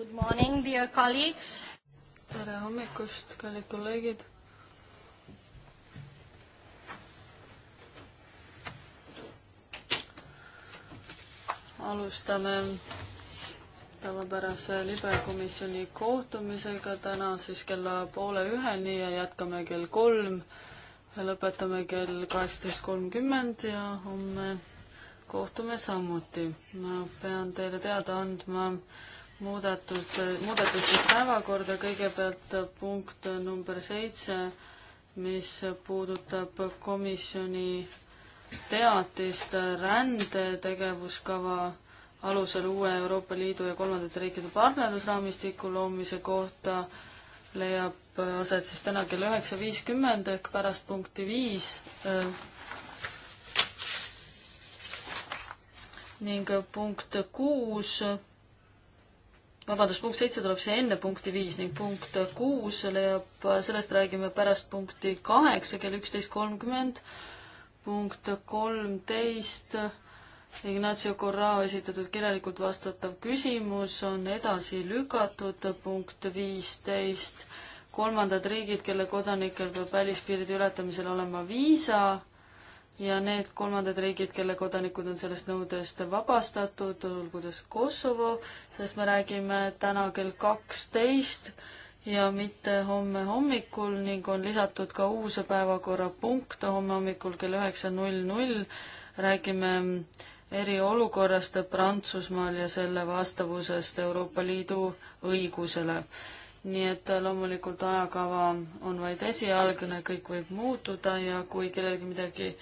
Good morning, dear colleagues. tere hommikust, kallid kolleegid. alustame tavapärase libekomisjoni kohtumisega täna siis kella poole üheni ja jätkame kell kolm. lõpetame kell kaheksateist kolmkümmend ja homme kohtume samuti. ma pean teile teada andma äh, muudatud, äh, muudatustes päevakorda, kõigepealt äh, punkt äh, number seitse, mis puudutab komisjoni teatist rände tegevuskava alusel uue Euroopa Liidu ja kolmandate riikide partnerlusraamistiku loomise kohta leiab aset siis täna kell üheksa viiskümmend ehk pärast punkti viis ning punkt kuus vabandust, punkt seitse tuleb siia enne punkti viis ning punkt kuus leiab, sellest räägime pärast punkti kaheksa kell üksteist kolmkümmend. punkt kolmteist, Ignacio Corrao esitatud kirjalikult vastatav küsimus on edasi lükatud, punkt viisteist, kolmandad riigid, kelle kodanikel peab välispiiride ületamisel olema viisa ja need kolmandad riigid, kelle kodanikud on sellest nõudest vabastatud, olgudes Kosovo, sellest me räägime täna kell kaksteist ja mitte homme hommikul ning on lisatud ka uus päevakorrapunkt homme hommikul kell üheksa null null. räägime eriolukorrast Prantsusmaal ja selle vastavusest Euroopa Liidu õigusele nii et loomulikult ajakava on vaid esialgne, kõik võib muutuda ja kui kellelgi midagi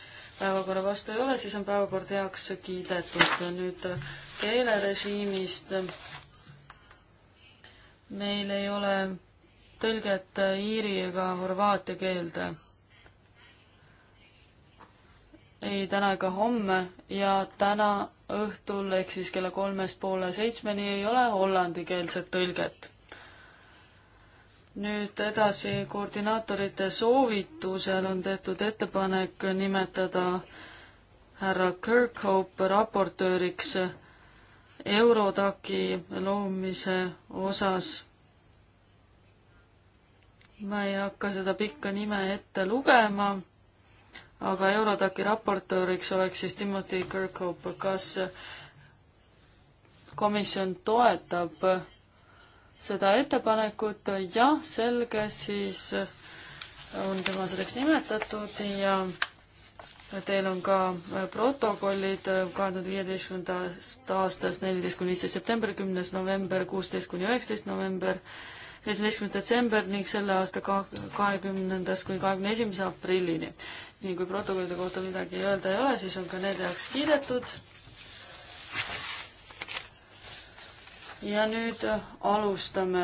päevakorra vastu ei ole, siis on päevakord heaks kiidetud. nüüd keelerežiimist. meil ei ole tõlget iiri ega horvaatia keelde. ei täna ega homme ja täna õhtul ehk siis kella kolmest poole seitsmeni ei ole hollandikeelset tõlget nüüd edasi, koordinaatorite soovitusel on tehtud ettepanek nimetada härra Kirkhope raportööriks Eurodaki loomise osas. ma ei hakka seda pikka nime ette lugema, aga Eurodaki raportööriks oleks siis Timothy Kirkhope. kas komisjon toetab seda ettepanekut, jah, selge, siis on tema selleks nimetatud ja teil on ka protokollid kahe tuhande viieteistkümnendast aastast neliteist kuni viisteist september, kümnes november, kuusteist kuni üheksateist november, seitsmeteistkümnes detsember ning selle aasta kahekümnendast kuni kahekümne esimese aprillini. nii, kui protokollide kohta midagi öelda ei ole, siis on ka need heaks kiidetud ja nüüd äh, alustame.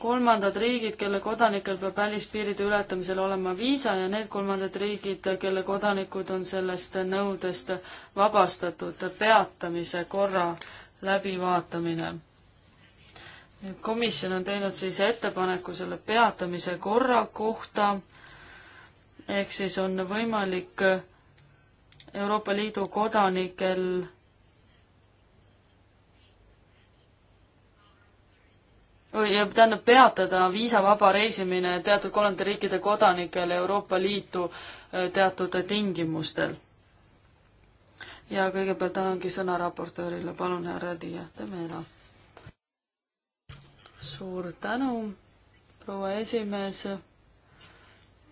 kolmandad riigid, kelle kodanikel peab välispiiride ületamisel olema viisa ja need kolmandad riigid, kelle kodanikud on sellest nõudest vabastatud, peatamise korra läbivaatamine. nüüd komisjon on teinud siis ettepaneku selle peatamise korra kohta, ehk siis on võimalik Euroopa Liidu kodanikel tähendab peatada viisavaba reisimine teatud kolmandate riikide kodanikele Euroopa Liitu äh, teatud tingimustel. ja kõigepealt annangi sõna raportöörile, palun, härra Tiia Temela. suur tänu, proua esimees.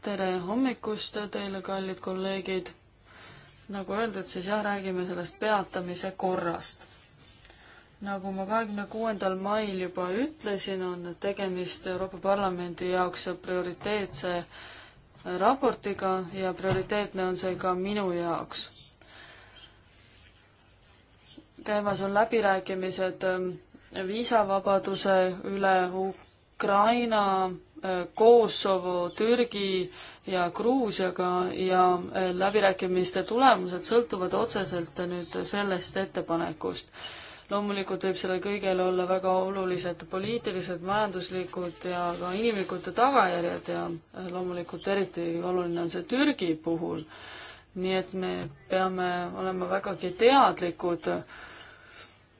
tere hommikust teile, kallid kolleegid. nagu öeldud, siis jah, räägime sellest peatamise korrast nagu ma kahekümne kuuendal mail juba ütlesin, on tegemist Euroopa Parlamendi jaoks prioriteetse raportiga ja prioriteetne on see ka minu jaoks. käimas on läbirääkimised ähm, viisavabaduse üle Ukraina, äh, Kosovo, Türgi ja Gruusiaga ja äh, läbirääkimiste tulemused sõltuvad otseselt nüüd sellest ettepanekust loomulikult võib sellel kõigel olla väga olulised poliitilised, majanduslikud ja ka inimlikud tagajärjed ja loomulikult eriti oluline on see Türgi puhul. nii et me peame olema vägagi teadlikud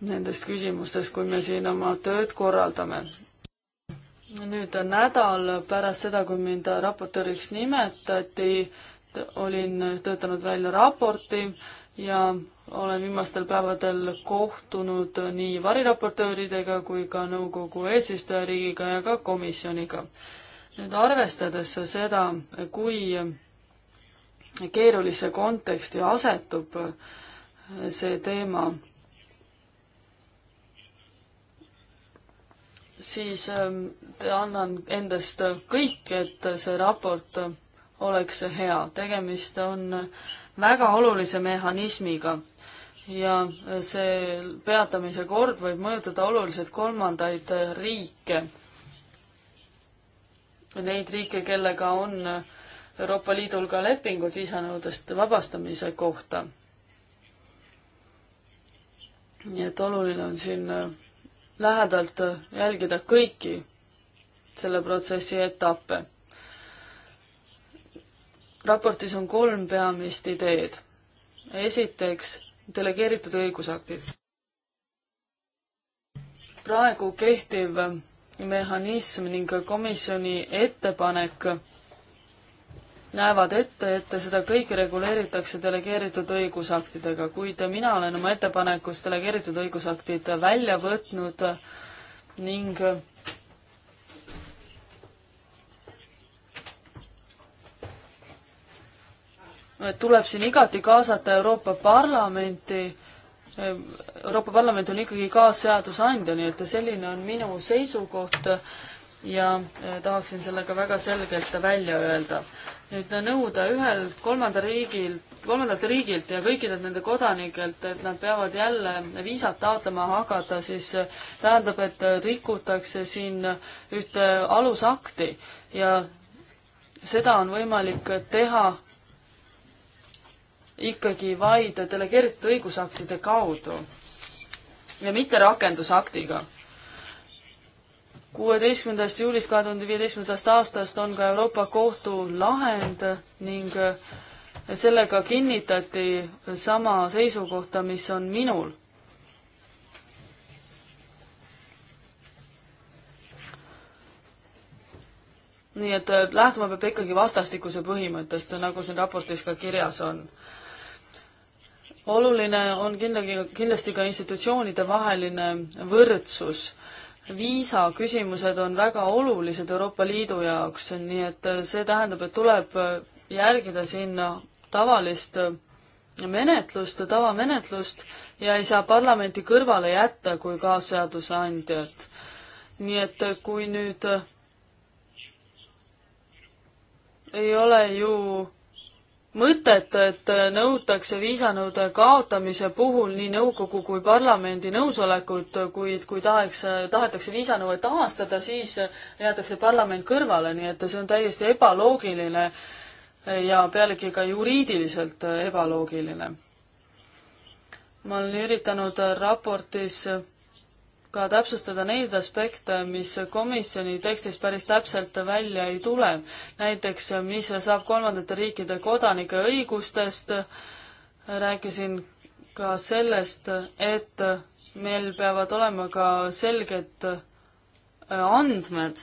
nendest küsimustest, kui me siin oma tööd korraldame nüüd nädal pärast seda, kui mind raportööriks nimetati, olin töötanud välja raporti ja olen viimastel päevadel kohtunud nii variraportööridega kui ka nõukogu eesistujariigiga ja ka komisjoniga. nüüd arvestades seda, kui keerulisse konteksti asetub see teema, siis ähm, annan endast kõik, et see raport oleks hea. tegemist on väga olulise mehhanismiga ja äh, see peatamise kord võib mõjutada oluliselt kolmandaid äh, riike. Neid riike, kellega on äh, Euroopa Liidul ka lepingud viisanõudest vabastamise kohta. nii et oluline on siin lähedalt jälgida kõiki selle protsessi etappe. raportis on kolm peamist ideed. esiteks delegeeritud õigusaktid. praegu kehtiv mehhanism ning komisjoni ettepanek näevad ette, et seda kõike reguleeritakse delegeeritud õigusaktidega, kuid mina olen oma ettepanekus delegeeritud õigusaktid välja võtnud ning tuleb siin igati kaasata Euroopa Parlamenti. Euroopa Parlament on ikkagi kaasseadusandja, nii et selline on minu seisukoht ja eh, tahaksin selle ka väga selgelt välja öelda. nüüd eh, nõuda ühelt kolmanda riigilt, kolmandalt riigilt ja kõikidelt nende kodanikelt, et nad peavad jälle viisat taotlema hakata, siis eh, tähendab, et rikutakse siin ühte alusakti ja seda on võimalik teha ikkagi vaid delegeeritud õigusaktide kaudu ja mitte rakendusaktiga. kuueteistkümnendast juulist kahe tuhande viieteistkümnendast aastast on ka Euroopa Kohtu lahend ning sellega kinnitati sama seisukohta, mis on minul. nii et lähtuma peab ikkagi vastastikuse põhimõttest, nagu siin raportis ka kirjas on oluline on kindlagi, kindlasti ka institutsioonide vaheline võrdsus. viisa küsimused on väga olulised Euroopa Liidu jaoks, nii et äh, see tähendab, et tuleb äh, järgida siin tavalist äh, menetlust, tavamenetlust ja ei saa parlamenti kõrvale jätta kui kaasseadusandjat. nii et kui nüüd ei ole ju mõtet, et nõutakse viisanõude kaotamise puhul nii nõukogu kui parlamendi nõusolekut, kuid kui tahaks, tahetakse viisanõuet taastada, siis jäetakse parlament kõrvale, nii et see on täiesti ebaloogiline ja pealegi ka juriidiliselt ebaloogiline. ma olen üritanud raportis ka täpsustada neid aspekte, mis komisjoni tekstis päris täpselt välja ei tule. näiteks, mis saab kolmandate riikide kodanike õigustest, rääkisin ka sellest, et meil peavad olema ka selged andmed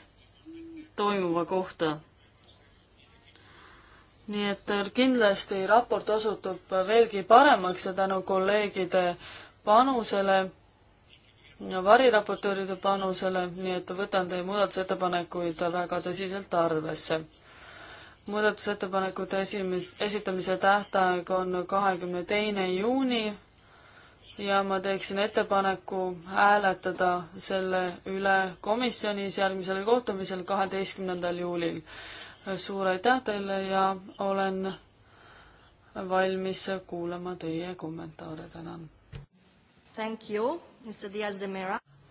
toimuva kohta. nii et kindlasti raport osutub veelgi paremaks ja tänu kolleegide panusele variraportööride panusele, nii et võtan teie muudatusettepanekuid väga tõsiselt arvesse. muudatusettepanekute esimes-, esitamise tähtaeg on kahekümne teine juuni ja ma teeksin ettepaneku hääletada selle üle komisjonis järgmisel kohtumisel, kaheteistkümnendal juulil. suur aitäh teile ja olen valmis kuulama teie kommentaare, tänan. Thank you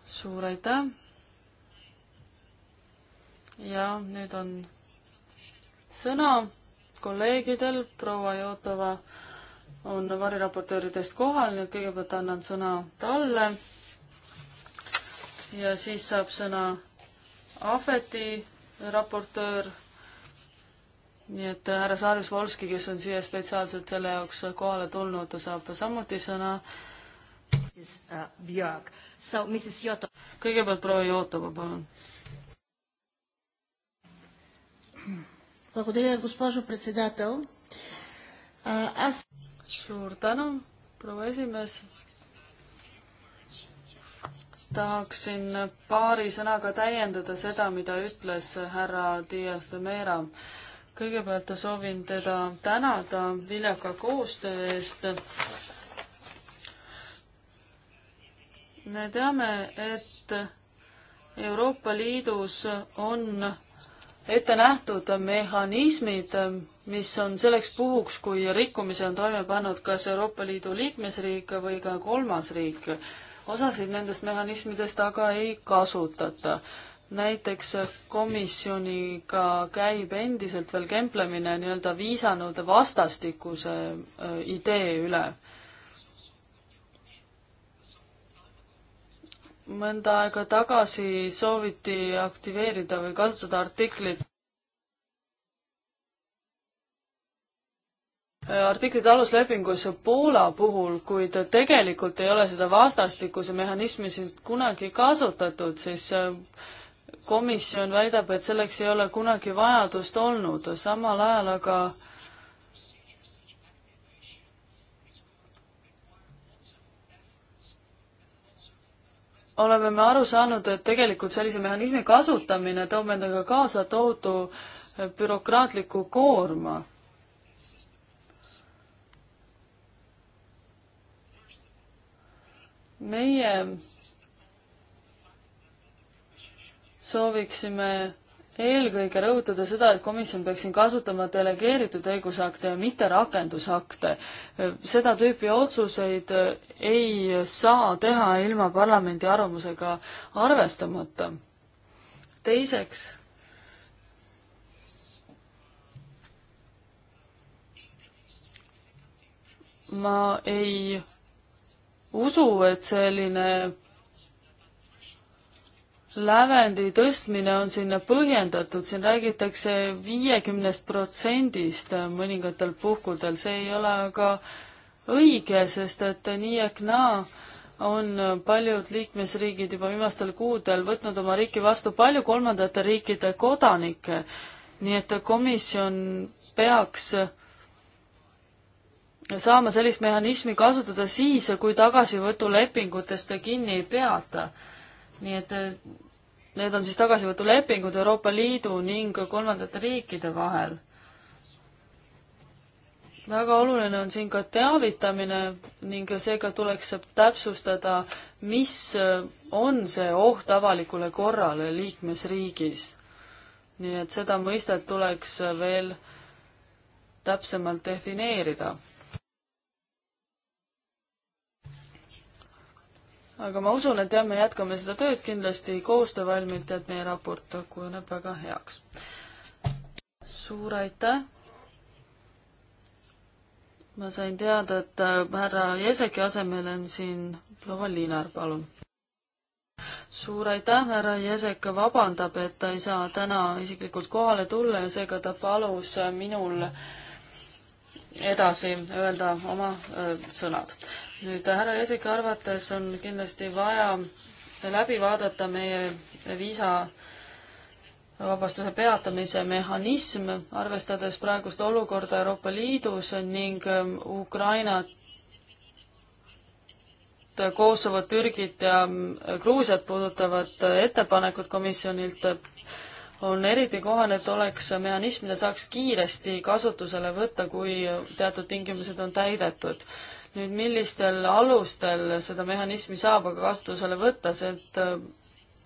suur aitäh. ja nüüd on sõna kolleegidel, proua Jootova on variraportööridest kohal, nii et kõigepealt annan sõna talle. ja siis saab sõna Ahveti raportöör nii et härra Saaris Volski, kes on siia spetsiaalselt selle jaoks kohale tulnud, saab samuti sõna Mrs uh, Björk. So Mrs Joto. kõigepealt proua Jotova, palun. suur tänu, proua esimees. tahaksin paari sõnaga täiendada seda, mida ütles härra Dias de Meera. kõigepealt soovin teda tänada viljaka koostöö eest me teame, et Euroopa Liidus on ette nähtud mehhanismid, mis on selleks puhuks, kui rikkumise on toime pannud kas Euroopa Liidu liikmesriik või ka kolmas riik. osasid nendest mehhanismidest aga ei kasutata. näiteks komisjoniga käib endiselt veel kemplemine nii-öelda viisanõude vastastikuse äh, idee üle mõnda aega tagasi sooviti aktiveerida või kasutada artiklit äh, artiklite aluslepingus Poola puhul, kuid tegelikult ei ole seda vastastikuse mehhanismi siin kunagi kasutatud, siis äh, komisjon väidab, et selleks ei ole kunagi vajadust olnud, samal ajal aga oleme me aru saanud, et tegelikult sellise mehhanismi kasutamine toob endaga kaasa tohutu eh, bürokraatliku koorma. meie sooviksime eelkõige rõhutada seda, et komisjon peaks siin kasutama delegeeritud õigusakte ja mitte rakendusakte. seda tüüpi otsuseid ei saa teha ilma parlamendi arvamusega arvestamata. teiseks, ma ei usu, et selline lävendi tõstmine on siin põhjendatud, siin räägitakse viiekümnest protsendist mõningatel puhkudel, see ei ole aga õige, sest et nii ehk naa on paljud liikmesriigid juba viimastel kuudel võtnud oma riiki vastu palju kolmandate riikide kodanikke. nii et komisjon peaks saama sellist mehhanismi kasutada siis, kui tagasivõtulepingutest kinni ei peata. nii et Need on siis tagasivõtulepingud Euroopa Liidu ning kolmandate riikide vahel. väga oluline on siin ka teavitamine ning seega tuleks täpsustada, mis on see oht avalikule korrale liikmesriigis. nii et seda mõistet tuleks veel täpsemalt defineerida aga ma usun, et jah, me jätkame seda tööd kindlasti koostöövalmilt, et meie raport kujuneb väga heaks. suur aitäh! ma sain teada, et äh, härra Jeseki asemel on siin proua Liinar, palun. suur aitäh, härra Jesek vabandab, et ta ei saa täna isiklikult kohale tulla ja seega ta palus äh, minul edasi öelda oma öö, äh, sõnad nüüd härra Jesika arvates on kindlasti vaja läbi vaadata meie viisa vabastuse peatamise mehhanism, arvestades praegust olukorda Euroopa Liidus ning ähm, Ukrainat, Kosovot, Türgit ja ähm, Gruusiat puudutavad ettepanekud komisjonilt, on eriti kohane, et oleks mehhanism, mida saaks kiiresti kasutusele võtta, kui teatud tingimused on täidetud nüüd millistel alustel seda mehhanismi saab aga kasutusele võtta, see, et äh,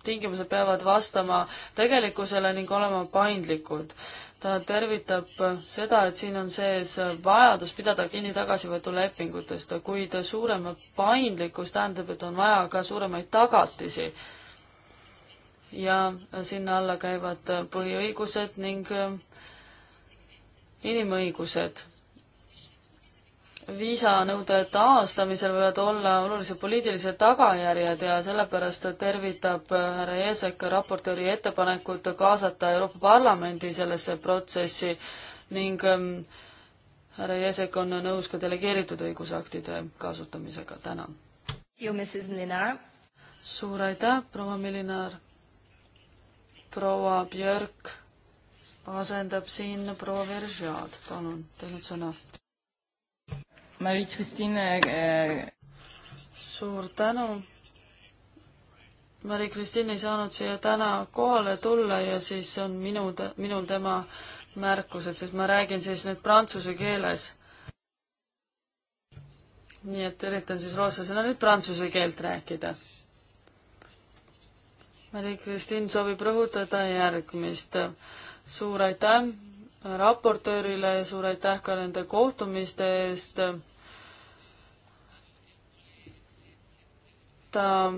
tingimused peavad vastama tegelikkusele ning olema paindlikud. ta tervitab äh, seda, et siin on sees äh, vajadus pidada kinni tagasivõtulepingutest, kuid suurem paindlikkus tähendab, et on vaja ka suuremaid tagatisi. ja sinna alla käivad põhiõigused ning inimõigused viisanõude taastamisel võivad olla olulised poliitilised tagajärjed ja sellepärast tervitab äh, härra Jeesek raportööri ettepanekut kaasata Euroopa Parlamendi sellesse protsessi ning ähm, härra Jeesek on nõus ka delegeeritud õigusaktide kasutamisega. tänan. suur aitäh, proua Milinar. proua Björk asendab siin proua Veržead. palun, teil on sõna Mari-Kristine äh.... suur tänu. Mari-Kristin ei saanud siia täna kohale tulla ja siis on minu, minul tema märkused, sest ma räägin siis nüüd prantsuse keeles. nii et üritan siis rootslasena nüüd prantsuse keelt rääkida. Mari-Kristin soovib rõhutada järgmist. suur aitäh raportöörile, suur aitäh ka nende kohtumiste eest ta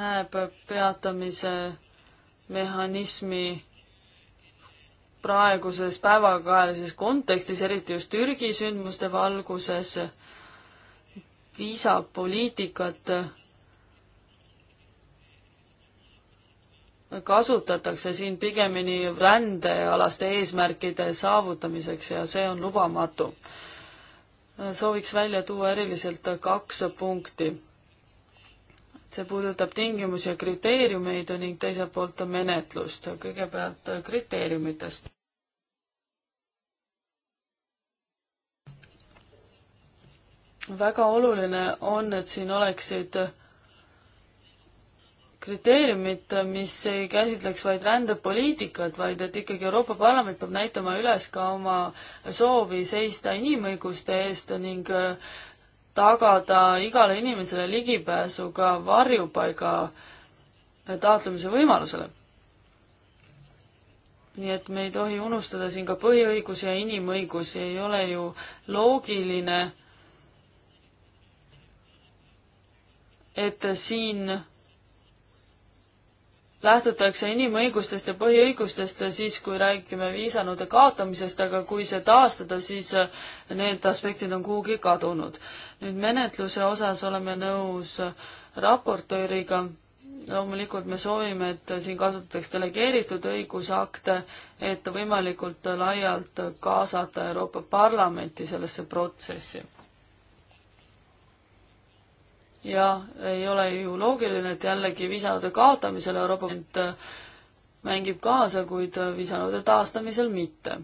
näeb peatamise mehhanismi praeguses päevakajalises kontekstis, eriti just Türgi sündmuste valguses, viisapoliitikat kasutatakse siin pigemini rändealaste eesmärkide saavutamiseks ja see on lubamatu sooviks välja tuua eriliselt kaks punkti. see puudutab tingimusi ja kriteeriumeid ning teiselt poolt menetlust. kõigepealt kriteeriumitest. väga oluline on, et siin oleksid kriteeriumit, mis ei käsitleks vaid rändepoliitikat, vaid et ikkagi Euroopa Parlament peab näitama üles ka oma soovi seista inimõiguste eest ning äh, tagada igale inimesele ligipääsu ka varjupaiga äh, taotlemise võimalusele. nii et me ei tohi unustada siin ka põhiõigusi ja inimõigusi, ei ole ju loogiline, et siin lähtutakse inimõigustest ja põhiõigustest siis, kui räägime viisanõude kaotamisest, aga kui see taastada, siis äh, need aspektid on kuhugi kadunud. nüüd menetluse osas oleme nõus äh, raportööriga, loomulikult me soovime, et siin kasutatakse delegeeritud õigusakte, et võimalikult laialt kaasata Euroopa Parlamenti sellesse protsessi ja ei ole ju loogiline, et jällegi viisanõude kaotamisel Euroopa Liit äh, mängib kaasa, kuid äh, viisanõude taastamisel mitte.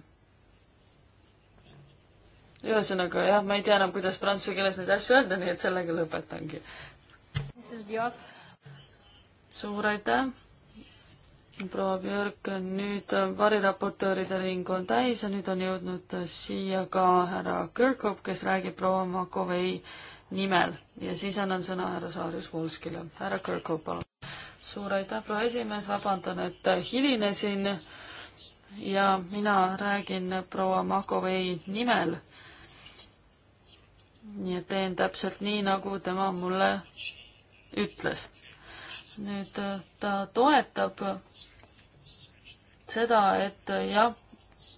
ühesõnaga jah, ma ei tea enam, kuidas prantsuse keeles neid asju öelda, nii et sellega lõpetangi. suur aitäh, proua Björk, nüüd äh, variraportööride ring on täis ja nüüd on jõudnud siia ka härra Kõrkop, kes räägib proua Makovei nimel ja siis annan sõna härra Saarjus Volskile. härra Kõrgkop, palun. suur aitäh, proua esimees, vabandan, et hilinesin ja mina räägin proua Makovei nimel. nii et teen täpselt nii, nagu tema mulle ütles. nüüd ta toetab seda, et jah,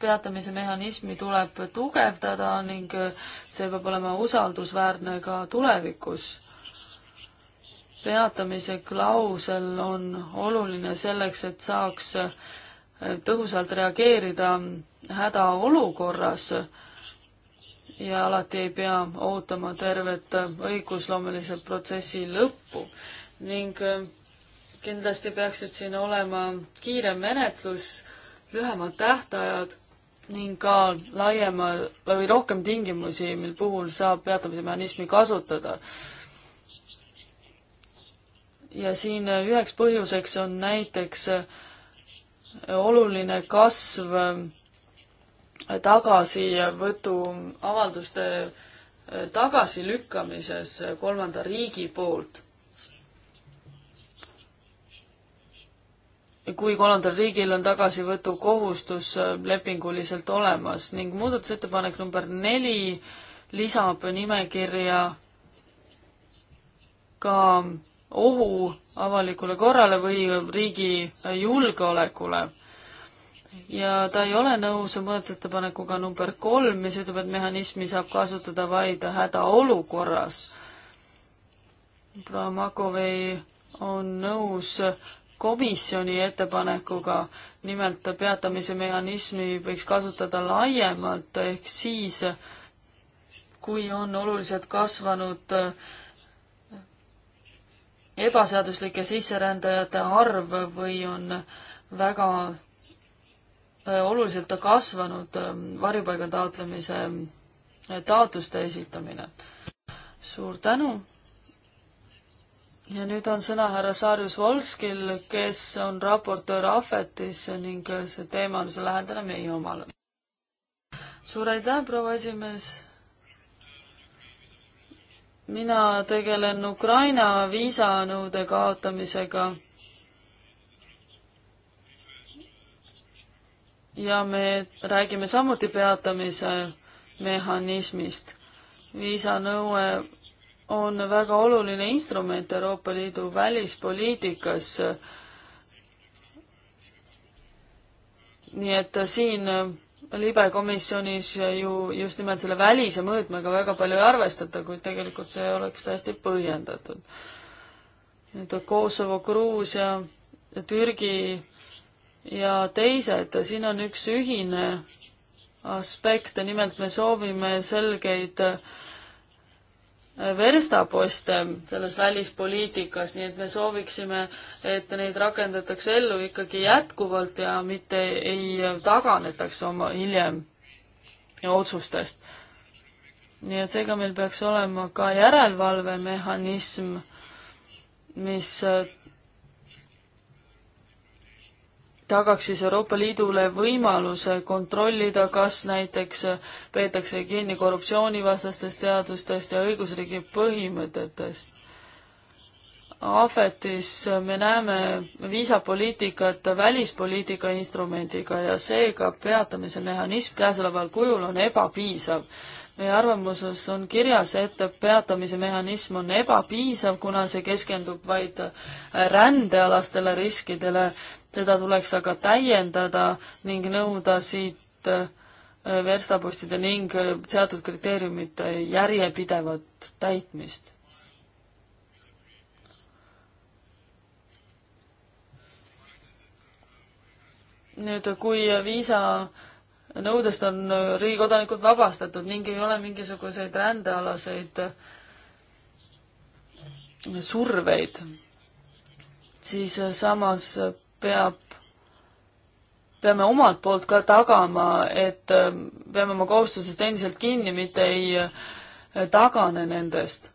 peatamise mehhanismi tuleb tugevdada ning see peab olema usaldusväärne ka tulevikus. peatamise klausel on oluline selleks, et saaks tõhusalt reageerida hädaolukorras ja alati ei pea ootama tervet õigusloomelise protsessi lõppu ning kindlasti peaksid siin olema kiire menetlus, lühemad tähtajad ning ka laiema või rohkem tingimusi, mil puhul saab peatamise mehhanismi kasutada. ja siin üheks põhjuseks on näiteks äh, oluline kasv äh, tagasivõtu avalduste äh, tagasilükkamises kolmanda riigi poolt kui kolmandal riigil on tagasivõtukohustus äh, lepinguliselt olemas ning muudatusettepanek number neli lisab nimekirja ka ohu avalikule korrale või riigi julgeolekule. ja ta ei ole nõus muudatusettepanekuga number kolm, mis ütleb, et mehhanismi saab kasutada vaid hädaolukorras. Bramakovi on nõus komisjoni ettepanekuga, nimelt peatamise mehhanismi võiks kasutada laiemalt, ehk siis kui on oluliselt kasvanud äh, ebaseaduslike sisserändajate arv või on väga äh, oluliselt kasvanud ähm, varjupaiga taotlemise äh, taotluste esitamine. suur tänu! ja nüüd on sõna härra Saarjus Volskil, kes on raportöör Ahvetis ning see teema on see lähedane meie omale. suur aitäh, proua esimees. mina tegelen Ukraina viisanõude kaotamisega. ja me räägime samuti peatamise mehhanismist. viisanõue on väga oluline instrument Euroopa Liidu välispoliitikas. nii et siin libekomisjonis ju just nimelt selle välise mõõtmega väga palju ei arvestata, kuid tegelikult see oleks täiesti põhjendatud. nüüd Kosovo, Gruusia, Türgi ja teised, siin on üks ühine aspekt, nimelt me soovime selgeid äh, verstaposte selles välispoliitikas, nii et me sooviksime, et neid rakendatakse ellu ikkagi jätkuvalt ja mitte ei taganetaks oma hiljem otsustest. nii et seega meil peaks olema ka järelevalvemehhanism, mis tagaks siis Euroopa Liidule võimaluse kontrollida, kas näiteks peetakse kinni korruptsioonivastastest seadustest ja õigusriigi põhimõtetest. Ahvetis me näeme viisapoliitikat välispoliitika instrumendiga ja seega peatamise mehhanism käesoleval kujul on ebapiisav. meie arvamuses on kirjas, et peatamise mehhanism on ebapiisav, kuna see keskendub vaid rändealastele riskidele teda tuleks aga täiendada ning nõuda siit äh, verstapostide ning äh, seatud kriteeriumite järjepidevat täitmist. nüüd, kui viisa nõudest on äh, riigikodanikud vabastatud ning ei ole mingisuguseid rändealaseid surveid, siis samas peab, peame omalt poolt ka tagama, et äh, peame oma kohustusest endiselt kinni, mitte ei äh, tagane nendest.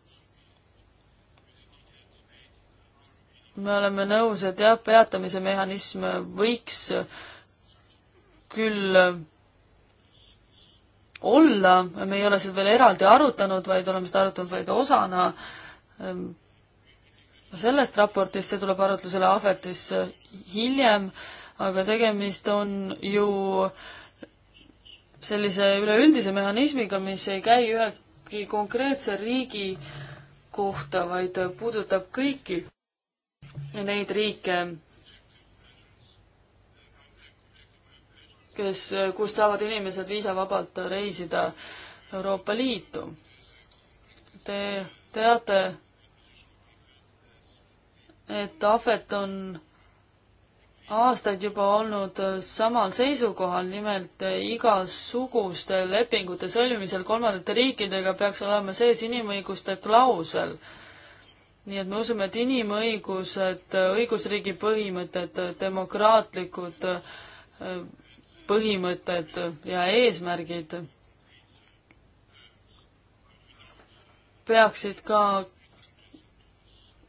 me oleme nõus, et jah, peatamise mehhanism võiks äh, küll olla, me ei ole seda veel eraldi arutanud, vaid oleme seda arutanud vaid osana ähm, sellest raportist, see tuleb arutlusele ahvetis hiljem, aga tegemist on ju sellise üleüldise mehhanismiga, mis ei käi ühegi konkreetse riigi kohta, vaid puudutab kõiki neid riike, kes, kust saavad inimesed viisavabalt reisida Euroopa Liitu. Te teate, et Ahvet on aastaid juba olnud samal seisukohal, nimelt igasuguste lepingute sõlmimisel kolmandate riikidega peaks olema sees inimõiguste klausel. nii et me usume, et inimõigused, õigusriigi põhimõtted, demokraatlikud äh, põhimõtted ja eesmärgid peaksid ka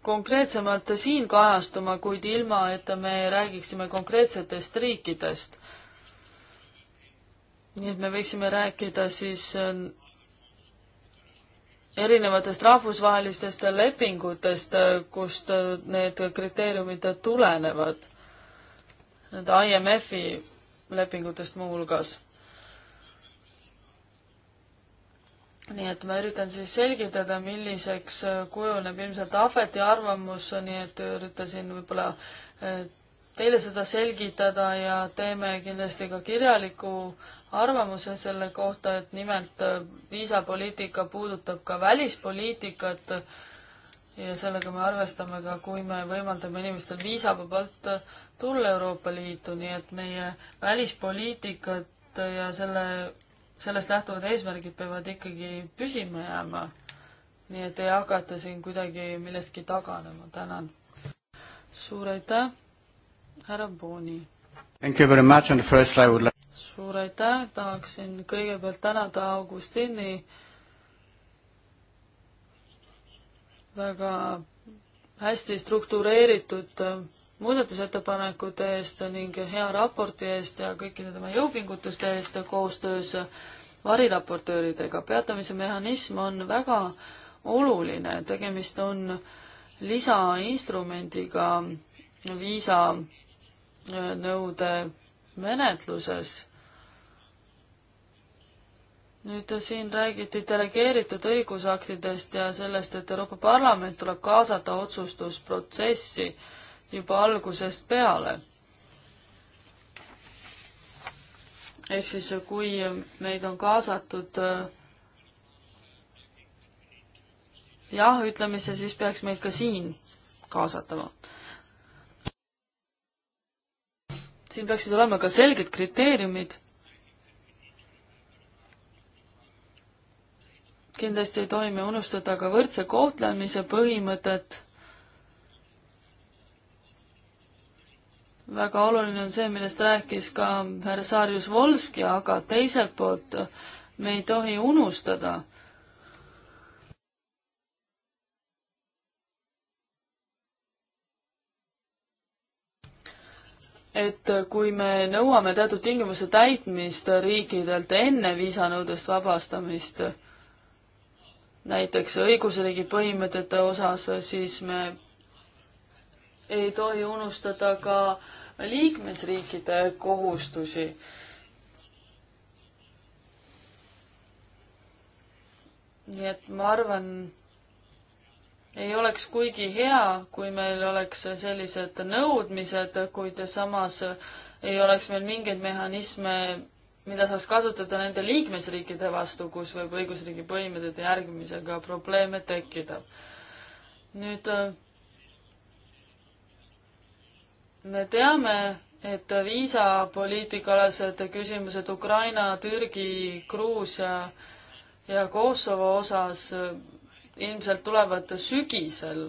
konkreetsemalt siin kajastuma, kuid ilma, et me räägiksime konkreetsetest riikidest. nii et me võiksime rääkida siis äh, erinevatest rahvusvahelistest lepingutest, äh, kust äh, need kriteeriumid tulenevad. Need IMF-i lepingutest muuhulgas. nii et ma üritan siis selgitada, milliseks äh, kujuneb ilmselt ahveti arvamus, nii et üritasin võib-olla äh, teile seda selgitada ja teeme kindlasti ka kirjaliku arvamuse selle kohta, et nimelt äh, viisapoliitika puudutab ka välispoliitikat ja sellega me arvestame ka, kui me võimaldame inimestel viisavabalt tulla Euroopa Liitu, nii et meie välispoliitikat ja selle sellest lähtuvad eesmärgid peavad ikkagi püsima jääma. nii et ei hakata siin kuidagi millestki taganema, tänan. suur aitäh, härra Booni. Thank you very much and first I would like suur aitäh, tahaksin kõigepealt tänada Augustini väga hästi struktureeritud muudatusettepanekute eest ning hea raporti eest ja kõikide tema jõupingutuste eest koostöös variraportööridega. peatamise mehhanism on väga oluline, tegemist on lisainstrumendiga viisanõude äh, menetluses nüüd siin räägiti delegeeritud õigusaktidest ja sellest, et Euroopa Parlament tuleb kaasata otsustusprotsessi juba algusest peale. ehk siis kui meid on kaasatud äh, jah ütlemisse, siis peaks meid ka siin kaasatama. siin peaksid olema ka selged kriteeriumid. kindlasti ei tohi me unustada ka võrdse kohtlemise põhimõtet väga oluline on see, millest rääkis ka härra Saarjus Volski, aga teiselt poolt me ei tohi unustada, et kui me nõuame teatud tingimuste täitmist riikidelt enne viisanõudest vabastamist, näiteks õigusriigi põhimõtete osas, siis me ei tohi unustada ka äh, liikmesriikide kohustusi. nii et ma arvan, ei oleks kuigi hea, kui meil oleks sellised nõudmised, kuid samas ei oleks meil mingeid mehhanisme, mida saaks kasutada nende liikmesriikide vastu, kus võib õigusriigi põhimõtete järgimisega probleeme tekkida. nüüd äh, me teame, et viisapoliitikaalased küsimused Ukraina, Türgi, Gruusia ja Kosovo osas ilmselt tulevad sügisel.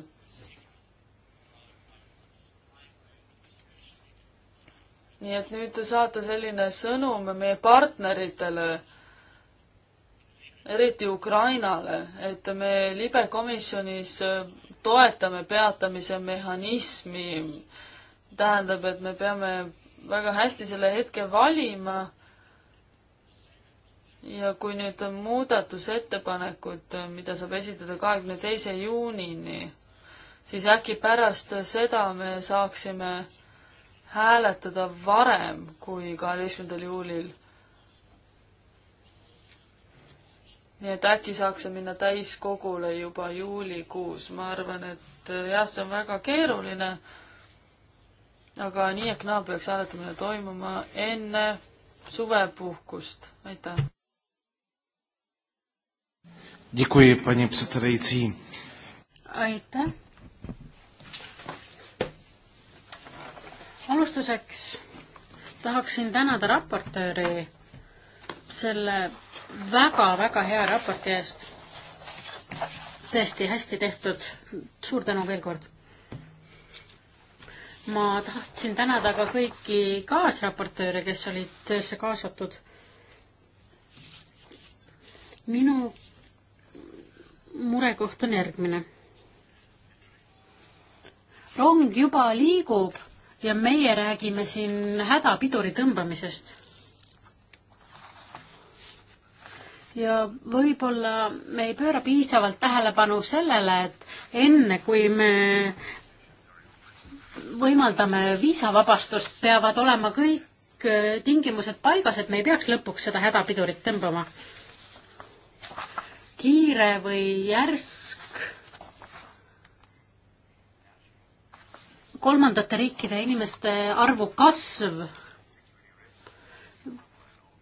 nii et nüüd saata selline sõnum meie partneritele, eriti Ukrainale, et me libekomisjonis toetame peatamise mehhanismi tähendab, et me peame väga hästi selle hetke valima. ja kui nüüd on muudatusettepanekud, mida saab esitada kahekümne teise juunini, siis äkki pärast seda me saaksime hääletada varem kui kaheteistkümnendal juulil. nii et äkki saaks see minna täiskogule juba juulikuus, ma arvan, et jah, see on väga keeruline aga nii ehk naa peaks hääletamine toimuma enne suvepuhkust, aitäh. aitäh. alustuseks tahaksin tänada raportööri selle väga-väga hea raporti eest. tõesti hästi tehtud. suur tänu veel kord ma tahtsin tänada ka kõiki kaasraportööre, kes olid töösse kaasatud. minu murekoht on järgmine. rong juba liigub ja meie räägime siin hädapiduri tõmbamisest. ja võib-olla me ei pööra piisavalt tähelepanu sellele, et enne kui me võimaldame viisavabastust, peavad olema kõik äh, tingimused paigas, et me ei peaks lõpuks seda hädapidurit tõmbama. kiire või järsk kolmandate riikide inimeste arvu kasv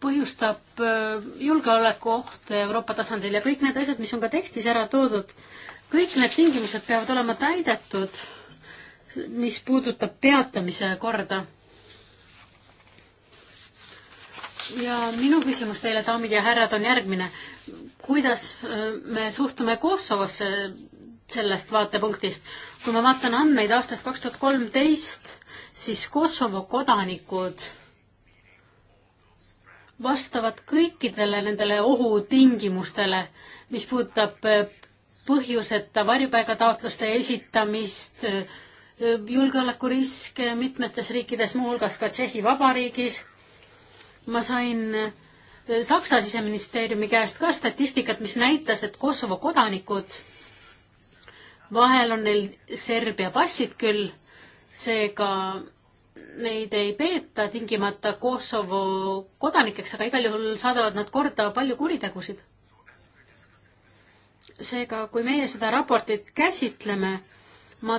põhjustab äh, julgeolekuohte Euroopa tasandil ja kõik need asjad, mis on ka tekstis ära toodud, kõik need tingimused peavad olema täidetud mis puudutab peatamise korda. ja minu küsimus teile, daamid ja härrad, on järgmine. kuidas äh, me suhtume Kosovosse sellest vaatepunktist? kui ma vaatan andmeid aastast kaks tuhat kolmteist, siis Kosovo kodanikud vastavad kõikidele nendele ohutingimustele, mis puudutab põhjuseta varjupaigataotluste esitamist, julgeolekuriske mitmetes riikides, muuhulgas ka Tšehhi Vabariigis. ma sain eh, Saksa siseministeeriumi käest ka statistikat, mis näitas, et Kosovo kodanikud, vahel on neil Serbia passid küll, seega neid ei peeta tingimata Kosovo kodanikeks, aga igal juhul saadavad nad korda palju kuritegusid. seega, kui meie seda raportit käsitleme, ma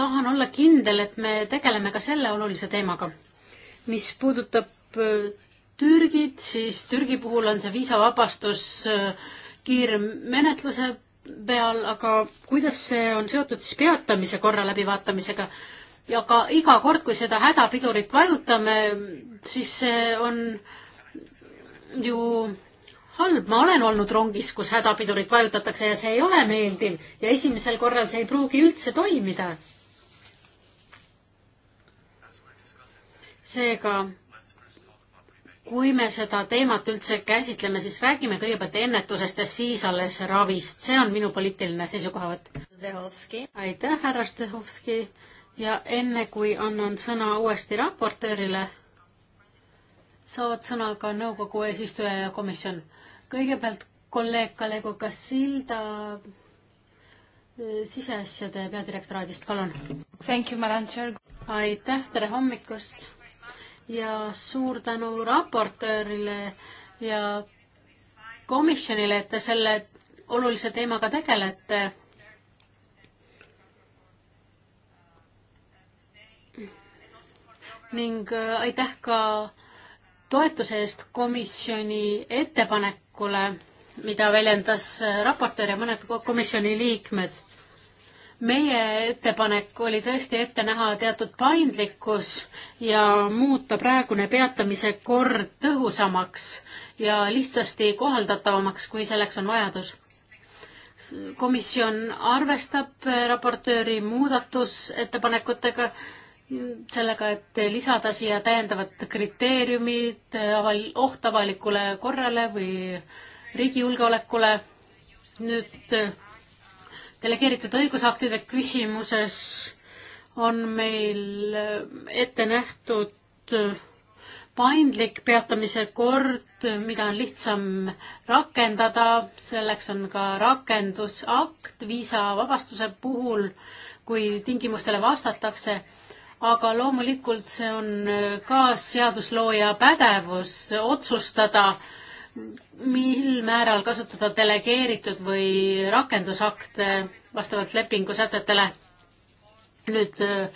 tahan olla kindel, et me tegeleme ka selle olulise teemaga. mis puudutab äh, Türgit, siis Türgi puhul on see viisavabastus äh, kiirmenetluse peal, aga kuidas see on seotud siis peatamise korra läbivaatamisega? ja ka iga kord, kui seda hädapidurit vajutame, siis see on ju halb, ma olen olnud rongis, kus hädapidurit vajutatakse ja see ei ole meeldiv ja esimesel korral see ei pruugi üldse toimida seega kui me seda teemat üldse käsitleme, siis räägime kõigepealt ennetusest ja siis alles ravist. see on minu poliitiline seisukohavõtt. aitäh, härra Zdehovski ja enne kui annan sõna uuesti raportöörile, saavad sõna ka nõukogu eesistuja ja komisjon. kõigepealt kolleeg Kalego Kassilda äh, siseasjade peadirektoraadist, palun. aitäh, tere hommikust ja suur tänu raportöörile ja komisjonile, et te selle olulise teemaga tegelete. ning äh, aitäh ka toetuse eest komisjoni ettepanekule, mida väljendas äh, raportöör ja mõned komisjoni liikmed meie ettepanek oli tõesti ette näha teatud paindlikkus ja muuta praegune peatamise kord tõhusamaks ja lihtsasti kohaldatavamaks, kui selleks on vajadus. komisjon arvestab raportööri muudatusettepanekutega, sellega, et lisada siia täiendavad kriteeriumid aval-, oht avalikule korrale või riigi julgeolekule. nüüd delegeeritud õigusaktide küsimuses on meil ette nähtud paindlik peatamise kord, mida on lihtsam rakendada, selleks on ka rakendusakt viisavabastuse puhul, kui tingimustele vastatakse, aga loomulikult see on kaasseaduslooja pädevus otsustada, mil määral kasutada delegeeritud või rakendusakte vastavalt lepingu sätetele. nüüd äh,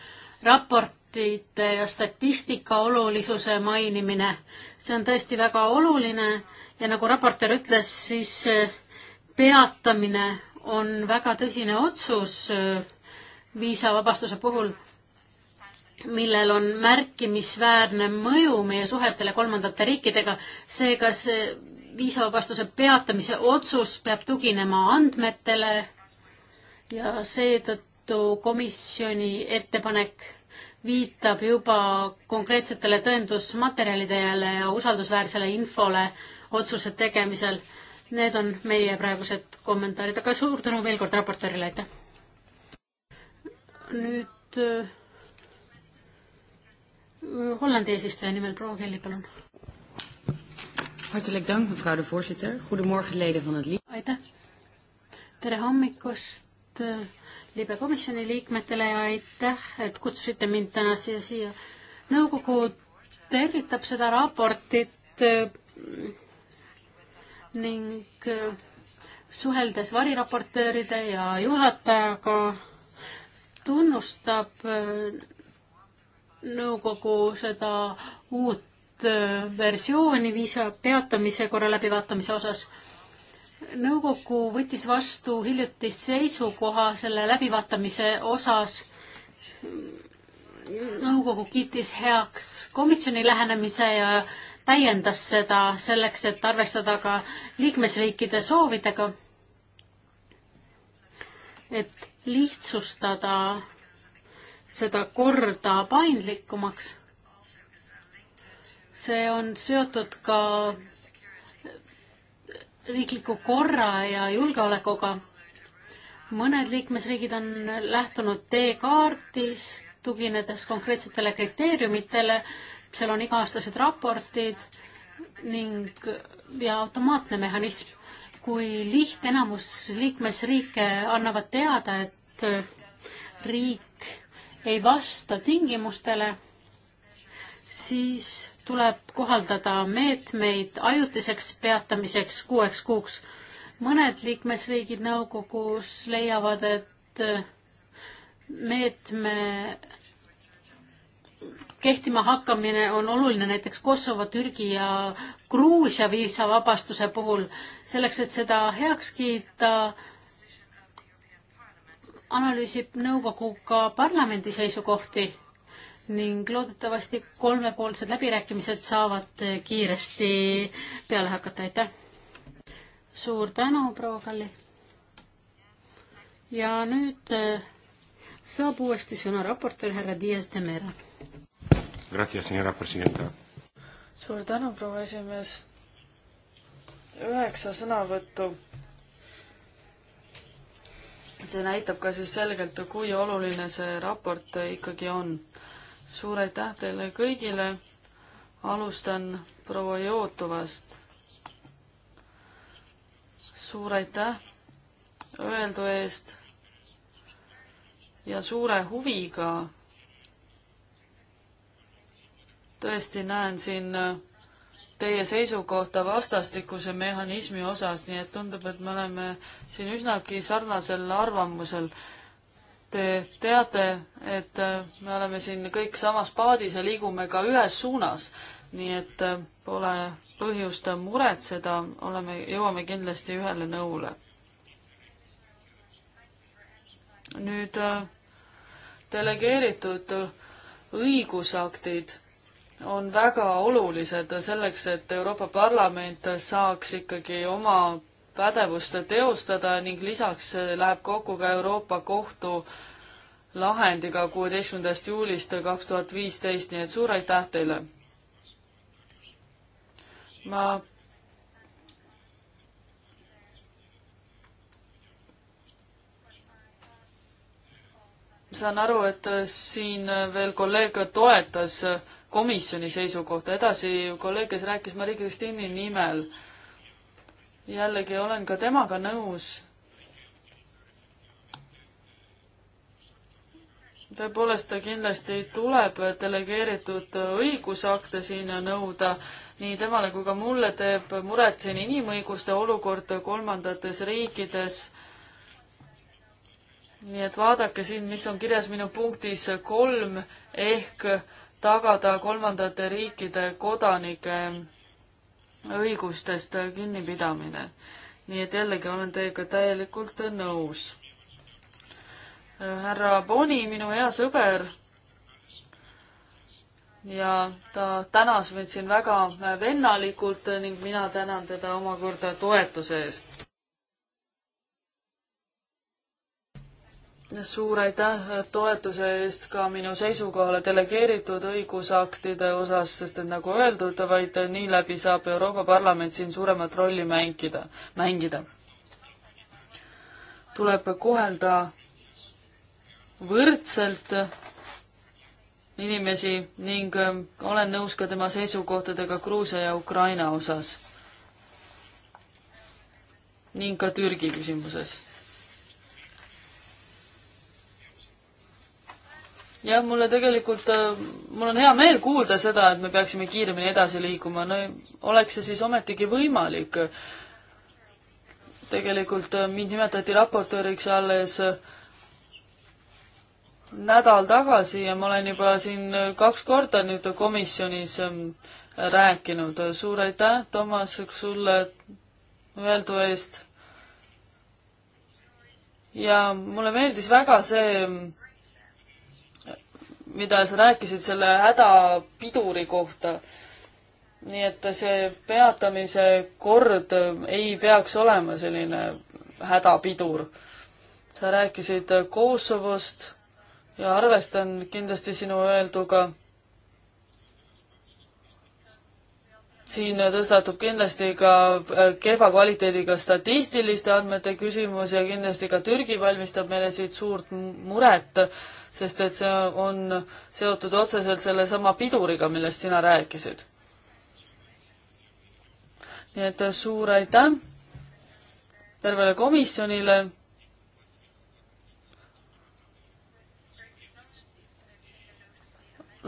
raportite ja statistika olulisuse mainimine, see on tõesti väga oluline ja nagu raportöör ütles, siis äh, peatamine on väga tõsine otsus äh, viisavabastuse puhul millel on märkimisväärne mõju meie suhetele kolmandate riikidega. seega see viisavabastuse peatamise otsus peab tuginema andmetele ja seetõttu komisjoni ettepanek viitab juba konkreetsetele tõendusmaterjalidele ja usaldusväärsele infole otsuse tegemisel. Need on meie praegused kommentaarid, aga suur tänu veel kord raportöörile, aitäh! nüüd äh, Hollandi eesistuja nimel proua Kelly, palun. Hartelijk dank, mevrouw de voorzitter. Goedemorgen, leden van het Libe. aitäh. tere hommikust eh, Libe komisjoni liikmetele ja aitäh, et kutsusite mind täna siia, siia. nõukogu tervitab seda raportit eh, ning eh, suheldes variraportööride ja juhatajaga tunnustab nõukogu seda uut äh, versiooni viisa peatamise korra läbivaatamise osas. nõukogu võttis vastu hiljutist seisukoha selle läbivaatamise osas. nõukogu kiitis heaks komisjoni lähenemise ja täiendas seda selleks, et arvestada ka liikmesriikide soovidega, et lihtsustada seda korda paindlikumaks. see on seotud ka riikliku korra ja julgeolekuga. mõned liikmesriigid on lähtunud teekaardist, tuginedes konkreetsetele kriteeriumitele, seal on iga-aastased raportid ning ja automaatne mehhanism. kui lihtenamus liikmesriike annavad teada, et riik ei vasta tingimustele, siis tuleb kohaldada meetmeid ajutiseks peatamiseks kuueks kuuks. mõned liikmesriigid nõukogus leiavad, et meetme kehtima hakkamine on oluline näiteks Kosovo, Türgi ja Gruusia viisavabastuse puhul. selleks, et seda heaks kiita, analüüsib nõukogu ka parlamendi seisukohti ning loodetavasti kolmepoolsed läbirääkimised saavad kiiresti peale hakata, aitäh! suur tänu, proua Kalli! ja nüüd äh, saab uuesti sõna raportöör härra Dias de Mera. suur tänu, proua esimees! üheksa sõnavõttu see näitab ka siis selgelt, kui oluline see raport ikkagi on. suur aitäh teile kõigile, alustan proua Jootuvast. suur aitäh öeldu eest ja suure huviga tõesti näen siin äh, teie seisukohta vastastikuse mehhanismi osas, nii et tundub, et me oleme siin üsnagi sarnasel arvamusel. Te teate, et äh, me oleme siin kõik samas paadis ja liigume ka ühes suunas, nii et äh, pole põhjust muretseda, oleme, jõuame kindlasti ühele nõule. nüüd äh, delegeeritud õigusaktid on väga olulised selleks, et Euroopa Parlament saaks ikkagi oma pädevust teostada ning lisaks läheb kokku ka Euroopa Kohtu lahendiga kuueteistkümnendast juulist kaks tuhat viisteist, nii et suur aitäh teile! ma saan aru, et siin veel kolleeg toetas komisjoni seisukohta. edasi kolleeg, kes rääkis Marie-Kristiini nimel. jällegi olen ka temaga nõus. tõepoolest kindlasti tuleb delegeeritud õigusakte siin nõuda. nii temale kui ka mulle teeb muret siin inimõiguste olukord kolmandates riikides nii et vaadake siin, mis on kirjas minu punktis kolm ehk tagada kolmandate riikide kodanike õigustest kinnipidamine. nii et jällegi olen teiega täielikult nõus. härra Boni, minu hea sõber, ja ta tänas mind siin väga vennalikult ning mina tänan teda omakorda toetuse eest. suur aitäh toetuse eest ka minu seisukohale delegeeritud õigusaktide osas, sest et nagu öeldud, vaid nii läbi saab Euroopa Parlament siin suuremat rolli mängida, mängida. tuleb kohelda võrdselt inimesi ning olen nõus ka tema seisukohtadega Gruusia ja Ukraina osas. ning ka Türgi küsimuses jah, mulle tegelikult, äh, mul on hea meel kuulda seda, et me peaksime kiiremini edasi liikuma, no oleks see siis ometigi võimalik. tegelikult äh, mind nimetati raportööriks alles äh, nädal tagasi ja ma olen juba siin kaks korda nüüd komisjonis ähm, rääkinud. suur aitäh, Toomas, sulle öeldu eest. ja mulle meeldis väga see mm, mida sa rääkisid selle hädapiduri kohta. nii et see peatamise kord ei peaks olema selline hädapidur. sa rääkisid Kosovost ja arvestan kindlasti sinu öelduga. siin tõstatub kindlasti ka äh, kehva kvaliteediga statistiliste andmete küsimus ja kindlasti ka Türgi valmistab meile siit suurt muret sest et see on seotud otseselt sellesama piduriga, millest sina rääkisid. nii et suur aitäh tervele komisjonile.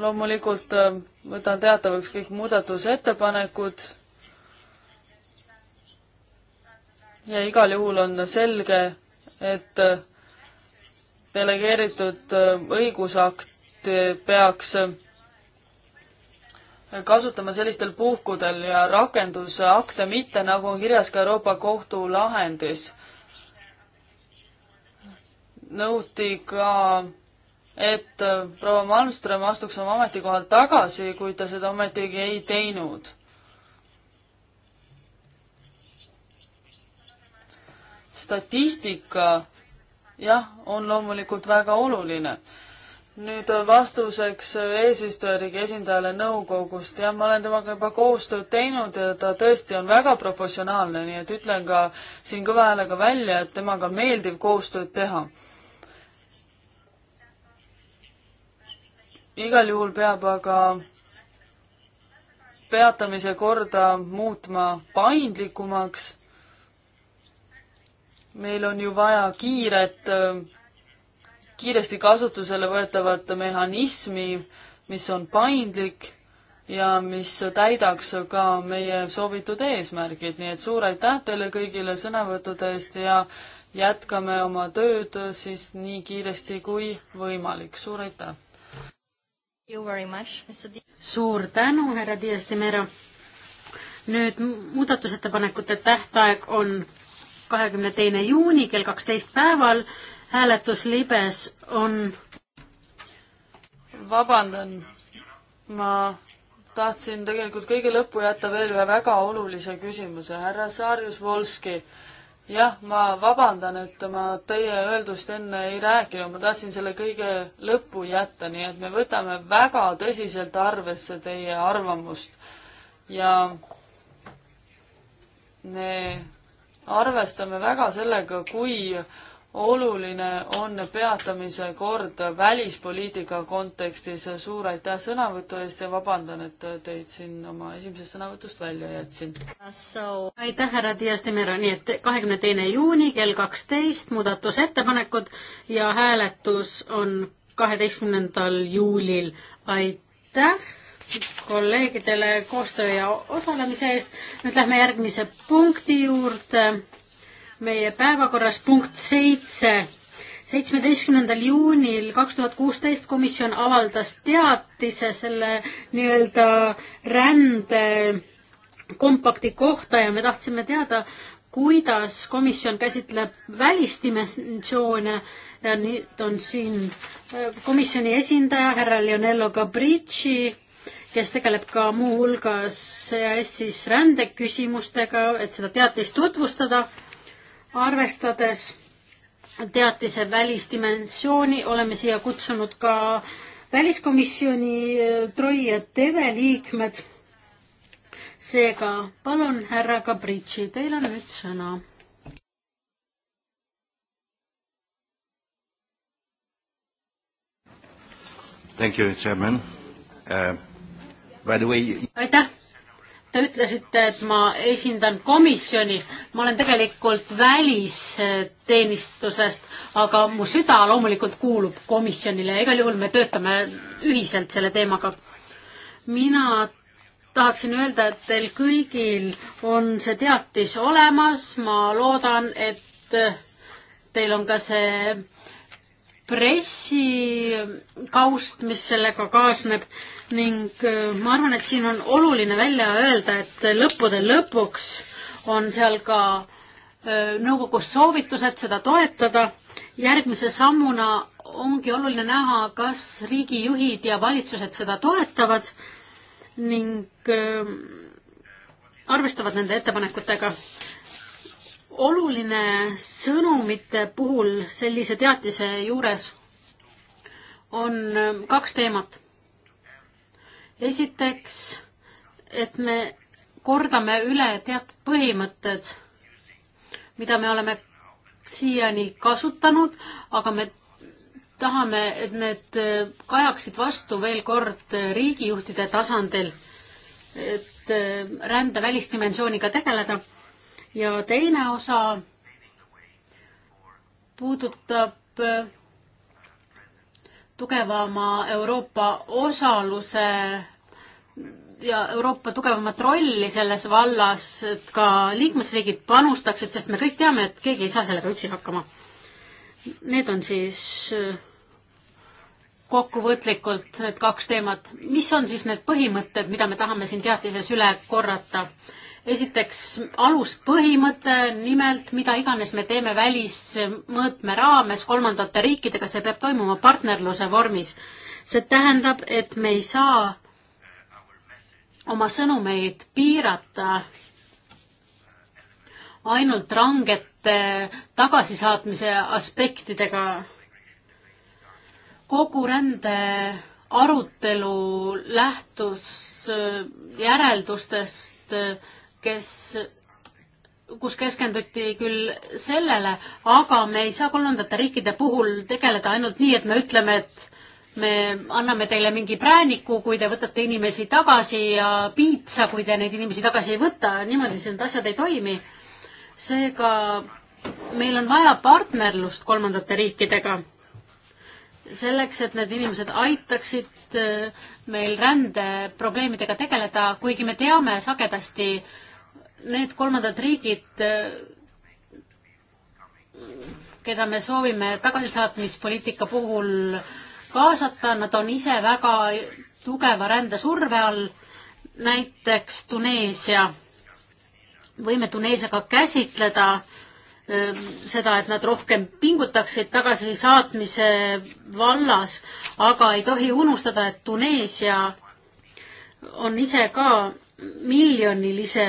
loomulikult äh, võtan teatavaks kõik muudatusettepanekud ja igal juhul on selge, et äh, delegeeritud äh, õigusakt äh, peaks äh, kasutama sellistel puhkudel ja rakendusakte mitte, nagu on kirjas ka Euroopa Kohtu lahendis. nõuti ka, et proua Malmström astuks oma ametikohalt tagasi, kuid ta seda ometigi ei teinud. statistika jah, on loomulikult väga oluline. nüüd vastuseks eesistujariigi esindajale nõukogust, jah, ma olen temaga juba koostööd teinud ja ta tõesti on väga professionaalne, nii et ütlen ka siin kõva häälega välja, et temaga on meeldiv koostööd teha. igal juhul peab aga peatamise korda muutma paindlikumaks meil on ju vaja kiiret, kiiresti kasutusele võetavat mehhanismi, mis on paindlik ja mis täidaks ka meie soovitud eesmärgid, nii et suur aitäh teile kõigile sõnavõttude eest ja jätkame oma tööd siis nii kiiresti kui võimalik, suur aitäh! suur tänu, härra Dias de Mera! nüüd muudatusettepanekute tähtaeg on kahekümne teine juuni kell kaksteist päeval. hääletus libes on. vabandan, ma tahtsin tegelikult kõige lõppu jätta veel ühe väga olulise küsimuse, härra Saarjus Volski. jah, ma vabandan, et ma teie öeldust enne ei rääkinud, ma tahtsin selle kõige lõppu jätta, nii et me võtame väga tõsiselt arvesse teie arvamust ja me arvestame väga sellega, kui oluline on peatamise kord välispoliitika kontekstis. suur aitäh sõnavõtu eest ja vabandan, et teid siin oma esimesest sõnavõtust välja jätsin. aitäh, härra Dias-Timero, nii et kahekümne teine juuni kell kaksteist muudatusettepanekud ja hääletus on kaheteistkümnendal juulil. aitäh kolleegidele koostöö ja osalemise eest. nüüd lähme järgmise punkti juurde. meie päevakorras punkt seitse. seitsmeteistkümnendal juunil kaks tuhat kuusteist komisjon avaldas teatise selle nii-öelda rände kompakti kohta ja me tahtsime teada, kuidas komisjon käsitleb välisdimensioone ja nüüd on siin äh, komisjoni esindaja härra Leonello Gabrici kes tegeleb ka muuhulgas EAS-is rändeküsimustega, et seda teatist tutvustada. arvestades teatise välisdimensiooni, oleme siia kutsunud ka väliskomisjoni eh, Troi ja Teve liikmed. seega palun, härra Gabritši, teil on nüüd sõna. Thank you, chairman uh,. Way... aitäh! Te ütlesite, et ma esindan komisjoni, ma olen tegelikult välisteenistusest, aga mu süda loomulikult kuulub komisjonile ja igal juhul me töötame ühiselt selle teemaga. mina tahaksin öelda, et teil kõigil on see teatis olemas, ma loodan, et teil on ka see pressikaust, mis sellega kaasneb ning äh, ma arvan, et siin on oluline välja öelda, et lõppude lõpuks on seal ka äh, nõukogus soovitused seda toetada. järgmise sammuna ongi oluline näha, kas riigijuhid ja valitsused seda toetavad ning äh, arvestavad nende ettepanekutega. oluline sõnumite puhul sellise teatise juures on kaks teemat esiteks, et me kordame üle teatud põhimõtted, mida me oleme siiani kasutanud, aga me tahame, et need äh, kajaksid vastu veel kord äh, riigijuhtide tasandil, et äh, rände välisdimensiooniga tegeleda. ja teine osa puudutab tugevama Euroopa osaluse ja Euroopa tugevamat rolli selles vallas, et ka liikmesriigid panustaksid, sest me kõik teame, et keegi ei saa sellega üksi hakkama. Need on siis äh, kokkuvõtlikult need kaks teemat. mis on siis need põhimõtted, mida me tahame siin teatises üle korrata? esiteks aluspõhimõte, nimelt mida iganes me teeme välismõõtme raames kolmandate riikidega, see peab toimuma partnerluse vormis. see tähendab, et me ei saa oma sõnumeid piirata ainult rangete tagasisaatmise aspektidega. kogu rände arutelu lähtus äh, järeldustest, kes, kus keskenduti küll sellele, aga me ei saa kolmandate riikide puhul tegeleda ainult nii, et me ütleme, et me anname teile mingi prääniku, kui te võtate inimesi tagasi ja piitsa, kui te neid inimesi tagasi ei võta, niimoodi need asjad ei toimi. seega meil on vaja partnerlust kolmandate riikidega. selleks, et need inimesed aitaksid eh, meil rändeprobleemidega tegeleda, kuigi me teame sagedasti, need kolmandad riigid, eh, keda me soovime tagasisaatmispoliitika puhul äh, kaasata, nad on ise väga tugeva rändesurve all, näiteks Tuneesia. võime Tuneesiaga käsitleda ähm, seda, et nad rohkem pingutaksid tagasisaatmise vallas, aga ei tohi unustada, et Tuneesia on ise ka miljonilise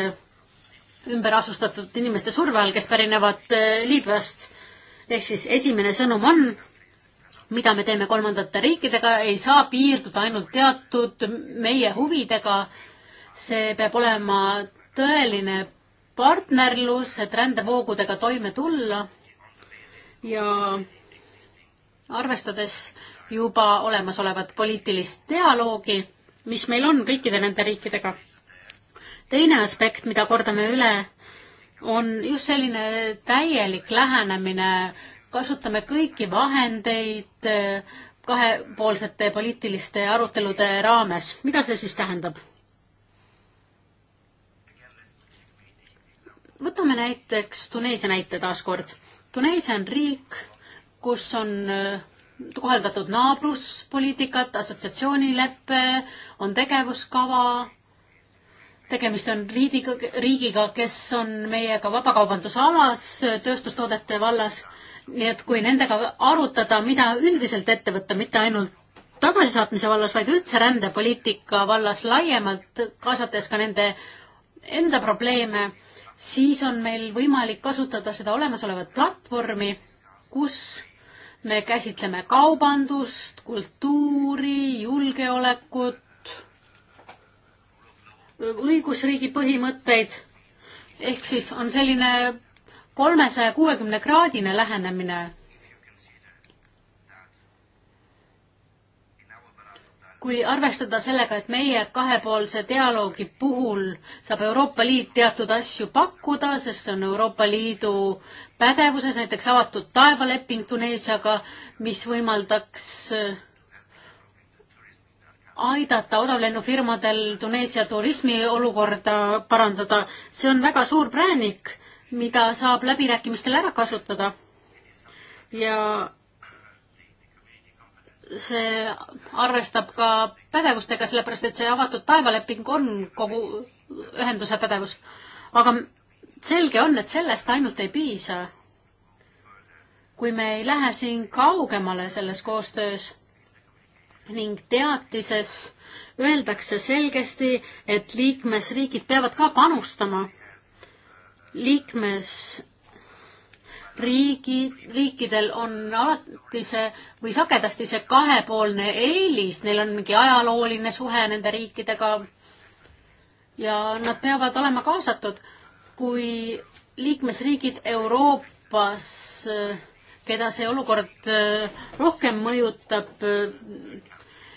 ümberasustatud inimeste surve all, kes pärinevad äh, Liibüast. ehk siis esimene sõnum on, mida me teeme kolmandate riikidega, ei saa piirduda ainult teatud meie huvidega. see peab olema tõeline partnerlus, et rändevoogudega toime tulla ja arvestades juba olemasolevat poliitilist dialoogi, mis meil on kõikide nende riikidega. teine aspekt, mida kordame üle, on just selline täielik lähenemine kasutame kõiki vahendeid äh, kahepoolsete poliitiliste arutelude raames. mida see siis tähendab? võtame näiteks Tuneesia näite taaskord. Tuneesia on riik, kus on äh, kohaldatud naabruspoliitikat, assotsiatsioonilepe, on tegevuskava, tegemist on riigiga, riigiga, kes on meiega vabakaubandusalas, tööstustoodete vallas nii et kui nendega arutada, mida üldiselt ette võtta, mitte ainult tagasisaatmise vallas, vaid üldse rändepoliitika vallas laiemalt, kaasates ka nende enda probleeme, siis on meil võimalik kasutada seda olemasolevat platvormi, kus me käsitleme kaubandust, kultuuri, julgeolekut, õigusriigi põhimõtteid, ehk siis on selline kolmesaja kuuekümne kraadine lähenemine. kui arvestada sellega, et meie kahepoolse dialoogi puhul saab Euroopa Liit teatud asju pakkuda, sest see on Euroopa Liidu pädevuses, näiteks avatud taevaleping Tuneesiaga, mis võimaldaks aidata odavlennufirmadel Tuneesia turismi olukorda parandada, see on väga suur präänik mida saab läbirääkimistel ära kasutada. ja see arvestab ka pädevustega, sellepärast et see avatud taevaleping on kogu ühenduse pädevus. aga selge on, et sellest ainult ei piisa. kui me ei lähe siin kaugemale selles koostöös ning teatises öeldakse selgesti, et liikmesriigid peavad ka panustama liikmesriigi, riikidel on alati see või sagedasti see kahepoolne eelis, neil on mingi ajalooline suhe nende riikidega ja nad peavad olema kaasatud. kui liikmesriigid Euroopas, keda see olukord eh, rohkem mõjutab, eh,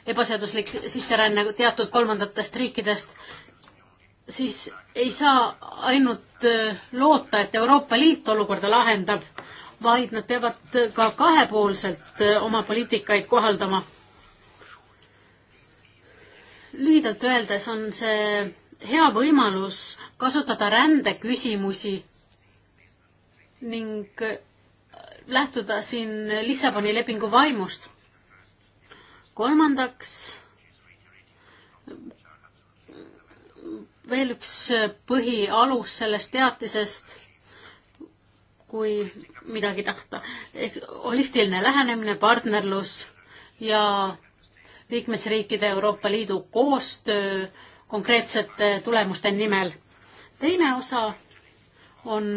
ebaseaduslik sisseränne teatud kolmandatest riikidest, siis ei saa ainult äh, loota, et Euroopa Liit olukorda lahendab, vaid nad peavad äh, ka kahepoolselt äh, oma poliitikaid kohaldama. lühidalt öeldes on see hea võimalus kasutada rändeküsimusi ning lähtuda siin Lissaboni lepingu vaimust. kolmandaks veel üks äh, põhialus sellest teatisest, kui midagi tahta, ehk holistiline lähenemine, partnerlus ja liikmesriikide Euroopa Liidu koostöö konkreetsete tulemuste nimel. teine osa on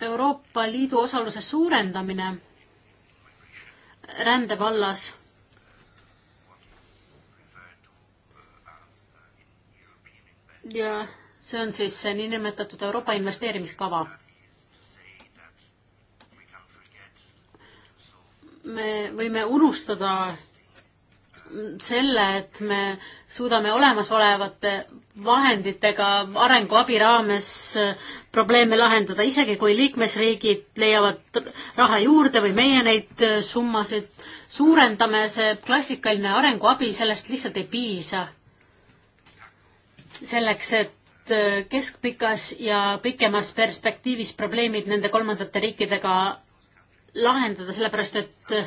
Euroopa Liidu osaluse suurendamine rände vallas ja see on siis see niinimetatud Euroopa investeerimiskava. me võime unustada selle, et me suudame olemasolevate vahenditega arenguabi raames probleeme lahendada, isegi kui liikmesriigid leiavad raha juurde või meie neid summasid suurendame, see klassikaline arenguabi, sellest lihtsalt ei piisa selleks, et äh, keskpikas ja pikemas perspektiivis probleemid nende kolmandate riikidega lahendada, sellepärast et äh,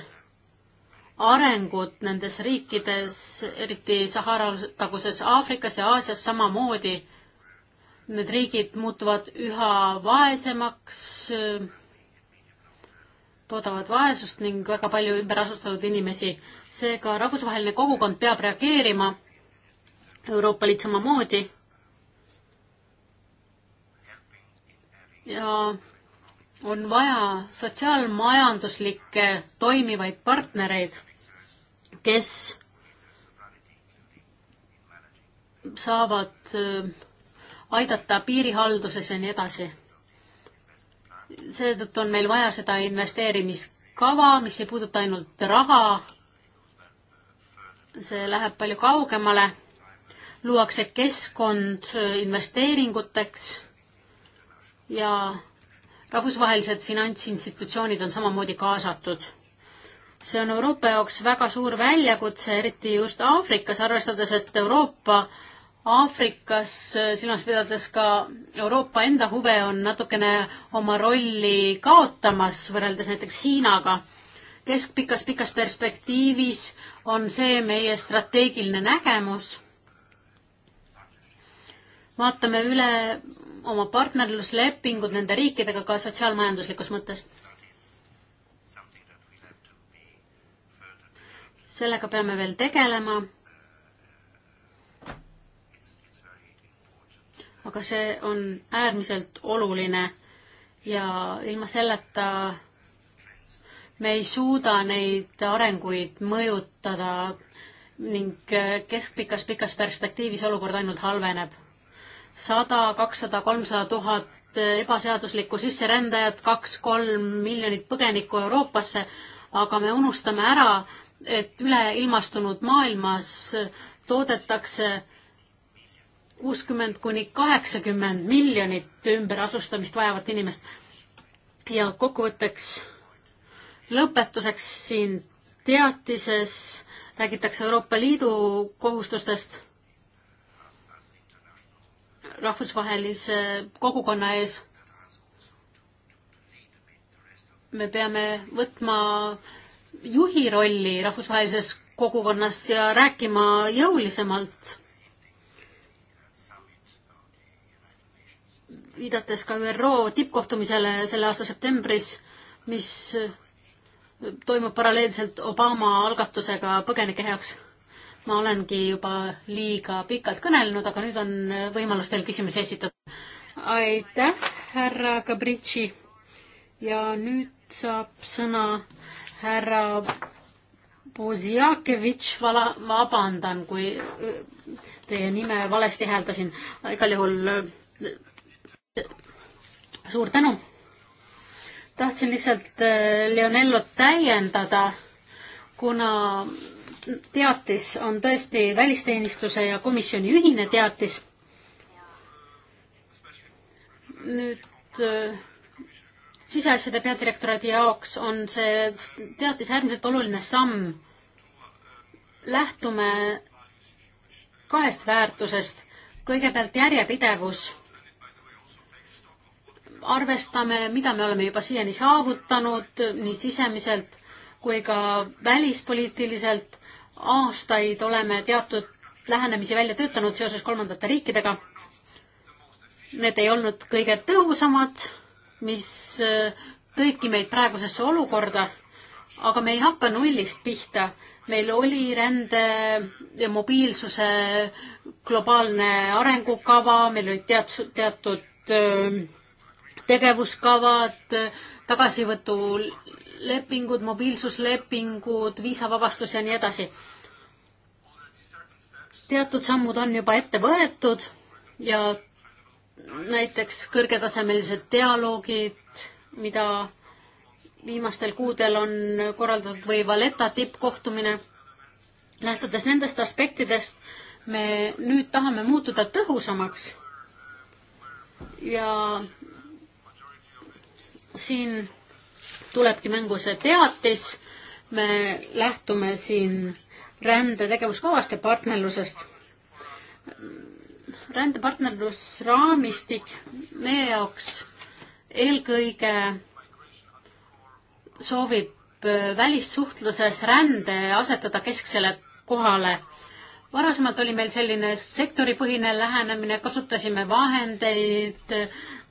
arengud nendes riikides, eriti Sahara taguses Aafrikas ja Aasias samamoodi, need riigid muutuvad üha vaesemaks, äh, toodavad vaesust ning väga palju ümberasustatud inimesi. seega rahvusvaheline kogukond peab reageerima Euroopa Liit samamoodi. ja on vaja sotsiaalmajanduslikke toimivaid partnereid, kes saavad äh, aidata piirihalduses ja nii edasi. seetõttu on meil vaja seda investeerimiskava, mis ei puuduta ainult raha, see läheb palju kaugemale luuakse keskkond investeeringuteks ja rahvusvahelised finantsinstitutsioonid on samamoodi kaasatud. see on Euroopa jaoks väga suur väljakutse, eriti just Aafrikas, arvestades, et Euroopa Aafrikas silmas pidades ka Euroopa enda huve on natukene oma rolli kaotamas võrreldes näiteks Hiinaga. keskpikas, pikas perspektiivis on see meie strateegiline nägemus vaatame üle oma partnerluslepingud nende riikidega ka sotsiaalmajanduslikus mõttes. sellega peame veel tegelema. aga see on äärmiselt oluline ja ilma selleta me ei suuda neid arenguid mõjutada ning keskpikas, pikas perspektiivis olukord ainult halveneb sada, kakssada, kolmsada tuhat ebaseaduslikku sisserändajat, kaks-kolm miljonit põgenikku Euroopasse, aga me unustame ära, et üleilmastunud maailmas toodetakse kuuskümmend kuni kaheksakümmend miljonit ümberasustamist vajavat inimest. ja kokkuvõtteks, lõpetuseks siin teatises räägitakse Euroopa Liidu kohustustest rahvusvahelise kogukonna ees. me peame võtma juhi rolli rahvusvahelises kogukonnas ja rääkima jõulisemalt, viidates ka ÜRO tippkohtumisele selle aasta septembris, mis toimub paralleelselt Obama algatusega põgenike heaks ma olengi juba liiga pikalt kõnelenud, aga nüüd on võimalus teil küsimusi esitada. aitäh, härra Gabritši. ja nüüd saab sõna härra Bozjakevitš, vala, vabandan, kui äh, teie nime valesti hääldasin. igal juhul äh, suur tänu. tahtsin lihtsalt äh, Leonellot täiendada, kuna teatis on tõesti välisteenistuse ja komisjoni ühine teatis. nüüd äh, siseasjade peadirektoraadi jaoks on see teatis äärmiselt oluline samm. lähtume kahest väärtusest. kõigepealt järjepidevus. arvestame, mida me oleme juba siiani saavutanud nii sisemiselt kui ka välispoliitiliselt aastaid oleme teatud lähenemisi välja töötanud seoses kolmandate riikidega. Need ei olnud kõige tõhusamad, mis äh, tõidki meid praegusesse olukorda, aga me ei hakka nullist pihta. meil oli rände ja mobiilsuse globaalne arengukava, meil olid teatud, teatud äh, tegevuskavad, tagasivõtulepingud, mobiilsuslepingud, viisavabastus ja nii edasi teatud sammud on juba ette võetud ja näiteks kõrgetasemelised dialoogid, mida viimastel kuudel on korraldatud või Valeta tippkohtumine. lähtudes nendest aspektidest, me nüüd tahame muutuda tõhusamaks ja siin tulebki mängu see teatis, me lähtume siin rände tegevuskavast ja partnerlusest. rändepartnerlusraamistik meie jaoks eelkõige soovib äh, välissuhtluses rände asetada kesksele kohale. varasemalt oli meil selline sektoripõhine lähenemine, kasutasime vahendeid,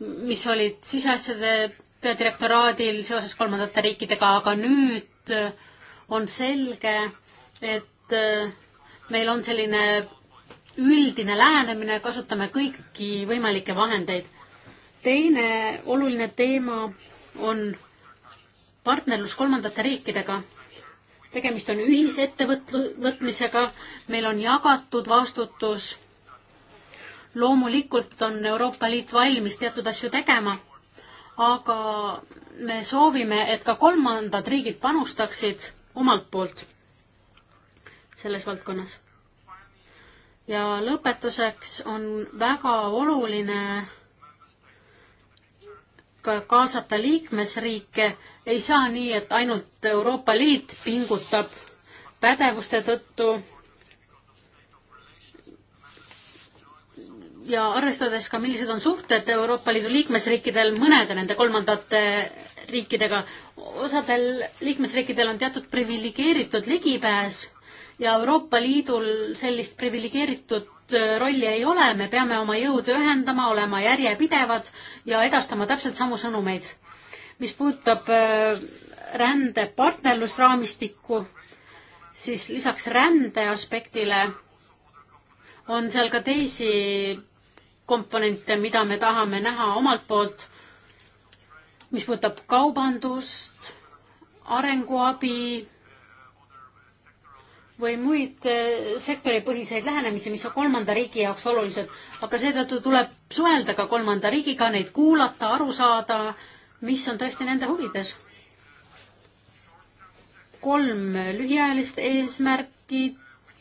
mis olid siseasjade peadirektoraadil seoses kolmandate riikidega, aga nüüd äh, on selge, et et äh, meil on selline üldine lähenemine, kasutame kõiki võimalikke vahendeid. teine oluline teema on partnerlus kolmandate riikidega. tegemist on ühisettevõtmisega, meil on jagatud vastutus. loomulikult on Euroopa Liit valmis teatud asju tegema, aga me soovime, et ka kolmandad riigid panustaksid omalt poolt selles valdkonnas. ja lõpetuseks on väga oluline ka kaasata liikmesriike, ei saa nii, et ainult Euroopa Liit pingutab pädevuste tõttu ja arvestades ka, millised on suhted Euroopa Liidu liikmesriikidel mõnede nende kolmandate riikidega, osadel liikmesriikidel on teatud priviligeeritud ligipääs ja Euroopa Liidul sellist priviligeeritud äh, rolli ei ole, me peame oma jõud ühendama, olema järjepidevad ja edastama täpselt samu sõnumeid. mis puudutab äh, rände partnerlusraamistikku, siis lisaks rände aspektile on seal ka teisi komponente, mida me tahame näha omalt poolt, mis puudutab kaubandust, arenguabi või muid äh, sektoripõhiseid lähenemisi, mis on kolmanda riigi jaoks olulised, aga seetõttu tuleb suhelda ka kolmanda riigiga, neid kuulata, aru saada, mis on tõesti nende huvides. kolm lühiajalist eesmärki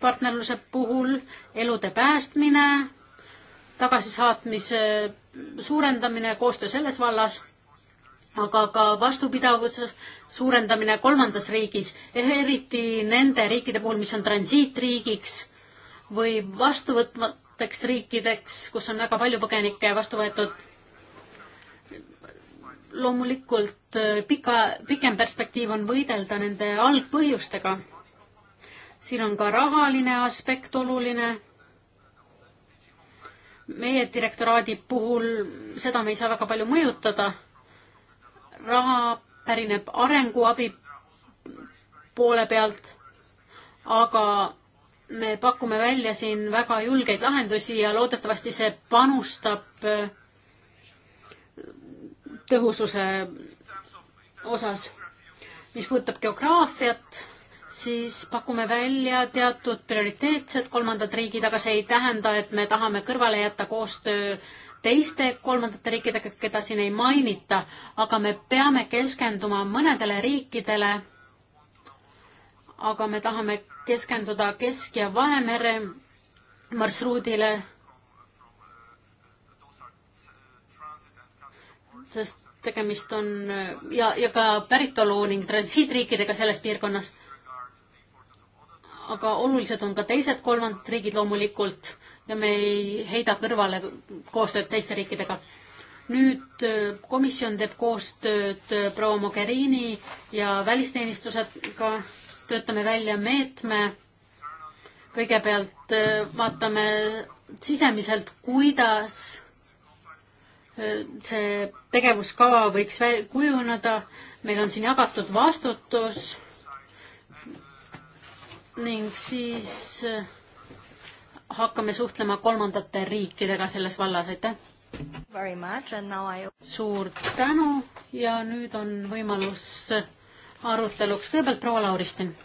partnerluse puhul, elude päästmine, tagasisaatmise suurendamine, koostöö selles vallas aga ka vastupidavuse suurendamine kolmandas riigis, eh, eriti nende riikide puhul, mis on transiitriigiks või vastuvõtvateks riikideks, kus on väga palju põgenikke vastu võetud. loomulikult eh, pika, pikem perspektiiv on võidelda nende algpõhjustega. siin on ka rahaline aspekt oluline meie direktoraadi puhul seda me ei saa väga palju mõjutada, raha pärineb arenguabi poole pealt, aga me pakume välja siin väga julgeid lahendusi ja loodetavasti see panustab äh, tõhususe osas. mis puudutab geograafiat, siis pakume välja teatud prioriteetsed kolmandad riigid, aga see ei tähenda, et me tahame kõrvale jätta koostöö teiste kolmandate riikidega, keda siin ei mainita, aga me peame keskenduma mõnedele riikidele. aga me tahame keskenduda Kesk- ja Vahemere marsruudile. sest tegemist on ja, ja ka päritolu ning transiitriikidega selles piirkonnas. aga olulised on ka teised kolmandad riigid loomulikult ja me ei heida kõrvale koostööd teiste riikidega. nüüd äh, komisjon teeb koostööd äh, proua Mogherini ja välisteenistusega, töötame välja meetme. kõigepealt äh, vaatame sisemiselt, kuidas see tegevuskava võiks kujuneda, meil on siin jagatud vastutus ning siis äh, hakkame suhtlema kolmandate riikidega selles vallas, aitäh! I... suur tänu ja nüüd on võimalus aruteluks, kõigepealt proua Lauristin.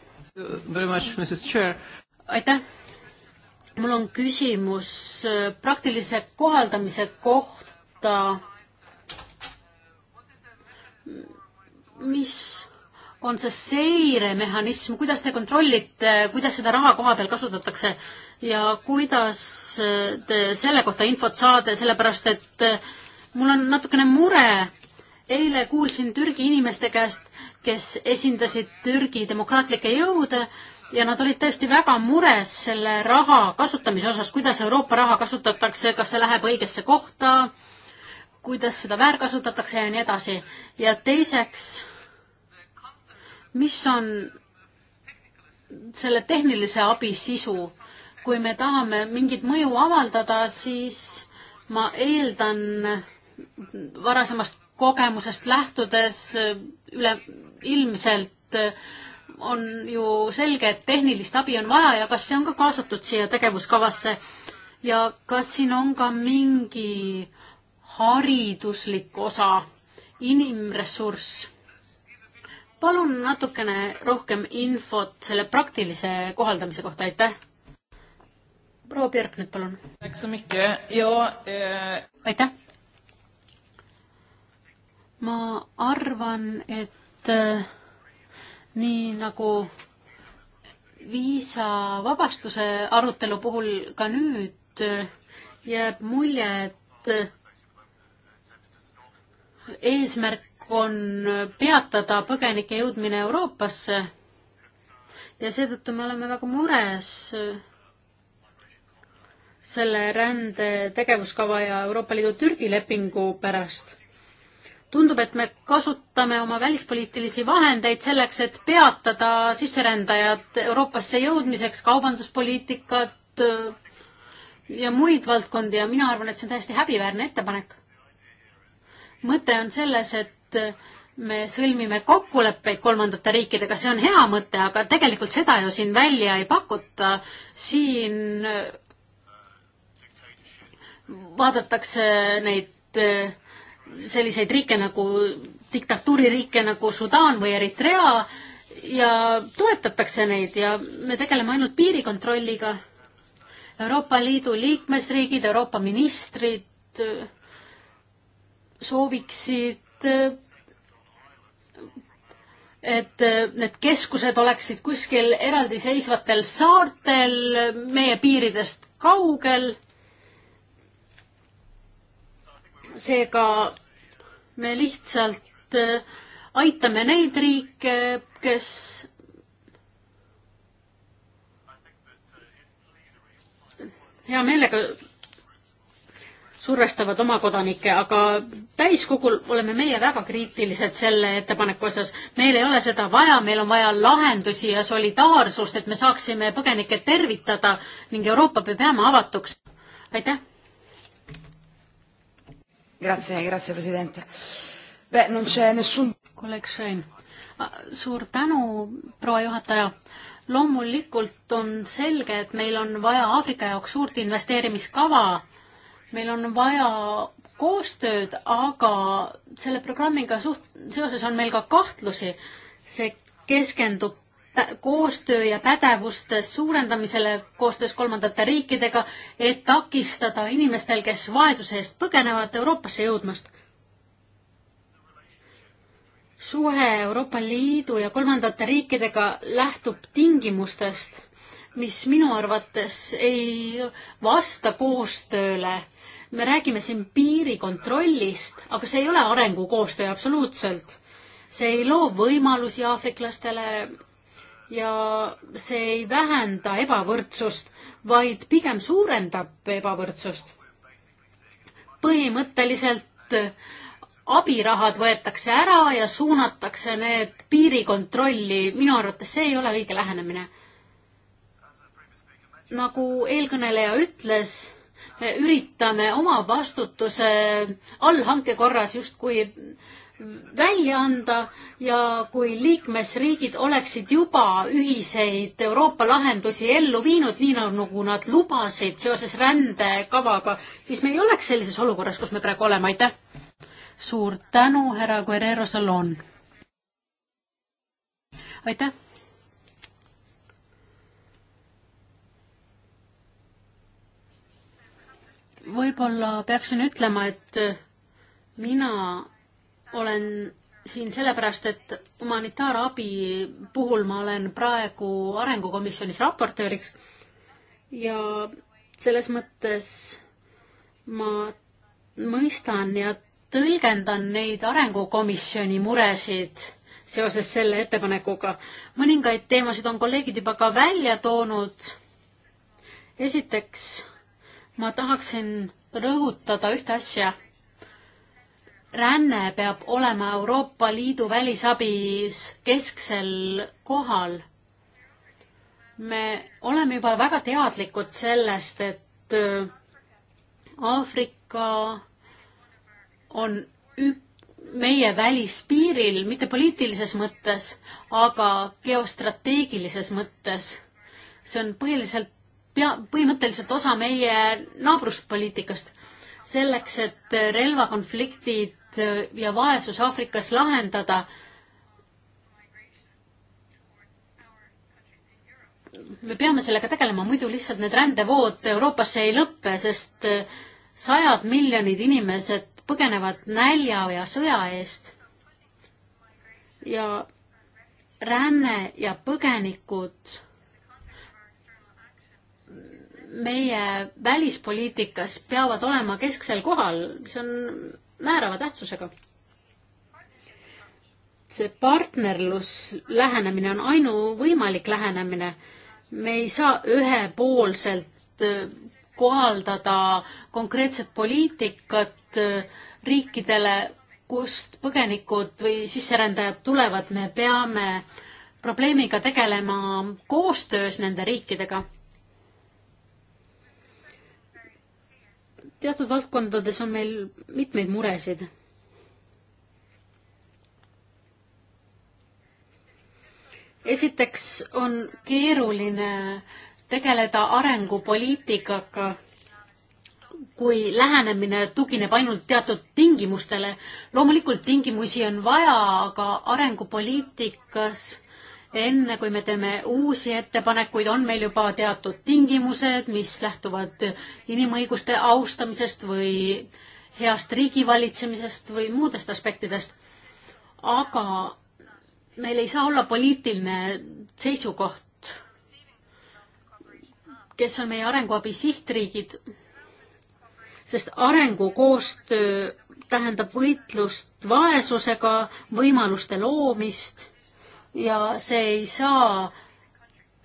aitäh! mul on küsimus äh, praktilise kohaldamise kohta. mis on see seiremehhanism, kuidas te kontrollite, kuidas seda raha koha peal kasutatakse? ja kuidas eh, te selle kohta infot saade, sellepärast et eh, mul on natukene mure. eile kuulsin Türgi inimeste käest, kes esindasid Türgi demokraatlikke jõude ja nad olid tõesti väga mures selle raha kasutamise osas, kuidas Euroopa raha kasutatakse, kas see läheb õigesse kohta, kuidas seda väärkasutatakse ja nii edasi. ja teiseks, mis on selle tehnilise abi sisu kui me tahame mingit mõju avaldada, siis ma eeldan varasemast kogemusest lähtudes üle, ilmselt on ju selge, et tehnilist abi on vaja ja kas see on ka kaasatud siia tegevuskavasse ja kas siin on ka mingi hariduslik osa, inimressurss? palun natukene rohkem infot selle praktilise kohaldamise kohta, aitäh! proua Björk nüüd, palun. Eh, aitäh. ma arvan, et eh, nii nagu viisavabastuse arutelu puhul ka nüüd eh, jääb mulje, et eesmärk on peatada põgenike jõudmine Euroopasse ja seetõttu me oleme väga mures selle rände tegevuskava ja Euroopa Liidu Türgi lepingu pärast. tundub, et me kasutame oma välispoliitilisi vahendeid selleks, et peatada sisserändajad Euroopasse jõudmiseks, kaubanduspoliitikat äh, ja muid valdkondi ja mina arvan, et see on täiesti häbiväärne ettepanek. mõte on selles, et äh, me sõlmime kokkuleppeid kolmandate riikidega, see on hea mõte, aga tegelikult seda ju siin välja ei pakuta. siin äh, vaadatakse neid eh, selliseid riike nagu, diktatuuririike nagu Sudaan või Eritrea ja toetatakse neid ja me tegeleme ainult piirikontrolliga. Euroopa Liidu liikmesriigid, Euroopa ministrid eh, sooviksid, eh, et need keskused oleksid kuskil eraldiseisvatel saartel meie piiridest kaugel seega me lihtsalt äh, aitame neid riike, kes hea meelega survestavad oma kodanikke, aga täiskogul oleme meie väga kriitilised selle ettepaneku osas. meil ei ole seda vaja, meil on vaja lahendusi ja solidaarsust, et me saaksime põgenikke tervitada ning Euroopa peab jääma avatuks. aitäh! Grazie, grazie, president. non c'è nessun. kolleeg Šein. suur tänu, proua juhataja. loomulikult on selge, et meil on vaja Aafrika jaoks suurt investeerimiskava. meil on vaja koostööd, aga selle programmiga suht-, seoses on meil ka kahtlusi. see keskendub koostöö ja pädevuste suurendamisele koostöös kolmandate riikidega, et takistada inimestel, kes vaesuse eest põgenevad, Euroopasse jõudmast. suhe Euroopa Liidu ja kolmandate riikidega lähtub tingimustest, mis minu arvates ei vasta koostööle. me räägime siin piirikontrollist, aga see ei ole arengukoostöö absoluutselt. see ei loo võimalusi aafriklastele ja see ei vähenda ebavõrdsust, vaid pigem suurendab ebavõrdsust. põhimõtteliselt abirahad võetakse ära ja suunatakse need piirikontrolli, minu arvates see ei ole õige lähenemine. nagu eelkõneleja ütles, me üritame oma vastutuse allhanke korras justkui äh, välja anda ja kui liikmesriigid oleksid juba ühiseid Euroopa lahendusi ellu viinud, nii nagu nad lubasid seoses rändekavaga, siis me ei oleks sellises olukorras, kus me praegu oleme, aitäh! suur tänu, härra Guerrero Salon! aitäh! võib-olla peaksin ütlema, et mina olen siin sellepärast, et humanitaarabi puhul ma olen praegu Arengukomisjonis raportööriks ja selles mõttes ma mõistan ja tõlgendan neid Arengukomisjoni muresid seoses selle ettepanekuga. mõningaid teemasid on kolleegid juba ka välja toonud. esiteks ma tahaksin rõhutada ühte asja ränne peab olema Euroopa Liidu välisabis kesksel kohal. me oleme juba väga teadlikud sellest, et äh, Aafrika on üks meie välispiiril, mitte poliitilises mõttes, aga geostrateegilises mõttes. see on põhiliselt, pea, põhimõtteliselt osa meie naabruspoliitikast. selleks, et relvakonfliktid Äh, ja vaesus Aafrikas lahendada. me peame sellega tegelema, muidu lihtsalt need rändevood Euroopasse ei lõppe, sest äh, sajad miljonid inimesed põgenevad nälja ja sõja eest. ja ränne ja põgenikud meie välispoliitikas peavad olema kesksel kohal, see on määrava tähtsusega. see partnerluslähenemine on ainuvõimalik lähenemine. me ei saa ühepoolselt äh, kohaldada konkreetset poliitikat äh, riikidele, kust põgenikud või sisserändajad tulevad, me peame probleemiga tegelema koostöös nende riikidega teatud valdkondades on meil mitmeid muresid. esiteks on keeruline tegeleda arengupoliitikaga, kui lähenemine tugineb ainult teatud tingimustele. loomulikult tingimusi on vaja, aga arengupoliitikas enne kui me teeme uusi ettepanekuid, on meil juba teatud tingimused, mis lähtuvad inimõiguste austamisest või heast riigivalitsemisest või muudest aspektidest. aga meil ei saa olla poliitiline seisukoht, kes on meie arenguabi sihtriigid, sest arengukoostöö tähendab võitlust vaesusega, võimaluste loomist ja see ei saa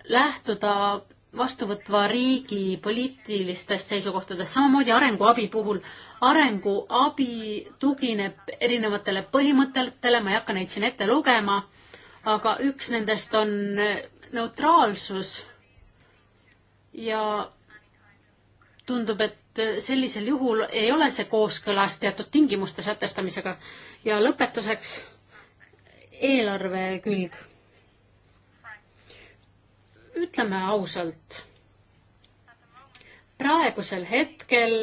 lähtuda vastuvõtva riigi poliitilistest seisukohtadest, samamoodi arenguabi puhul. arenguabi tugineb erinevatele põhimõtetele, ma ei hakka neid siin ette lugema, aga üks nendest on neutraalsus ja tundub, et sellisel juhul ei ole see kooskõlas teatud tingimuste sätestamisega. ja lõpetuseks eelarve külg. ütleme ausalt, praegusel hetkel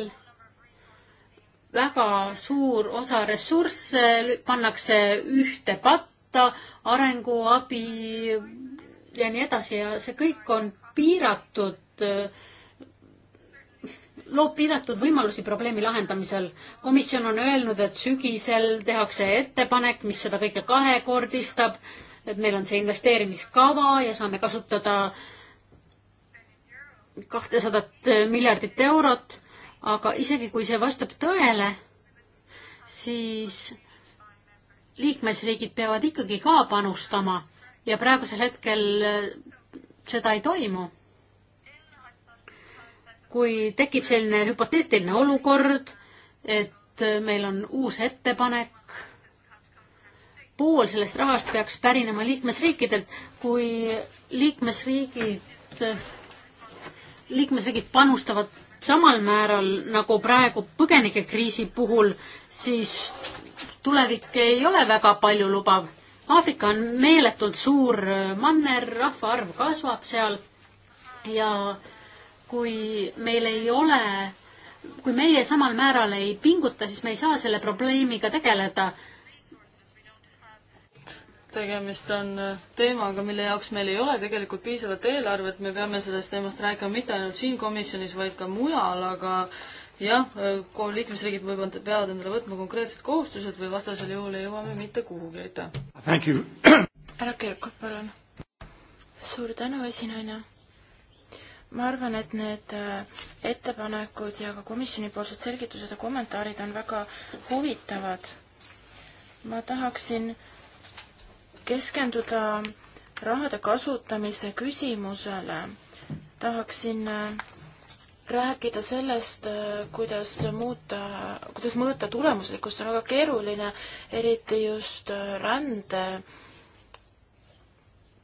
väga suur osa ressursse pannakse ühte patta, arenguabi ja nii edasi ja see kõik on piiratud äh, loob piiratud võimalusi probleemi lahendamisel. komisjon on öelnud, et sügisel tehakse ettepanek, mis seda kõike kahekordistab, et meil on see investeerimiskava ja saame kasutada kahtesadat miljardit eurot, aga isegi kui see vastab tõele, siis liikmesriigid peavad ikkagi ka panustama ja praegusel hetkel seda ei toimu kui tekib selline hüpoteetiline olukord, et meil on uus ettepanek, pool sellest rahast peaks pärinema liikmesriikidelt, kui liikmesriigid, liikmesriigid panustavad samal määral nagu praegu põgenikekriisi puhul, siis tulevik ei ole väga palju lubav. Aafrika on meeletult suur manner, rahvaarv kasvab seal ja kui meil ei ole, kui meie samal määral ei pinguta, siis me ei saa selle probleemiga tegeleda. tegemist on äh, teemaga, mille jaoks meil ei ole tegelikult piisavat eelarvet, me peame sellest teemast rääkima mitte ainult siin komisjonis, vaid ka mujal, aga jah, äh, liikmesriigid võib-olla peavad endale võtma konkreetsed kohustused või vastasel juhul ei jõua me mitte kuhugi, aitäh. härra Kirkup, palun. suur tänu, esinaine ma arvan, et need äh, ettepanekud ja ka komisjonipoolsed selgitused ja kommentaarid on väga huvitavad. ma tahaksin keskenduda rahade kasutamise küsimusele. tahaksin äh, rääkida sellest, äh, kuidas muuta, kuidas mõõta tulemuslikkust, on väga keeruline, eriti just rände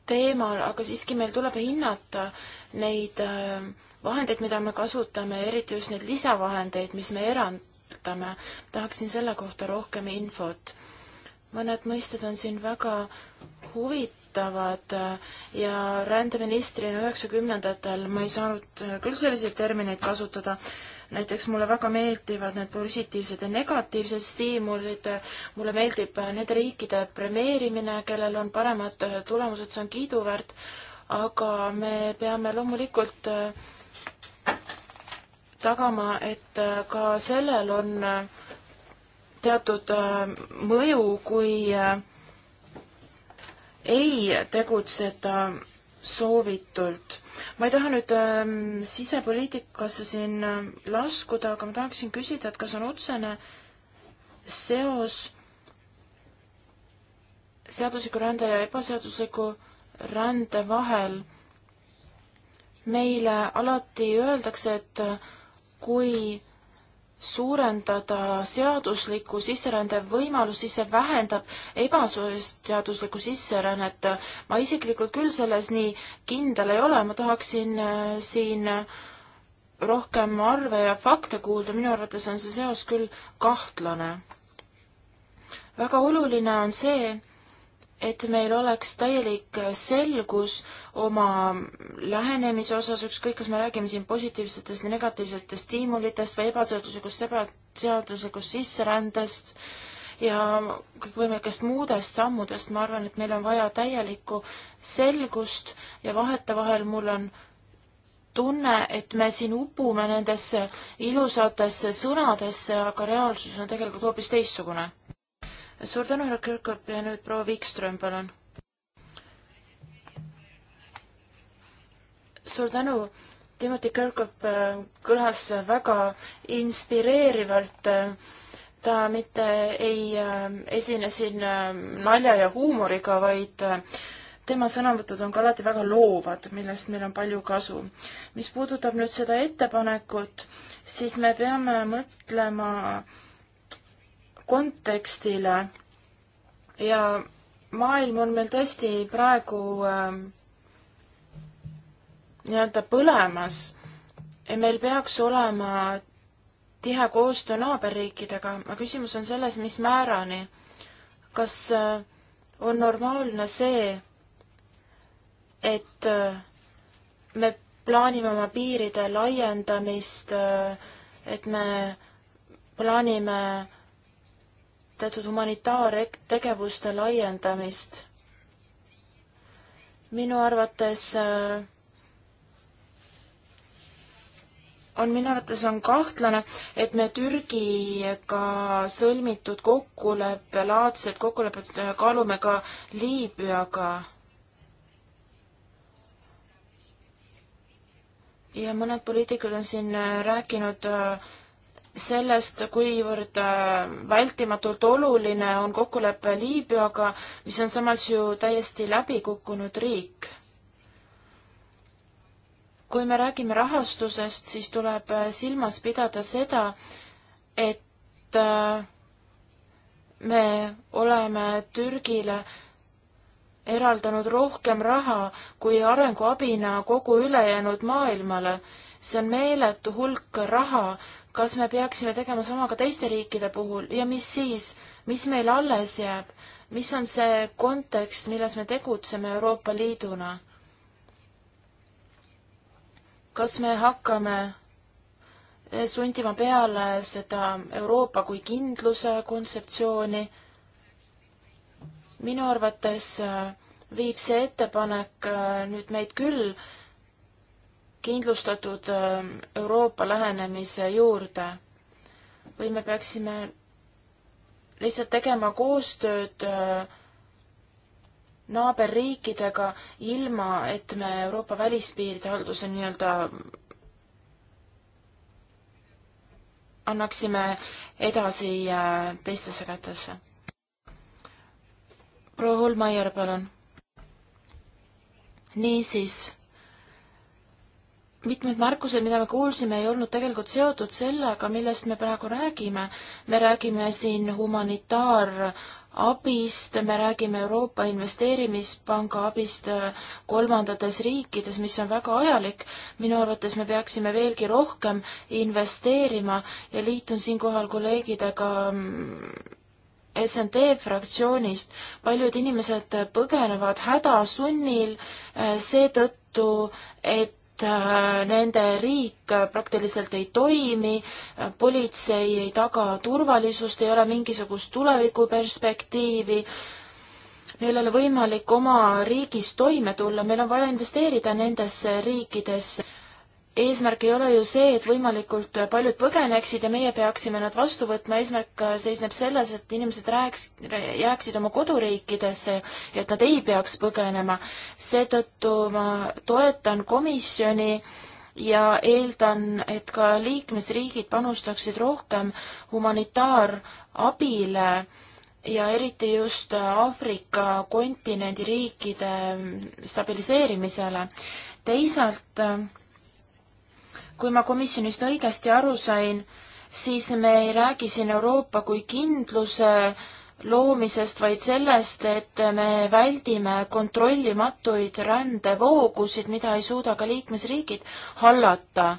teemal, aga siiski meil tuleb hinnata, neid äh, vahendeid, mida me kasutame, eriti just neid lisavahendeid, mis me erandame, tahaksin selle kohta rohkem infot. mõned mõisted on siin väga huvitavad äh, ja rändeministrina üheksakümnendatel ma ei saanud äh, küll selliseid termineid kasutada, näiteks mulle väga meeldivad need positiivsed ja negatiivsed stiimulid, mulle meeldib nende riikide premeerimine, kellel on paremad tulemused, see on kiiduväärt, aga me peame loomulikult äh, tagama, et äh, ka sellel on äh, teatud mõju, kui ei tegutseta soovitult. ma ei taha nüüd ähm, sisepoliitikasse siin laskuda, aga ma tahaksin küsida, et kas on otsene seos seadusliku rände ja ebaseadusliku rände vahel. meile alati öeldakse, et kui suurendada seadusliku sisserände võimalusi, see vähendab ebasoovist seaduslikku sisserännet. ma isiklikult küll selles nii kindel ei ole, ma tahaksin äh, siin rohkem arve ja fakte kuulda, minu arvates on see seos küll kahtlane. väga oluline on see, et meil oleks täielik selgus oma lähenemise osas, ükskõik, kas me räägime siin positiivsetest ja negatiivsetest stiimulitest või ebaseaduslikust, ebaseaduslikust sisserändest ja kõikvõimalikest muudest sammudest, ma arvan, et meil on vaja täielikku selgust ja vahetevahel mul on tunne, et me siin upume nendesse ilusatesse sõnadesse, aga reaalsus on tegelikult hoopis teistsugune suur tänu, härra Kirkop ja nüüd proua Wikström, palun. suur tänu. Timothy Kirkop äh, kõlas väga inspireerivalt. ta mitte ei äh, esine siin äh, nalja ja huumoriga, vaid tema sõnavõtud on ka alati väga loovad, millest meil on palju kasu. mis puudutab nüüd seda ettepanekut, siis me peame mõtlema äh, kontekstile ja maailm on meil tõesti praegu äh, nii-öelda põlemas ja meil peaks olema tihe koostöö naaberriikidega, aga küsimus on selles, mis määrani. kas äh, on normaalne see, et äh, me plaanime oma piiride laiendamist, äh, et me plaanime teatud humanitaartegevuste laiendamist. minu arvates äh, on minu arvates on kahtlane, et me Türgiga sõlmitud kokkuleppe, laadset kokkulepet kaalume ka Liibüaga. ja mõned poliitikud on siin äh, rääkinud äh, sellest, kuivõrd äh, vältimatult oluline on kokkulepe Liibüaga, mis on samas ju täiesti läbi kukkunud riik. kui me räägime rahastusest, siis tuleb äh, silmas pidada seda, et äh, me oleme Türgile eraldanud rohkem raha kui arenguabina kogu ülejäänud maailmale. see on meeletu hulk raha, kas me peaksime tegema sama ka teiste riikide puhul ja mis siis, mis meil alles jääb, mis on see kontekst, milles me tegutseme Euroopa Liiduna? kas me hakkame eh, sundima peale seda Euroopa kui kindluse kontseptsiooni? minu arvates eh, viib see ettepanek eh, nüüd meid küll äh, kindlustatud ähm, Euroopa lähenemise juurde või me peaksime lihtsalt tegema koostööd äh, naaberriikidega, ilma et me Euroopa välispiiride halduse nii-öelda annaksime edasi äh, teistesse kätesse. proua Holmeier, palun. niisiis mitmed märkused, mida me kuulsime, ei olnud tegelikult seotud sellega, millest me praegu räägime. me räägime siin humanitaarabist, me räägime Euroopa Investeerimispanga abist äh, kolmandates riikides, mis on väga ajalik. minu arvates me peaksime veelgi rohkem investeerima ja liitun siinkohal kolleegidega mm, SND fraktsioonist. paljud inimesed põgenevad häda sunnil äh, seetõttu, et Äh, nende riik praktiliselt ei toimi, politsei ei taga turvalisust, ei ole mingisugust tulevikuperspektiivi neil ei ole võimalik oma riigis toime tulla, meil on vaja investeerida nendesse riikidesse eesmärk ei ole ju see, et võimalikult paljud põgeneksid ja meie peaksime nad vastu võtma, eesmärk seisneb selles, et inimesed rääks, jääksid oma koduriikidesse ja et nad ei peaks põgenema. seetõttu ma toetan komisjoni ja eeldan, et ka liikmesriigid panustaksid rohkem humanitaarabile ja eriti just Aafrika kontinendi riikide stabiliseerimisele. teisalt kui ma komisjonist õigesti aru sain, siis me ei räägi siin Euroopa kui kindluse loomisest, vaid sellest, et me väldime kontrollimatuid rändevoogusid, mida ei suuda ka liikmesriigid hallata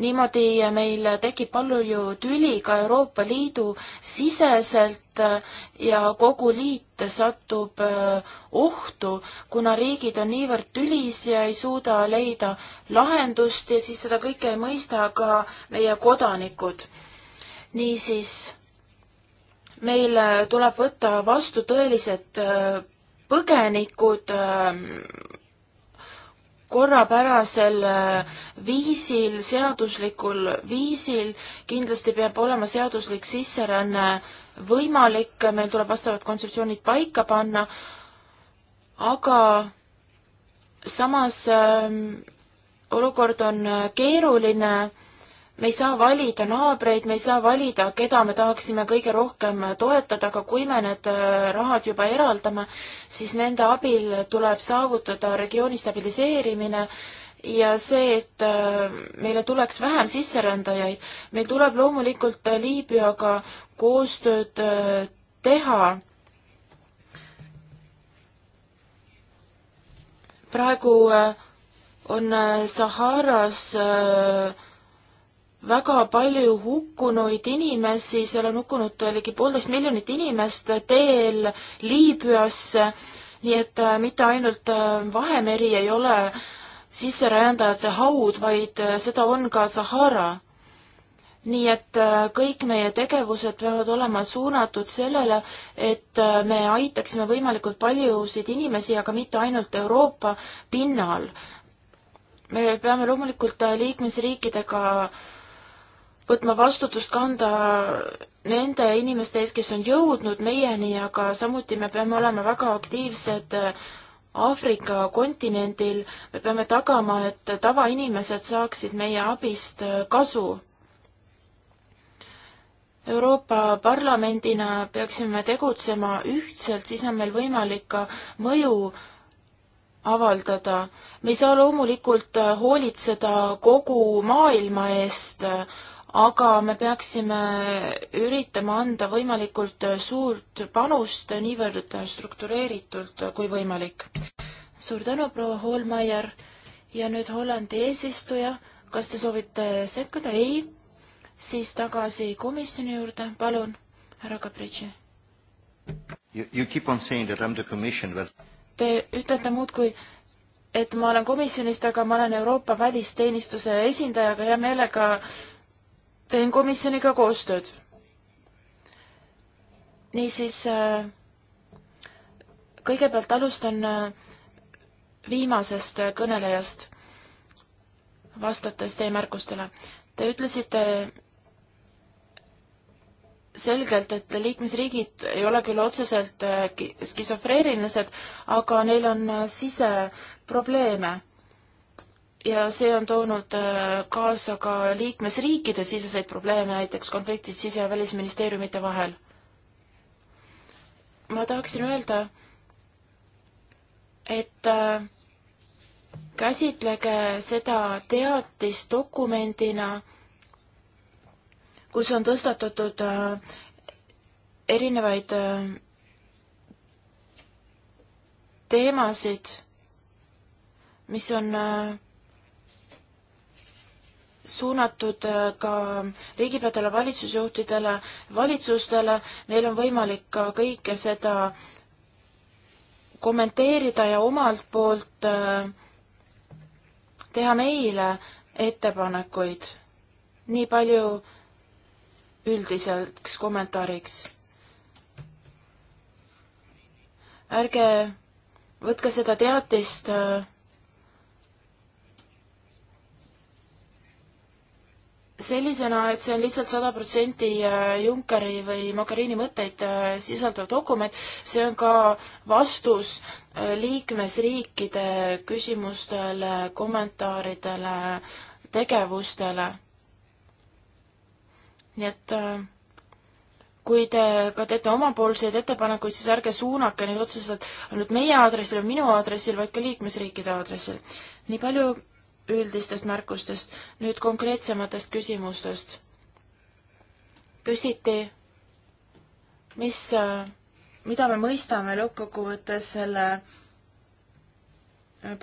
niimoodi meil tekib palju tüli ka Euroopa Liidu siseselt äh, ja kogu liit satub äh, ohtu, kuna riigid on niivõrd tülis ja ei suuda leida lahendust ja siis seda kõike ei mõista ka meie kodanikud. niisiis, meil äh, tuleb võtta vastu tõelised põgenikud korrapärasel äh, viisil, seaduslikul viisil, kindlasti peab olema seaduslik sisseränne võimalik, meil tuleb vastavad kontseptsioonid paika panna, aga samas äh, olukord on äh, keeruline me ei saa valida naabreid, me ei saa valida, keda me tahaksime kõige rohkem toetada, aga kui me need äh, rahad juba eraldame, siis nende abil tuleb saavutada regiooni stabiliseerimine ja see, et äh, meile tuleks vähem sisserändajaid. meil tuleb loomulikult äh, Liibüaga koostööd teha. praegu on Saharas äh, väga palju hukkunuid inimesi, seal on hukkunud ligi poolteist miljonit inimest teel Liibüasse, nii et äh, mitte ainult äh, Vahemeri ei ole sisserändajate haud, vaid äh, seda on ka Sahara. nii et kõik meie tegevused peavad olema suunatud sellele, et me aitaksime võimalikult paljusid inimesi, aga mitte ainult Euroopa pinnal. me peame loomulikult liikmesriikidega äh, võtma vastutust kanda nende inimeste ees, kes on jõudnud meieni, aga samuti me peame olema väga aktiivsed äh, Aafrika kontinendil, me peame tagama, et tavainimesed saaksid meie abist äh, kasu. Euroopa Parlamendina peaksime tegutsema ühtselt, siis on meil võimalik ka mõju avaldada. me ei saa loomulikult äh, hoolitseda kogu maailma eest, aga me peaksime üritama anda võimalikult suurt panust niivõrd struktureeritult kui võimalik. suur tänu, proua Hoolmeier ja nüüd Hollandi eesistuja, kas te soovite sekkuda? ei? siis tagasi komisjoni juurde, palun, härra Kapritši. You keep on saying that I am the commission but te ütlete muudkui, et ma olen komisjonist, aga ma olen Euroopa välisteenistuse esindaja, aga hea meelega teen komisjoniga koostööd. niisiis, äh, kõigepealt alustan äh, viimasest äh, kõnelejast, vastates teie märkustele. Te ütlesite selgelt, et liikmesriigid ei ole küll otseselt skisofreerilised, aga neil on siseprobleeme ja see on toonud äh, kaasa ka liikmesriikide siseseid probleeme, näiteks konfliktid sise- ja välisministeeriumite vahel. ma tahaksin öelda, et äh, käsitlege seda teatist dokumendina, kus on tõstatatud äh, erinevaid teemasid, mis on äh, suunatud äh, ka riigipeadele, valitsusjuhtidele, valitsustele, neil on võimalik ka kõike seda kommenteerida ja omalt poolt äh, teha meile ettepanekuid. nii palju üldiseks kommentaariks. ärge võtke seda teatist äh, sellisena, et see on lihtsalt sada protsenti äh, Junckeri või Macariini mõtteid äh, sisaldav dokument, see on ka vastus äh, liikmesriikide küsimustele, kommentaaridele, tegevustele. nii et kui te ka teete omapoolseid ettepanekuid, siis ärge suunake neid otseselt ainult meie aadressil või minu aadressil, vaid ka liikmesriikide aadressil. nii palju üldistest märkustest, nüüd konkreetsematest küsimustest. küsiti, mis, mida me mõistame lõppkokkuvõttes selle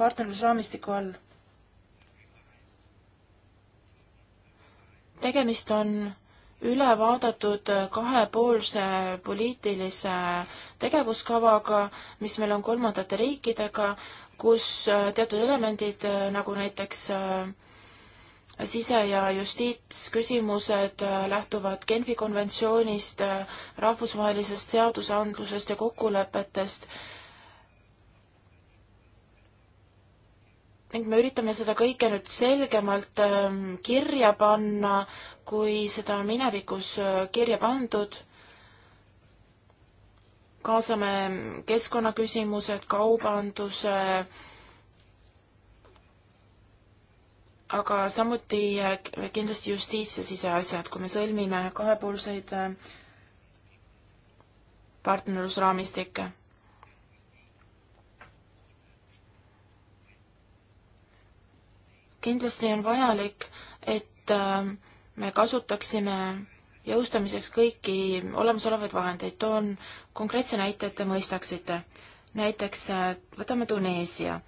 partnerlusraamistiku all. tegemist on üle vaadatud kahepoolse poliitilise tegevuskavaga, mis meil on kolmandate riikidega, kus äh, teatud elemendid, äh, nagu näiteks äh, sise- ja justiitsküsimused lähtuvad Genfi konventsioonist, rahvusvahelisest seadusandlusest ja kokkulepetest. ning me üritame seda kõike nüüd selgemalt ähm, kirja panna, kui seda minevikus kirja pandud kaasame keskkonnaküsimused, kaubanduse, aga samuti kindlasti justiits- ja siseasjad, kui me sõlmime kahepoolseid äh, partnerlusraamistikke. kindlasti on vajalik, et äh, me kasutaksime jõustamiseks kõiki olemasolevaid vahendeid. toon konkreetse näite, et te mõistaksite. näiteks äh, võtame Tuneesia.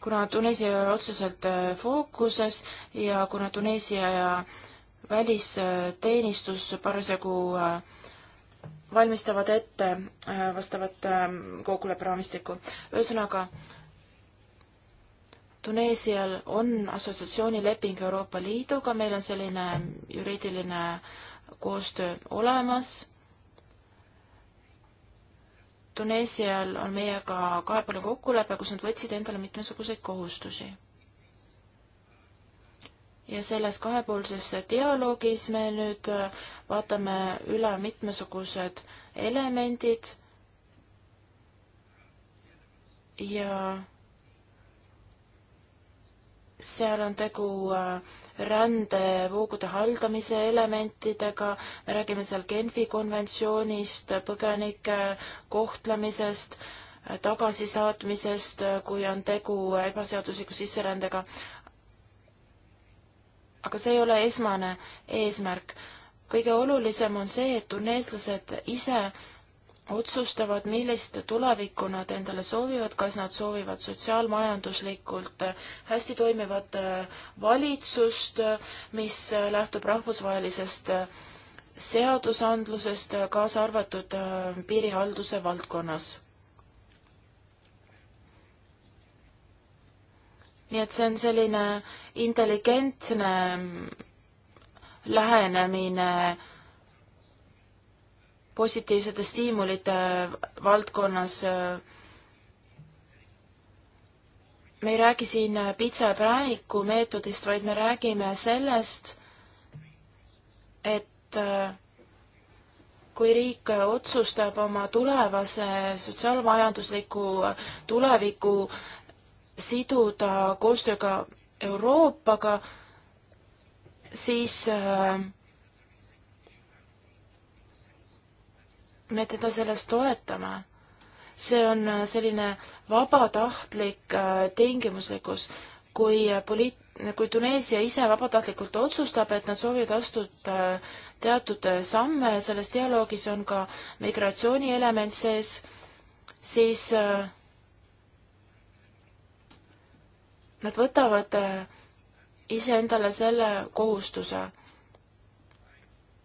kuna Tuneesia ei ole otseselt äh, fookuses ja kuna Tuneesia ja välisteenistus parasjagu äh, valmistavad ette vastavat ähm, kokkulepperaamistikku. ühesõnaga, Tuneesial on assotsiatsioonileping Euroopa Liiduga, meil on selline juriidiline koostöö olemas. Tuneesial on meiega kahepoolne kokkulepe, kus nad võtsid endale mitmesuguseid kohustusi. ja selles kahepoolses dialoogis me nüüd äh, vaatame üle mitmesugused elemendid ja seal on tegu äh, rändevoogude haldamise elementidega, me räägime seal Genfi konventsioonist, põgenike kohtlemisest, äh, tagasisaatmisest, äh, kui on tegu ebaseadusliku sisserändega. aga see ei ole esmane eesmärk. kõige olulisem on see, et tuneeslased ise otsustavad, millist tulevikku nad endale soovivad, kas nad soovivad sotsiaalmajanduslikult hästi toimivat äh, valitsust, mis äh, lähtub rahvusvahelisest äh, seadusandlusest, kaasa arvatud piirihalduse valdkonnas. nii et see on selline intelligentne mm, lähenemine äh, positiivsete stiimulite äh, valdkonnas äh, me ei räägi siin äh, pitsa ja prääniku meetodist, vaid me räägime sellest, et kui riik otsustab oma tulevase sotsiaalmajandusliku tuleviku siduda koostööga Euroopaga, siis äh, me teda selles toetame. see on äh, selline vabatahtlik äh, tingimuslikkus, kui äh, poliit-, kui Tuneesia ise vabatahtlikult otsustab, et nad soovivad astuda teatud samme, selles dialoogis on ka migratsioonielement sees, siis nad võtavad iseendale selle kohustuse.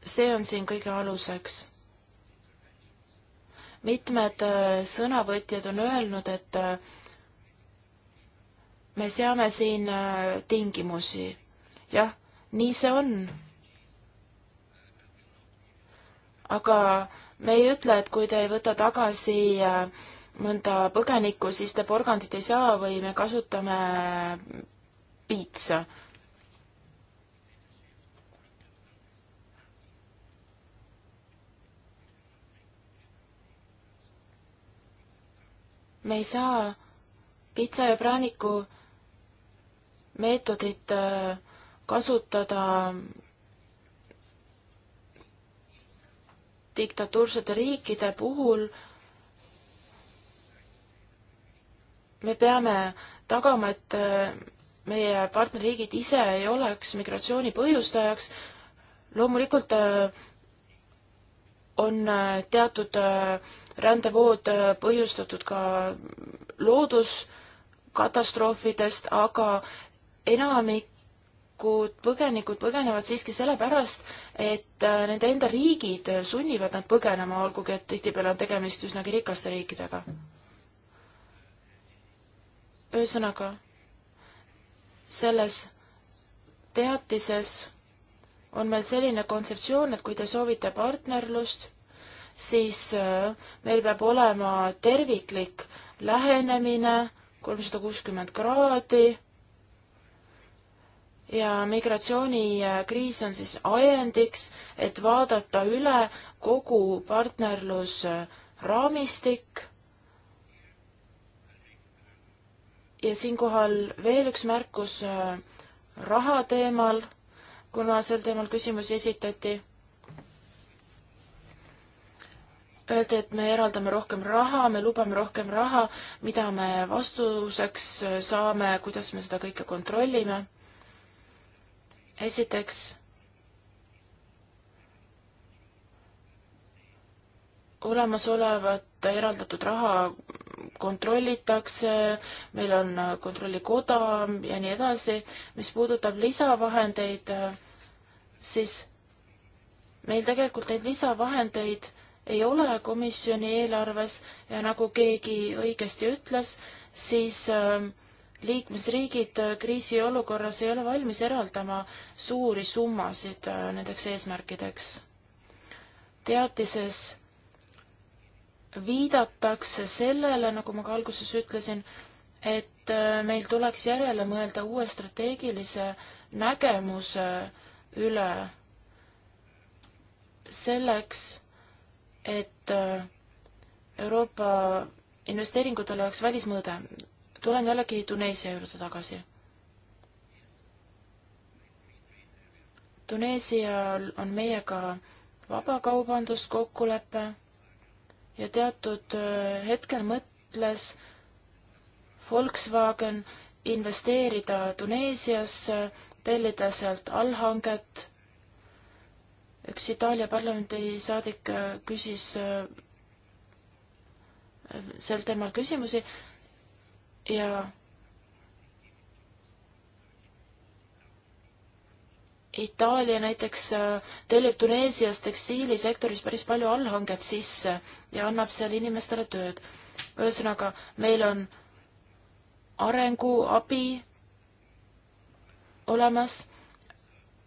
see on siin kõige aluseks mitmed äh, sõnavõtjad on öelnud, et äh, me seame siin äh, tingimusi. jah, nii see on. aga me ei ütle, et kui te ei võta tagasi mõnda põgenikku, siis te porgandit ei saa või me kasutame piitsa me ei saa pitsa ja praaniku meetodit äh, kasutada diktatuursete riikide puhul me peame tagama, et äh, meie partnerriigid ise ei oleks migratsiooni põhjustajaks. loomulikult äh, on äh, teatud äh, rändevood äh, põhjustatud ka looduskatastroofidest, aga enamikud põgenikud põgenevad siiski sellepärast, et nende enda riigid sunnivad nad põgenema, olgugi et tihtipeale on tegemist üsnagi rikaste riikidega. ühesõnaga, selles teatises on meil selline kontseptsioon, et kui te soovite partnerlust, siis äh, meil peab olema terviklik lähenemine kolmsada kuuskümmend kraadi ja migratsioonikriis on siis ajendiks, et vaadata üle kogu partnerlusraamistik. ja siinkohal veel üks märkus äh, raha teemal kuna sel teemal küsimusi esitati. Öeldi, et me eraldame rohkem raha, me lubame rohkem raha, mida me vastuseks saame, kuidas me seda kõike kontrollime. esiteks olemasolevat eraldatud raha kontrollitakse, meil on kontrollikoda ja nii edasi. mis puudutab lisavahendeid, siis meil tegelikult neid lisavahendeid ei ole komisjoni eelarves ja nagu keegi õigesti ütles, siis ähm, liikmesriigid äh, kriisiolukorras ei ole valmis eraldama suuri summasid äh, nendeks eesmärkideks. teatises viidatakse sellele, nagu ma ka alguses ütlesin, et äh, meil tuleks järele mõelda uue strateegilise nägemuse üle selleks, et äh, Euroopa investeeringutel oleks välismõõde. tulen jällegi Tuneesia juurde tagasi. Tuneesial on meiega vabakaubanduskokkulepe ja teatud äh, hetkel mõtles Volkswagen investeerida Tuneesiasse, tellida sealt allhanget. üks Itaalia parlamendi saadik äh, küsis äh, sel teemal küsimusi ja Itaalia näiteks äh, tellib Tuneesias tekstiilisektoris päris palju allhanget sisse ja annab seal inimestele tööd. ühesõnaga, meil on arenguabi olemas,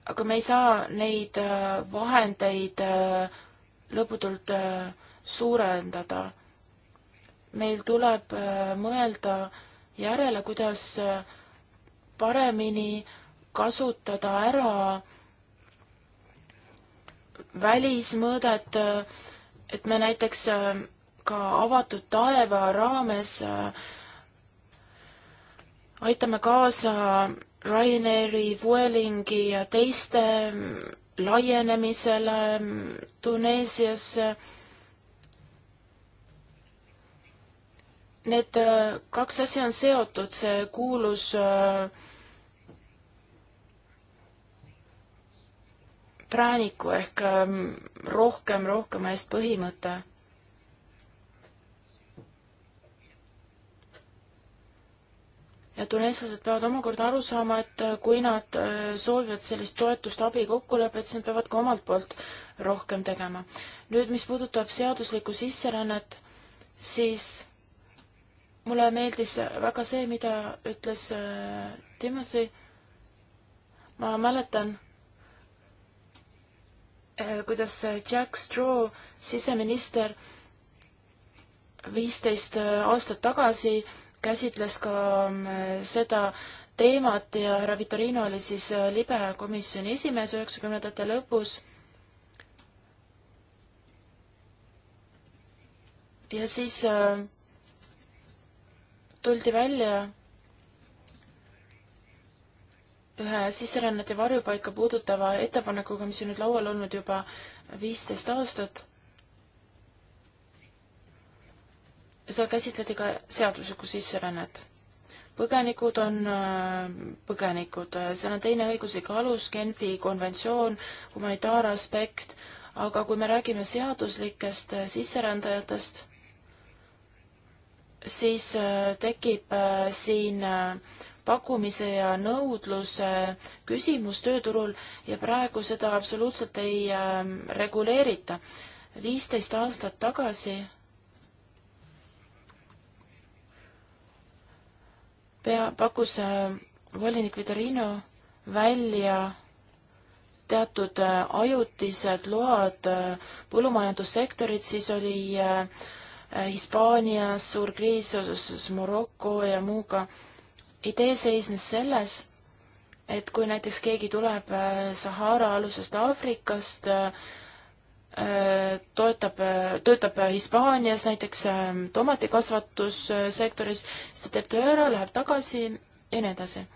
aga me ei saa neid äh, vahendeid äh, lõputult suurendada. meil tuleb mõelda järele, kuidas paremini äh, kasutada ära välismõõdet, et me näiteks äh, ka avatud taeva raames äh, aitame kaasa Ryanairi, Vuelingi ja teiste äh, laienemisele Tuneesiasse need kaks asja on seotud, see kuulus äh, prääniku ehk ähm, rohkem rohkema eest põhimõte. ja tuneeslased peavad omakorda aru saama, et äh, kui nad äh, soovivad sellist toetust, abi, kokkulepet, siis nad peavad ka omalt poolt rohkem tegema. nüüd, mis puudutab seaduslikku sisserännet, siis mulle meeldis väga see, mida ütles äh, Timothy. ma mäletan Eh, kuidas eh, Jack Straw, siseminister, viisteist eh, aastat tagasi käsitles ka mm, seda teemat ja härra Vitorino oli siis libe komisjoni esimees üheksakümnendate lõpus. ja siis tuldi välja ühe sisserännet ja varjupaika puudutava ettepanekuga, mis on nüüd laual olnud juba viisteist aastat. seal käsitleti ka seaduslikku sisserännet. põgenikud on äh, põgenikud, seal on teine õiguslik alus, Genfi konventsioon, humanitaaraspekt, aga kui me räägime seaduslikest äh, sisserändajatest, siis äh, tekib siin pakkumise ja nõudluse küsimus tööturul ja praegu seda absoluutselt ei ähm, reguleerita. viisteist aastat tagasi pea, pakkus äh, volinik Vitorino välja teatud äh, ajutised load äh, põllumajandussektorid, siis oli Hispaanias suur kriis seoses Maroko ja muuga idee seisnes selles, et kui näiteks keegi tuleb äh, Sahara-alusest Aafrikast, äh, äh, toetab, töötab Hispaanias näiteks ähm, tomatikasvatussektoris, siis ta teeb töö ära, läheb tagasi ja nii edasi.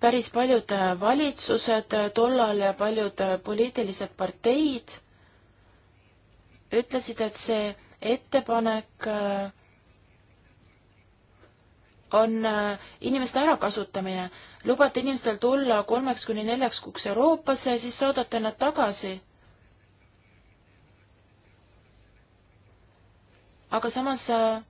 päris paljud valitsused tollal ja paljud poliitilised parteid ütlesid, et see ettepanek äh, on äh, inimeste ärakasutamine. lubate inimestel tulla kolmeks kuni neljaks kuuks Euroopasse ja siis saadate nad tagasi. aga samas äh,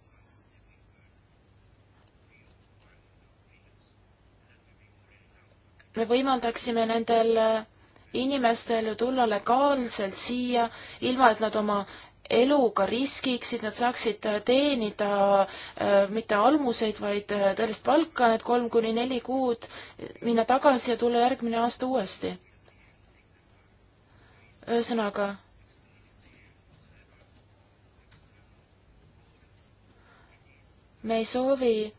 me võimaldaksime nendel äh, inimestel ju tulla legaalselt siia, ilma et nad oma eluga riskiksid, nad saaksid äh, teenida äh, mitte almuseid, vaid äh, tõelist palka need kolm kuni neli kuud, minna tagasi ja tulla järgmine aasta uuesti. ühesõnaga. me ei soovi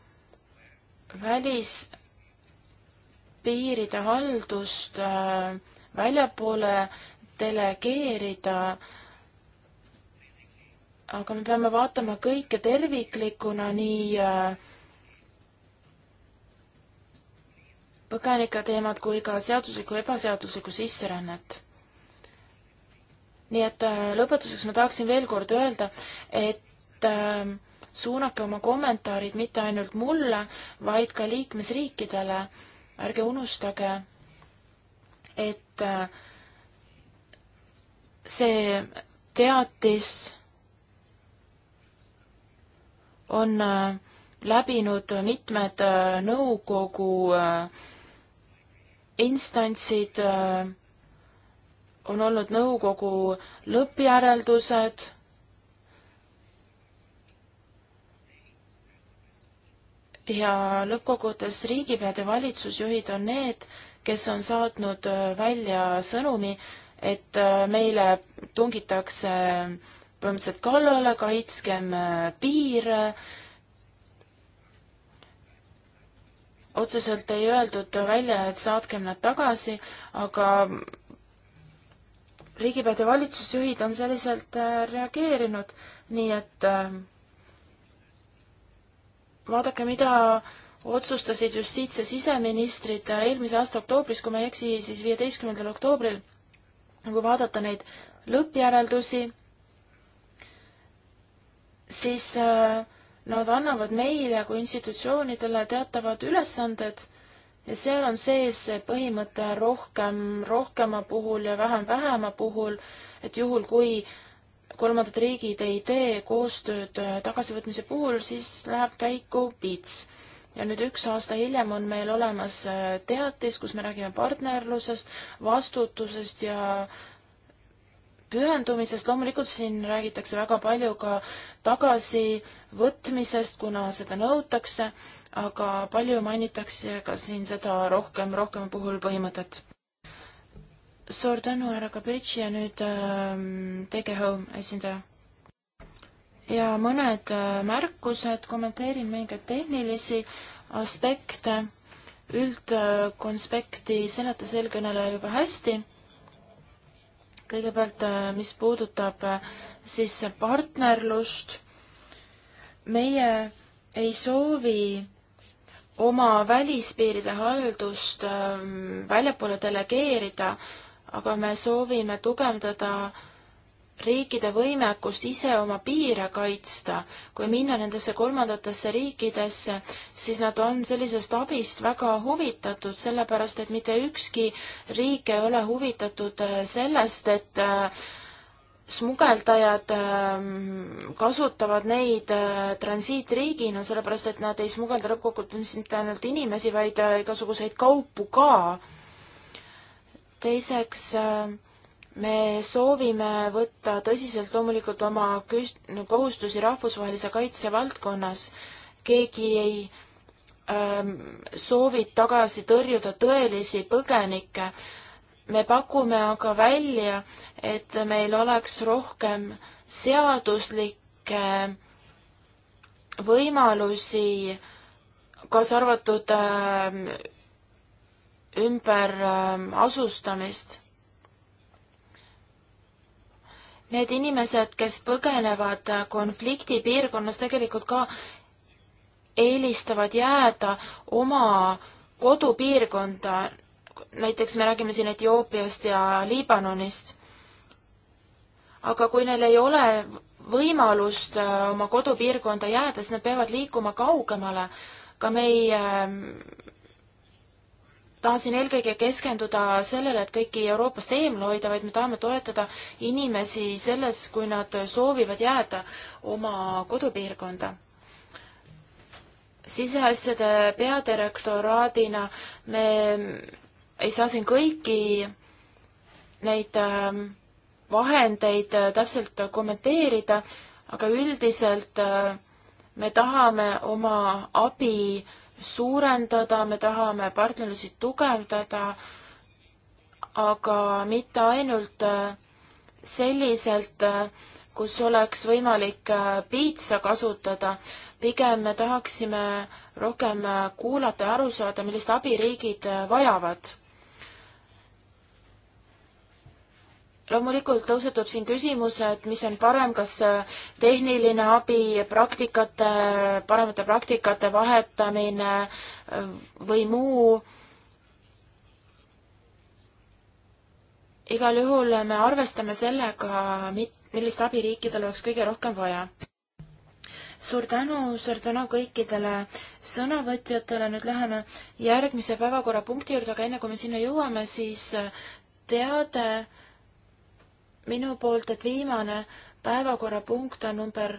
välispiiride haldust äh, väljapoole delegeerida äh, aga me peame vaatama kõike terviklikuna, nii äh, põgenike teemad kui ka seaduslikku ja ebaseaduslikku sisserännet. nii et äh, lõpetuseks ma tahaksin veel kord öelda, et äh, suunake oma kommentaarid mitte ainult mulle, vaid ka liikmesriikidele. ärge unustage, et see teatis on äh, läbinud mitmed äh, nõukogu äh, instantsid, on olnud nõukogu lõppjäreldused ja lõppkokkuvõttes riigipead ja valitsusjuhid on need, kes on saatnud välja sõnumi, et meile tungitakse äh, põhimõtteliselt kallale, kaitskem äh, piire. otseselt ei öeldud välja, et saatkem nad tagasi, aga riigipead ja valitsusjuhid on selliselt äh, reageerinud, nii et äh, vaadake, mida otsustasid justiits- ja siseministrid eelmise aasta oktoobris, kui ma ei eksi, siis viieteistkümnendal oktoobril, kui vaadata neid lõppjäreldusi, siis äh, nad annavad meile kui institutsioonidele teatavad ülesanded ja seal on sees see põhimõte rohkem rohkema puhul ja vähem vähema puhul, et juhul, kui kolmandad riigid ei tee koostööd äh, tagasivõtmise puhul, siis läheb käiku PITS. ja nüüd üks aasta hiljem on meil olemas äh, teatis, kus me räägime partnerlusest, vastutusest ja pühendumisest, loomulikult siin räägitakse väga palju ka tagasivõtmisest, kuna seda nõutakse, aga palju mainitakse ka siin seda rohkem, rohkem puhul põhimõtet. suur tänu, härra Kabetši ja nüüd äh, TG Home esindaja. ja mõned äh, märkused, kommenteerin mingeid tehnilisi aspekte üldkonspekti seletas eelkõneleja juba hästi kõigepealt, äh, mis puudutab äh, siis partnerlust, meie ei soovi oma välispiiride haldust ähm, väljapoole delegeerida, aga me soovime tugevdada äh, riikide võimekust ise oma piire kaitsta. kui minna nendesse kolmandatesse riikidesse, siis nad on sellisest abist väga huvitatud, sellepärast et mitte ükski riik ei ole huvitatud äh, sellest, et äh, smugeldajad ähm, kasutavad neid äh, transiitriigina, sellepärast et nad ei smugelda lõppkokkuvõttes mitte ainult inimesi, vaid igasuguseid kaupu ka. teiseks äh, me soovime võtta tõsiselt loomulikult oma kohustusi rahvusvahelise kaitse valdkonnas. keegi ei ähm, soovi tagasi tõrjuda tõelisi põgenikke. me pakume aga välja, et meil oleks rohkem seaduslikke võimalusi, kaasa arvatud äh, ümber äh, asustamist need inimesed, kes põgenevad äh, konfliktipiirkonnas, tegelikult ka eelistavad jääda oma kodupiirkonda. näiteks me räägime siin Etioopiast ja Liibanonist. aga kui neil ei ole võimalust äh, oma kodupiirkonda jääda, siis nad peavad liikuma kaugemale. ka me ei ähm, tahan eelkõige keskenduda sellele, et kõiki Euroopast eemale hoida, vaid me tahame toetada inimesi selles, kui nad soovivad jääda oma kodupiirkonda. siseasjade peadirektoraadina me ei saa siin kõiki neid ähm, vahendeid äh, täpselt kommenteerida, aga üldiselt äh, me tahame oma abi äh, suurendada, me tahame partnerlusi tugevdada, aga mitte ainult äh, selliselt, äh, kus oleks võimalik äh, piitsa kasutada, pigem me tahaksime rohkem kuulata ja aru saada, millist abi riigid vajavad loomulikult tõusetub siin küsimus, et mis on parem, kas äh, tehniline abi, praktikate, paremate praktikate vahetamine äh, või muu. igal juhul me arvestame sellega, millist abi riikidel oleks kõige rohkem vaja. suur tänu, suur tänu kõikidele sõnavõtjatele, nüüd läheme järgmise päevakorrapunkti juurde, aga enne kui me sinna jõuame, siis äh, teade minu poolt, et viimane päevakorrapunkt on number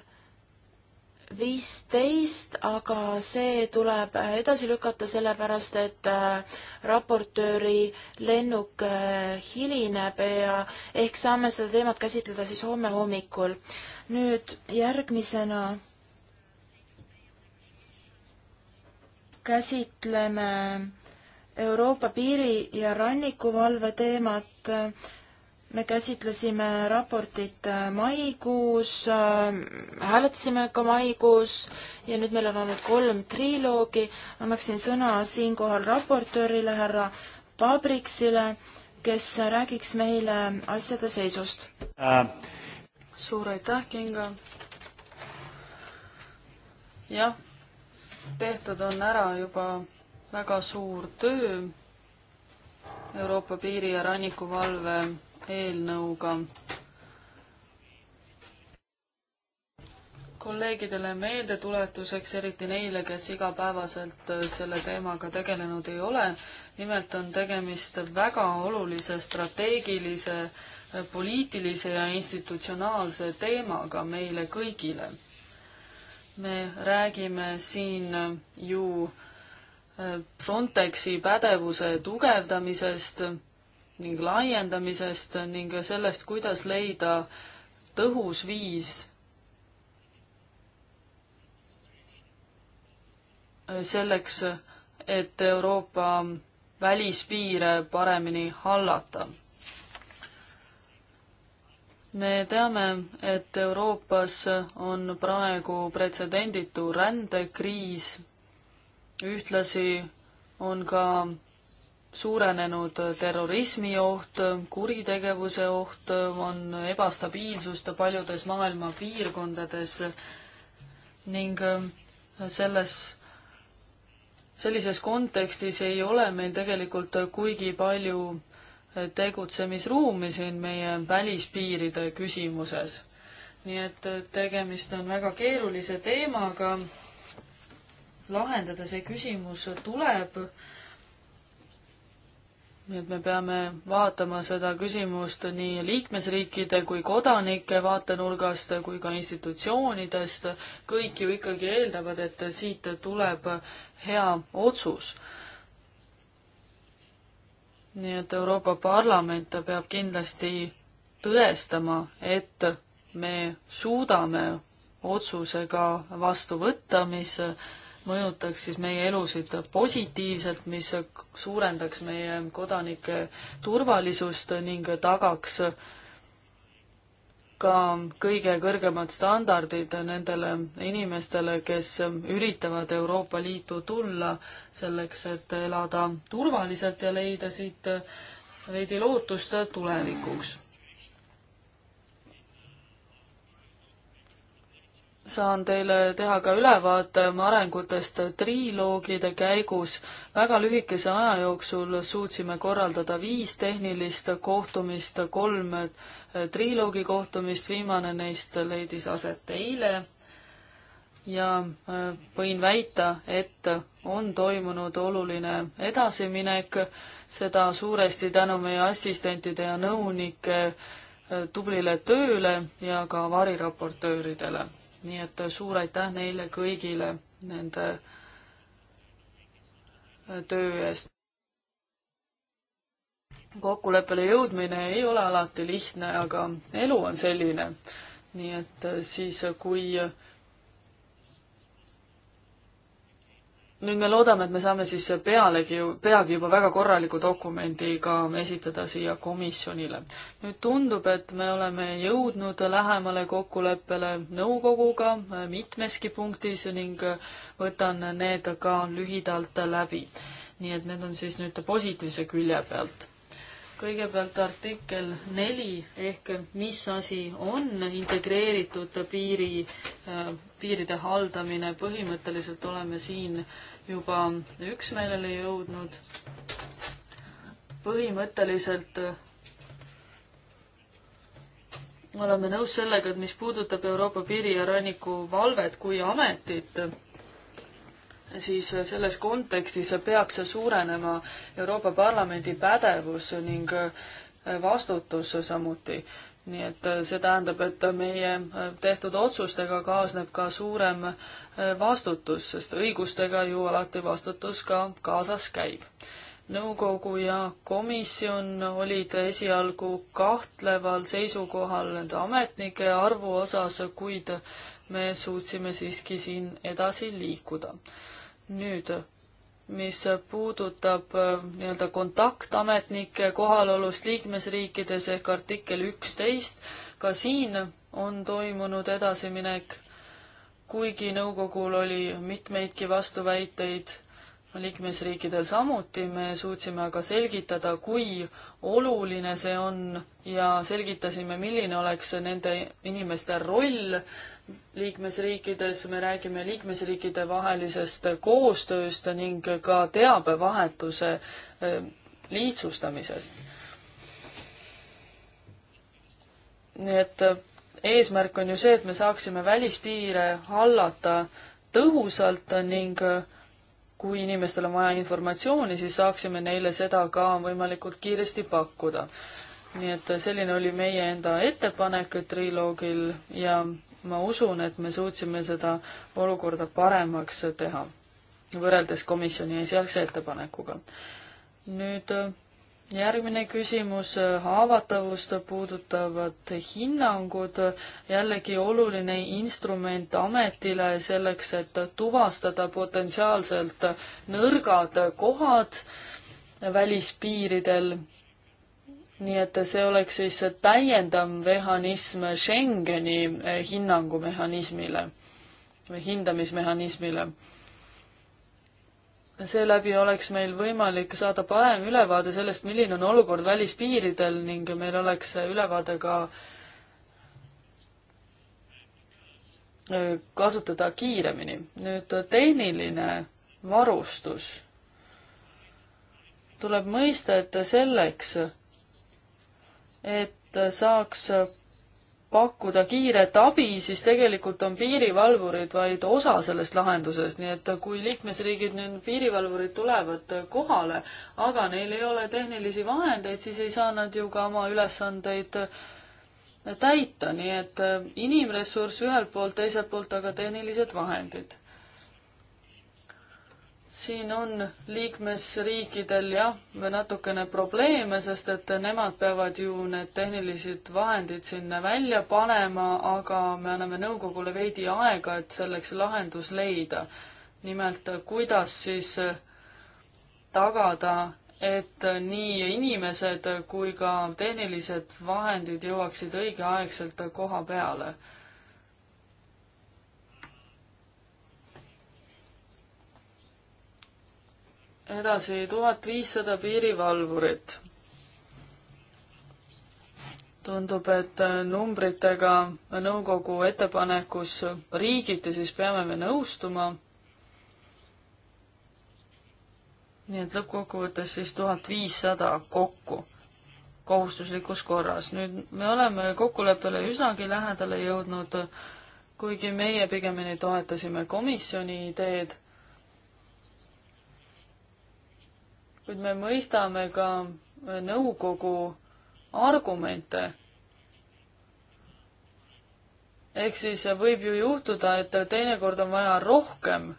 viisteist, aga see tuleb edasi lükata, sellepärast et äh, raportööri lennuk äh, hilineb ja ehk saame seda teemat käsitleda siis homme hommikul. nüüd järgmisena käsitleme Euroopa piiri- ja rannikuvalve teemat me käsitlesime raportit äh, maikuus, äh, hääletasime ka maikuus ja nüüd meil on olnud kolm triloogi. annaksin sõna siinkohal raportöörile, härra Pabriksile, kes räägiks meile asjade seisust äh.. suur aitäh, Kinga. jah, tehtud on ära juba väga suur töö Euroopa Piiri- ja Rannikuvalve eelnõuga. kolleegidele meeldetuletuseks, eriti neile, kes igapäevaselt äh, selle teemaga tegelenud ei ole, nimelt on tegemist väga olulise strateegilise, äh, poliitilise ja institutsionaalse teemaga meile kõigile. me räägime siin äh, ju Frontexi pädevuse tugevdamisest ning laiendamisest ning sellest, kuidas leida tõhus viis selleks, et Euroopa välispiire paremini hallata. me teame, et Euroopas on praegu pretsedenditu rändekriis, ühtlasi on ka suurenenud terrorismioht, kuritegevuse oht, on ebastabiilsust paljudes maailma piirkondades ning äh, selles, sellises kontekstis ei ole meil tegelikult kuigi palju äh, tegutsemisruumi siin meie välispiiride küsimuses. nii et äh, tegemist on väga keerulise teemaga, lahendada see küsimus tuleb nii et me peame vaatama seda küsimust nii liikmesriikide kui kodanike vaatenurgast kui ka institutsioonidest. kõik ju ikkagi eeldavad, et siit tuleb hea otsus. nii et Euroopa Parlament peab kindlasti tõestama, et me suudame otsusega vastu võtta, mis mõjutaks siis meie elusid positiivselt, mis suurendaks meie kodanike turvalisust ning tagaks ka kõige kõrgemad standardid nendele inimestele, kes üritavad Euroopa Liitu tulla selleks, et elada turvaliselt ja leida siit veidi lootust tulevikuks saan teile teha ka ülevaate arengutest triloogide käigus. väga lühikese aja jooksul suutsime korraldada viis tehnilist kohtumist, kolm eh, triloogi kohtumist, viimane neist leidis aset eile. ja eh, võin väita, et on toimunud oluline edasiminek, seda suuresti tänu meie assistentide ja nõunike eh, tublile tööle ja ka variraportööridele nii et äh, suur aitäh neile kõigile nende äh, töö eest. kokkuleppele jõudmine ei ole alati lihtne, aga elu on selline. nii et äh, siis, kui äh, nüüd me loodame, et me saame siis pealegi, peagi juba väga korraliku dokumendiga esitada siia komisjonile. nüüd tundub, et me oleme jõudnud lähemale kokkuleppele nõukoguga mitmeski punktis ning võtan need ka lühidalt läbi. nii et need on siis nüüd positiivse külje pealt kõigepealt artikkel neli ehk mis asi on integreeritud piiri, äh, piiride haldamine, põhimõtteliselt oleme siin juba üksmeelele jõudnud. põhimõtteliselt äh, oleme nõus sellega, et mis puudutab Euroopa Piiri- ja Rannikuvalvet kui ametit, siis selles kontekstis peaks suurenema Euroopa Parlamendi pädevus ning äh, vastutus samuti. nii et äh, see tähendab, et meie äh, tehtud otsustega kaasneb ka suurem vastutus, sest õigustega ju alati vastutus ka kaasas käib. nõukogu ja komisjon olid esialgu kahtleval seisukohal nende ametnike arvu osas, kuid me suutsime siiski siin edasi liikuda nüüd, mis puudutab äh, nii-öelda kontaktametnike kohalolust liikmesriikides ehk artikkel üksteist, ka siin on toimunud edasiminek, kuigi nõukogul oli mitmeidki vastuväiteid liikmesriikidel samuti, me suutsime aga selgitada, kui oluline see on ja selgitasime, milline oleks nende inimeste roll liikmesriikides me räägime liikmesriikide vahelisest koostööst ning ka teabevahetuse eh, lihtsustamisest. nii et eh, eesmärk on ju see, et me saaksime välispiire hallata tõhusalt ning eh, kui inimestel on vaja informatsiooni, siis saaksime neile seda ka võimalikult kiiresti pakkuda. nii et selline oli meie enda ettepanek triloogil ja ma usun, et me suutsime seda olukorda paremaks teha, võrreldes komisjoni esialgse ettepanekuga. nüüd järgmine küsimus, haavatavust puudutavad hinnangud, jällegi oluline instrument ametile selleks, et tuvastada potentsiaalselt nõrgad kohad välispiiridel nii et see oleks siis täiendav mehhanism Schengeni eh, hinnangumehhanismile või hindamismehhanismile. seeläbi oleks meil võimalik saada parem ülevaade sellest, milline on olukord välispiiridel ning meil oleks ülevaade ka eh, kasutada kiiremini. nüüd tehniline varustus. tuleb mõista, et selleks et saaks pakkuda kiiret abi, siis tegelikult on piirivalvurid vaid osa sellest lahendusest, nii et kui liikmesriigid nüüd, piirivalvurid tulevad kohale, aga neil ei ole tehnilisi vahendeid, siis ei saa nad ju ka oma ülesandeid täita, nii et inimressurss ühelt poolt, teiselt poolt aga tehnilised vahendid siin on liikmesriikidel jah, natukene probleeme, sest et nemad peavad ju need tehnilised vahendid sinna välja panema, aga me anname nõukogule veidi aega, et selleks lahendus leida. nimelt, kuidas siis tagada, et nii inimesed kui ka tehnilised vahendid jõuaksid õigeaegselt koha peale edasi, tuhat viissada piirivalvurit. tundub, et numbritega nõukogu ettepanekus riigiti siis peame me nõustuma. nii et lõppkokkuvõttes siis tuhat viissada kokku kohustuslikus korras. nüüd me oleme kokkuleppele üsnagi lähedale jõudnud, kuigi meie pigemini toetasime komisjoni ideed kuid me mõistame ka äh, nõukogu argumente. ehk siis äh, võib ju juhtuda, et äh, teinekord on vaja rohkem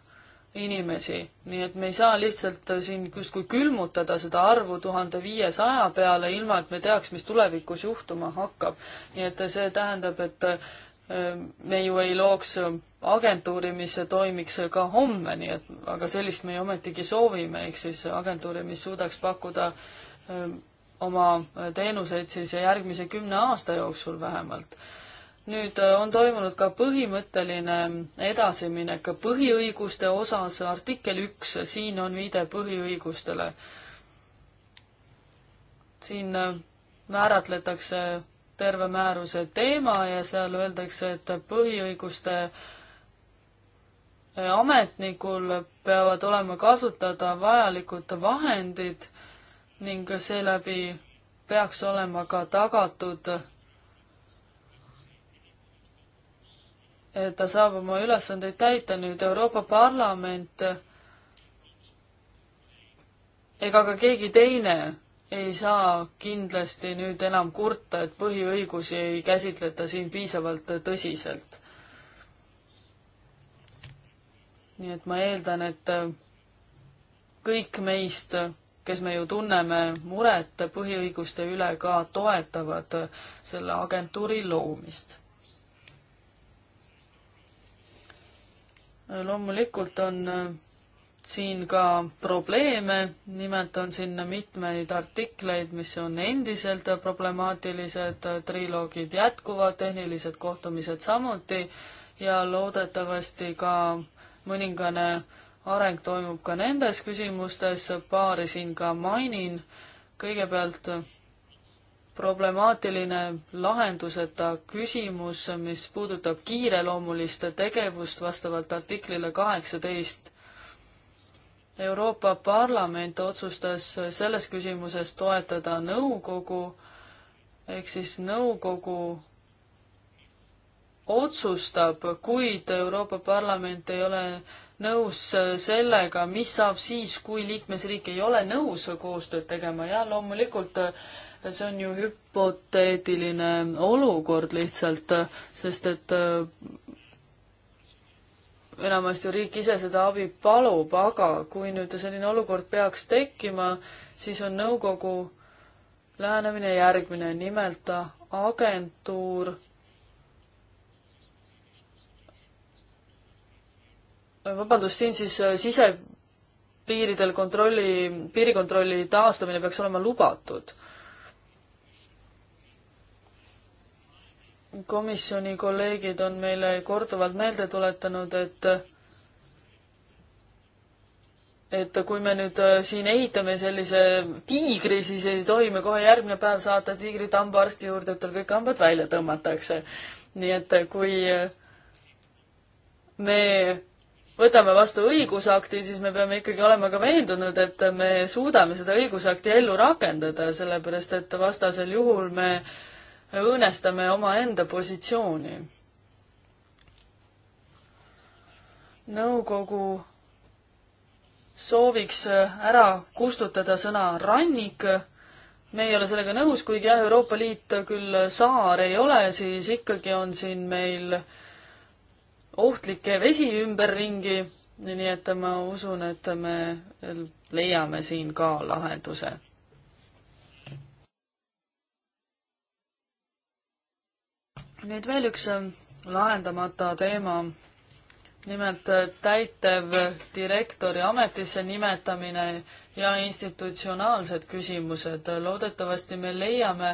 inimesi, nii et me ei saa lihtsalt siin justkui külmutada seda arvu tuhande viiesaja peale, ilma et me teaks, mis tulevikus juhtuma hakkab. nii et see tähendab, et me ju ei looks agentuuri, mis toimiks ka homme, nii et aga sellist me ju ometigi soovime, ehk siis agentuuri, mis suudaks pakkuda ähm, oma teenuseid siis järgmise kümne aasta jooksul vähemalt. nüüd äh, on toimunud ka põhimõtteline edasiminek põhiõiguste osas, artikkel üks, siin on viide põhiõigustele. siin äh, määratletakse terve määruse teema ja seal öeldakse, et põhiõiguste ametnikul peavad olema kasutada vajalikud vahendid ning seeläbi peaks olema ka tagatud, et ta saab oma ülesandeid täita. nüüd Euroopa Parlament ega ka keegi teine ei saa kindlasti nüüd enam kurta, et põhiõigusi ei käsitleta siin piisavalt tõsiselt. nii et ma eeldan, et kõik meist, kes me ju tunneme muret põhiõiguste üle, ka toetavad selle agentuuri loomist. loomulikult on siin ka probleeme, nimelt on siin mitmeid artikleid, mis on endiselt problemaatilised, triloogid jätkuvad, tehnilised kohtumised samuti ja loodetavasti ka mõningane areng toimub ka nendes küsimustes, paari siin ka mainin. kõigepealt problemaatiline lahenduseta küsimus, mis puudutab kiireloomulist tegevust vastavalt artiklile kaheksateist Euroopa Parlament otsustas selles küsimuses toetada nõukogu, ehk siis nõukogu otsustab, kuid Euroopa Parlament ei ole nõus sellega, mis saab siis, kui liikmesriik ei ole nõus koostööd tegema ja loomulikult see on ju hüpoteetiline olukord lihtsalt, sest et enamasti ju riik ise seda abi palub, aga kui nüüd selline olukord peaks tekkima, siis on nõukogu lähenemine järgmine, nimelt agentuur vabandust, siin siis äh, sisepiiridel kontrolli, piirikontrolli taastamine peaks olema lubatud komisjoni kolleegid on meile korduvalt meelde tuletanud, et et kui me nüüd äh, siin ehitame sellise tiigri, siis ei tohi me kohe järgmine päev saata tiigrit hambaarsti juurde, et tal kõik hambad välja tõmmatakse. nii et kui äh, me võtame vastu õigusakti, siis me peame ikkagi olema ka veendunud, et me suudame seda õigusakti ellu rakendada, sellepärast et vastasel juhul me äh, õõnestame omaenda positsiooni. nõukogu sooviks ära kustutada sõna rannik. me ei ole sellega nõus, kuigi jah, Euroopa Liit küll saar ei ole, siis ikkagi on siin meil ohtlikke vesi ümberringi. nii et ma usun, et me leiame siin ka lahenduse nüüd veel üks äh, lahendamata teema. nimelt äh, täitevdirektori ametisse nimetamine ja institutsionaalsed küsimused. loodetavasti me leiame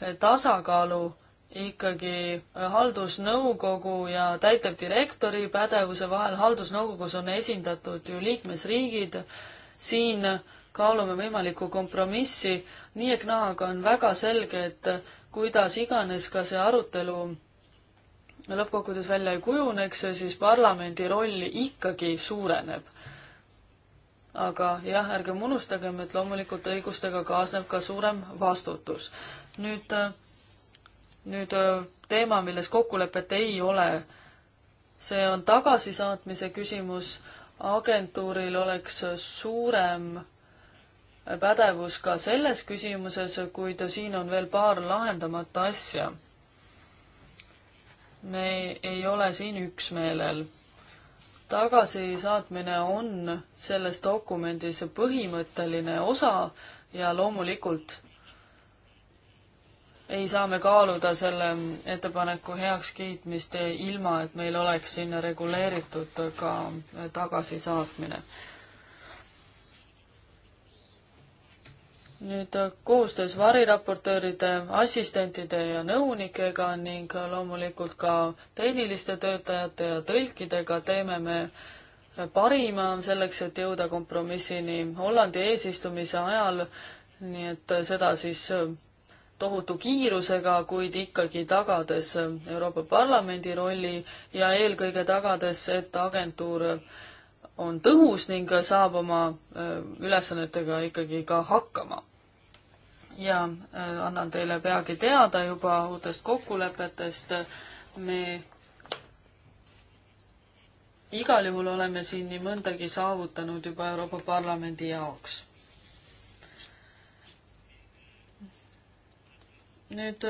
äh, tasakaalu ikkagi haldusnõukogu ja täitevdirektori pädevuse vahel. haldusnõukogus on esindatud ju liikmesriigid. siin kaalume võimalikku kompromissi. nii ehk naa, aga on väga selge, et kuidas iganes ka see arutelu lõppkokkuvõttes välja ei kujuneks, siis parlamendi roll ikkagi suureneb. aga jah, ärgem unustagem, et loomulikult õigustega kaasneb ka suurem vastutus. nüüd, nüüd äh, teema, milles kokkulepet ei ole, see on tagasisaatmise küsimus, agentuuril oleks suurem pädevus ka selles küsimuses, kuid siin on veel paar lahendamata asja. me ei ole siin üksmeelel. tagasisaatmine on selles dokumendis põhimõtteline osa ja loomulikult ei saa me kaaluda selle ettepaneku heakskiitmist ilma, et meil oleks sinna reguleeritud ka tagasisaatmine nüüd äh, koostöös variraportööride, assistentide ja nõunikega ning äh, loomulikult ka tehniliste töötajate ja tõlkidega teeme me äh, parima selleks, et jõuda kompromissini Hollandi eesistumise ajal, nii et seda siis tohutu kiirusega, kuid ikkagi tagades Euroopa Parlamendi rolli ja eelkõige tagades, et agentuur on tõhus ning saab oma äh, ülesannetega ikkagi ka hakkama. ja äh, annan teile peagi teada juba uutest kokkulepetest. me igal juhul oleme siin nii mõndagi saavutanud juba Euroopa Parlamendi jaoks. nüüd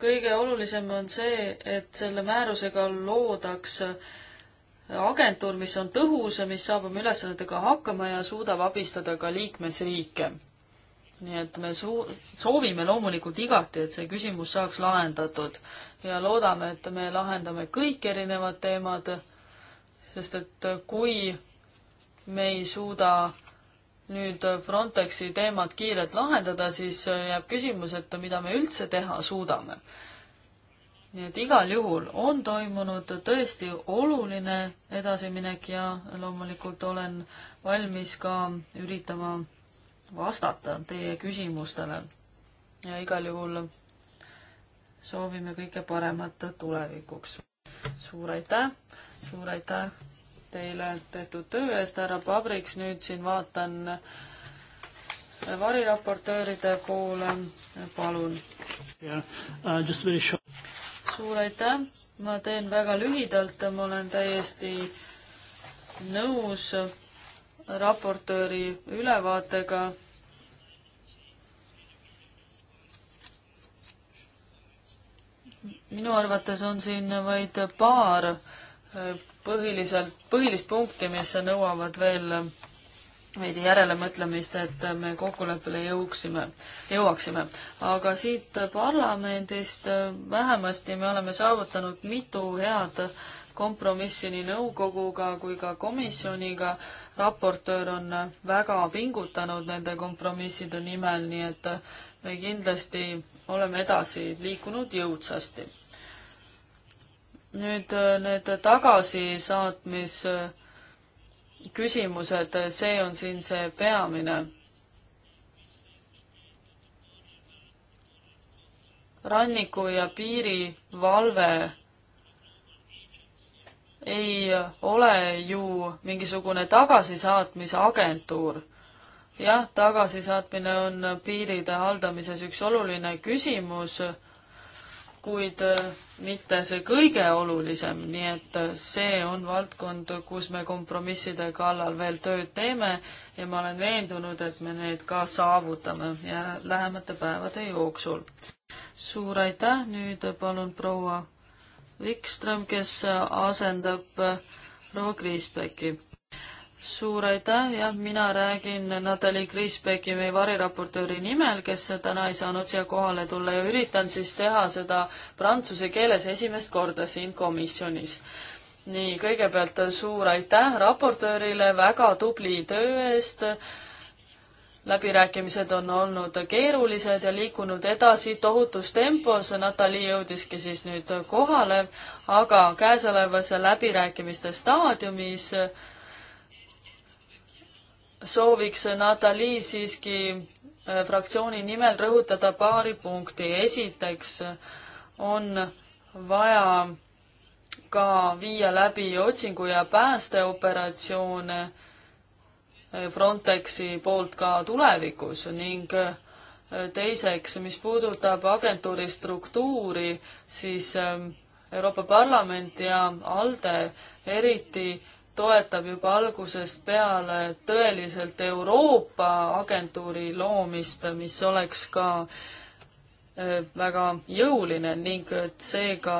kõige olulisem on see, et selle määrusega loodaks äh, agentuur, mis on tõhus ja mis saab oma ülesannetega hakkama ja suudab abistada ka liikmesriike. nii et me suu-, soovime loomulikult igati, et see küsimus saaks lahendatud ja loodame, et me lahendame kõik erinevad teemad, sest et kui me ei suuda nüüd Frontexi teemat kiirelt lahendada, siis jääb küsimus, et mida me üldse teha suudame nii et igal juhul on toimunud tõesti oluline edasiminek ja loomulikult olen valmis ka üritama vastata teie küsimustele. ja igal juhul soovime kõige paremat tulevikuks. suur aitäh, suur aitäh teile tehtud töö eest, härra Pabriks, nüüd siin vaatan variraportööride poole, palun. Uh, suur aitäh, ma teen väga lühidalt, ma olen täiesti nõus raportööri ülevaatega. minu arvates on siin vaid paar põhiliselt, põhilist punkti, mis nõuavad veel veidi järelemõtlemist, et me kokkuleppele jõuksime, jõuaksime. aga siit parlamendist äh, vähemasti me oleme saavutanud mitu head kompromissi nii nõukoguga kui ka komisjoniga. raportöör on väga pingutanud nende kompromisside nimel, nii et me kindlasti oleme edasi liikunud jõudsasti. nüüd äh, need tagasisaatmis äh, küsimused, see on siin see peamine. ranniku ja piirivalve ei ole ju mingisugune tagasisaatmise agentuur. jah, tagasisaatmine on piiride haldamises üks oluline küsimus kuid äh, mitte see kõige olulisem, nii et äh, see on valdkond, kus me kompromisside kallal veel tööd teeme ja ma olen veendunud, et me need ka saavutame ja lähemate päevade jooksul. suur aitäh, nüüd palun proua Vikström, kes asendab äh, proua Kriisbecki suur aitäh, jah, mina räägin Natali Kriisbeki, meie variraportööri nimel, kes täna ei saanud siia kohale tulla ja üritan siis teha seda prantsuse keeles esimest korda siin komisjonis. nii, kõigepealt suur aitäh raportöörile väga tubli töö eest läbirääkimised on olnud keerulised ja liikunud edasi tohutus tempos, Natali jõudiski siis nüüd kohale, aga käesolevas läbirääkimiste staadiumis sooviks Natalii siiski äh, fraktsiooni nimel rõhutada paari punkti. esiteks on vaja ka viia läbi otsingu- ja päästeoperatsioone äh, Frontexi poolt ka tulevikus ning äh, teiseks, mis puudutab agentuuri struktuuri, siis ähm, Euroopa Parlament ja ALDE eriti toetab juba algusest peale tõeliselt Euroopa agentuuri loomist, mis oleks ka äh, väga jõuline ning seega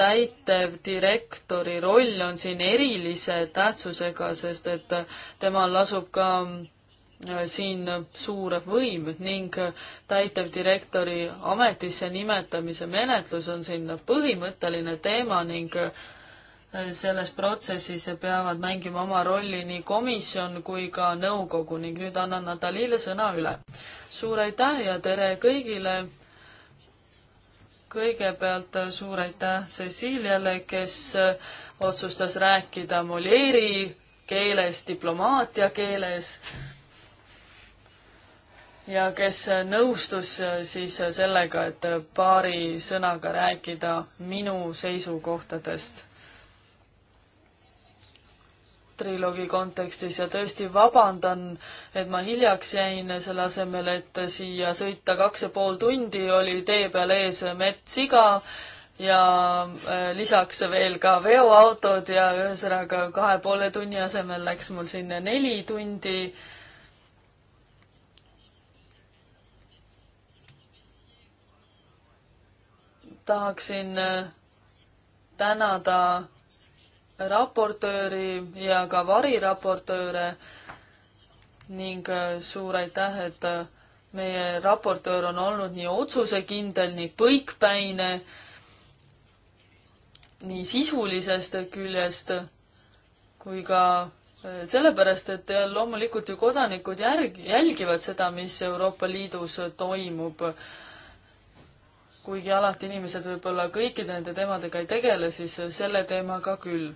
täitevdirektori roll on siin erilise tähtsusega, sest et temal lasub ka äh, siin suur võim ning täitevdirektori ametisse nimetamise menetlus on siin põhimõtteline teema ning selles protsessis peavad mängima oma rolli nii komisjon kui ka nõukogu ning nüüd annan Natalile sõna üle. suur aitäh ja tere kõigile. kõigepealt suur aitäh Ceciliale, kes otsustas rääkida Molieri keeles, diplomaatia keeles ja kes nõustus siis sellega, et paari sõnaga rääkida minu seisukohtadest triloogi kontekstis ja tõesti vabandan, et ma hiljaks jäin, selle asemel, et siia sõita kaks ja pool tundi, oli tee peal ees metssiga ja äh, lisaks veel ka veoautod ja ühesõnaga kahe poole tunni asemel läks mul sinna neli tundi tahaksin äh, tänada raportööri ja ka variraportööre ning äh, suur aitäh, et äh, meie raportöör on olnud nii otsusekindel, nii põikpäine, nii sisulisest küljest kui ka äh, sellepärast, et loomulikult ju kodanikud järg-, jälgivad seda, mis Euroopa Liidus toimub. kuigi alati inimesed võib-olla kõikide nende teemadega ei tegele, siis selle teemaga küll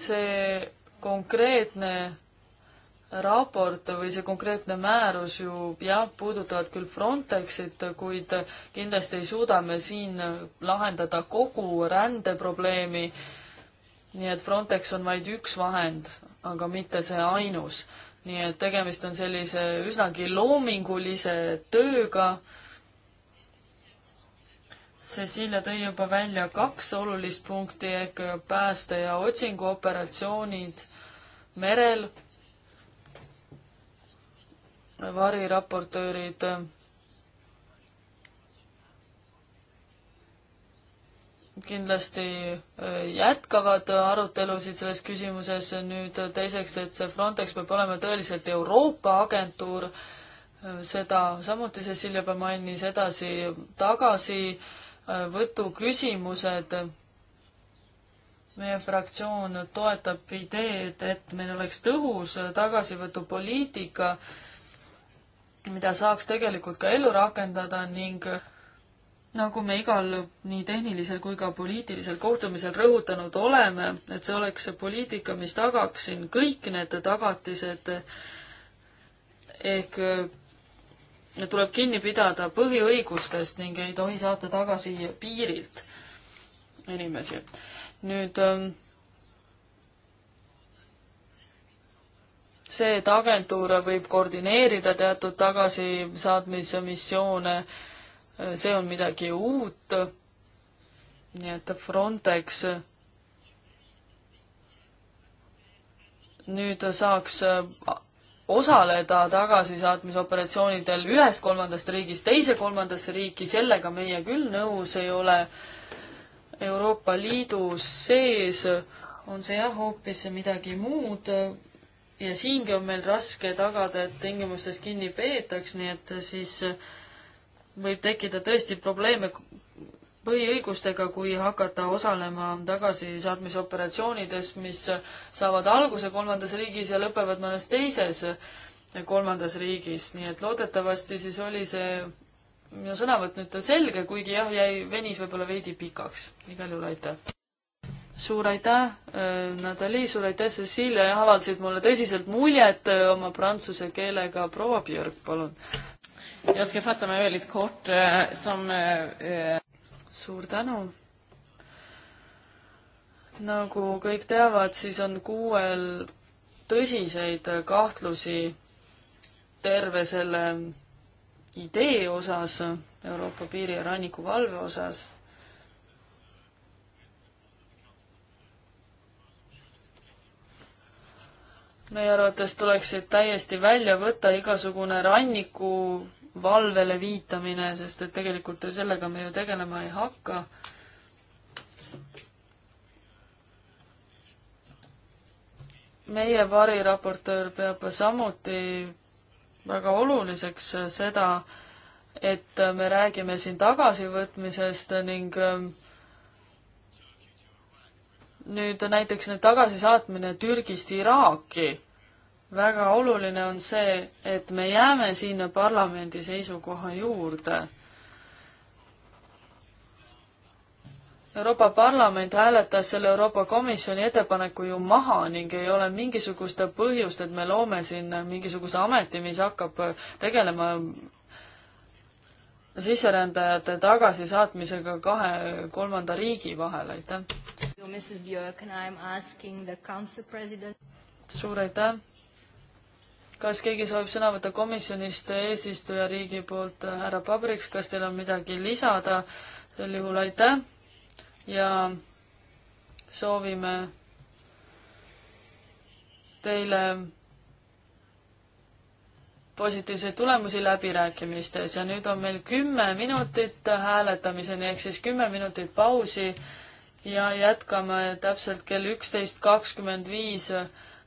see konkreetne raport või see konkreetne määrus ju jah, puudutavad küll Frontexit, kuid kindlasti ei suuda me siin lahendada kogu rändeprobleemi. nii et Frontex on vaid üks vahend, aga mitte see ainus. nii et tegemist on sellise üsnagi loomingulise tööga Cecilia tõi juba välja kaks olulist punkti ehk pääste- ja otsinguoperatsioonid merel. variraportöörid kindlasti äh, jätkavad arutelusid selles küsimuses. nüüd teiseks, et see Frontex peab olema tõeliselt Euroopa agentuur, äh, seda samuti Cecilia juba mainis, edasi-tagasi võtuküsimused. meie fraktsioon toetab ideed, et meil oleks tõhus tagasivõtupoliitika, mida saaks tegelikult ka ellu rakendada ning nagu me igal nii tehnilisel kui ka poliitilisel kohtumisel rõhutanud oleme, et see oleks see poliitika, mis tagaks siin kõik need tagatised ehk tuleb kinni pidada põhiõigustest ning ei tohi saata tagasi piirilt inimesi. nüüd ähm, see, et agentuur võib koordineerida teatud tagasisaatmise missioone, äh, see on midagi uut. nii et Frontex äh, nüüd saaks äh, osaleda tagasisaatmisoperatsioonidel ühest kolmandast riigist teise kolmandasse riiki, sellega meie küll nõus ei ole. Euroopa Liidu sees on see jah hoopis midagi muud ja siingi on meil raske tagada, et tingimustest kinni peetaks, nii et siis võib tekkida tõesti probleeme põhiõigustega, kui hakata osalema tagasisaatmisoperatsioonides, mis saavad alguse kolmandas riigis ja lõpevad mõnes teises kolmandas riigis, nii et loodetavasti siis oli see minu sõnavõtt nüüd selge, kuigi jah, jäi, venis võib-olla veidi pikaks. igal juhul aitäh! suur aitäh, äh, Natalii, suur aitäh, Cecilia, avaldasid mulle tõsiselt muljet äh, oma prantsuse keelega. proua Björk, palun. Jag ska fatta mig väldigt kort äh, som suur tänu. nagu kõik teavad, siis on kuuel tõsiseid kahtlusi terve selle idee osas, Euroopa piiri ja rannikuvalve osas meie arvates tuleks siit täiesti välja võtta igasugune ranniku valvele viitamine, sest et tegelikult sellega me ju tegelema ei hakka. meie variraportöör peab samuti väga oluliseks seda, et me räägime siin tagasivõtmisest ning ähm, nüüd näiteks nüüd tagasisaatmine Türgist Iraaki väga oluline on see, et me jääme siin parlamendi seisukoha juurde. Euroopa Parlament hääletas selle Euroopa Komisjoni ettepaneku ju maha ning ei ole mingisugust põhjust, et me loome siin mingisuguse ameti, mis hakkab tegelema sisserändajate tagasisaatmisega kahe kolmanda riigi vahel, aitäh. suur aitäh kas keegi soovib sõna võtta komisjonist eesistujariigi poolt, äh, härra Pabriks, kas teil on midagi lisada? sel juhul aitäh ja soovime teile positiivseid tulemusi läbirääkimistes ja nüüd on meil kümme minutit hääletamiseni ehk siis kümme minutit pausi ja jätkame täpselt kell üksteist kakskümmend viis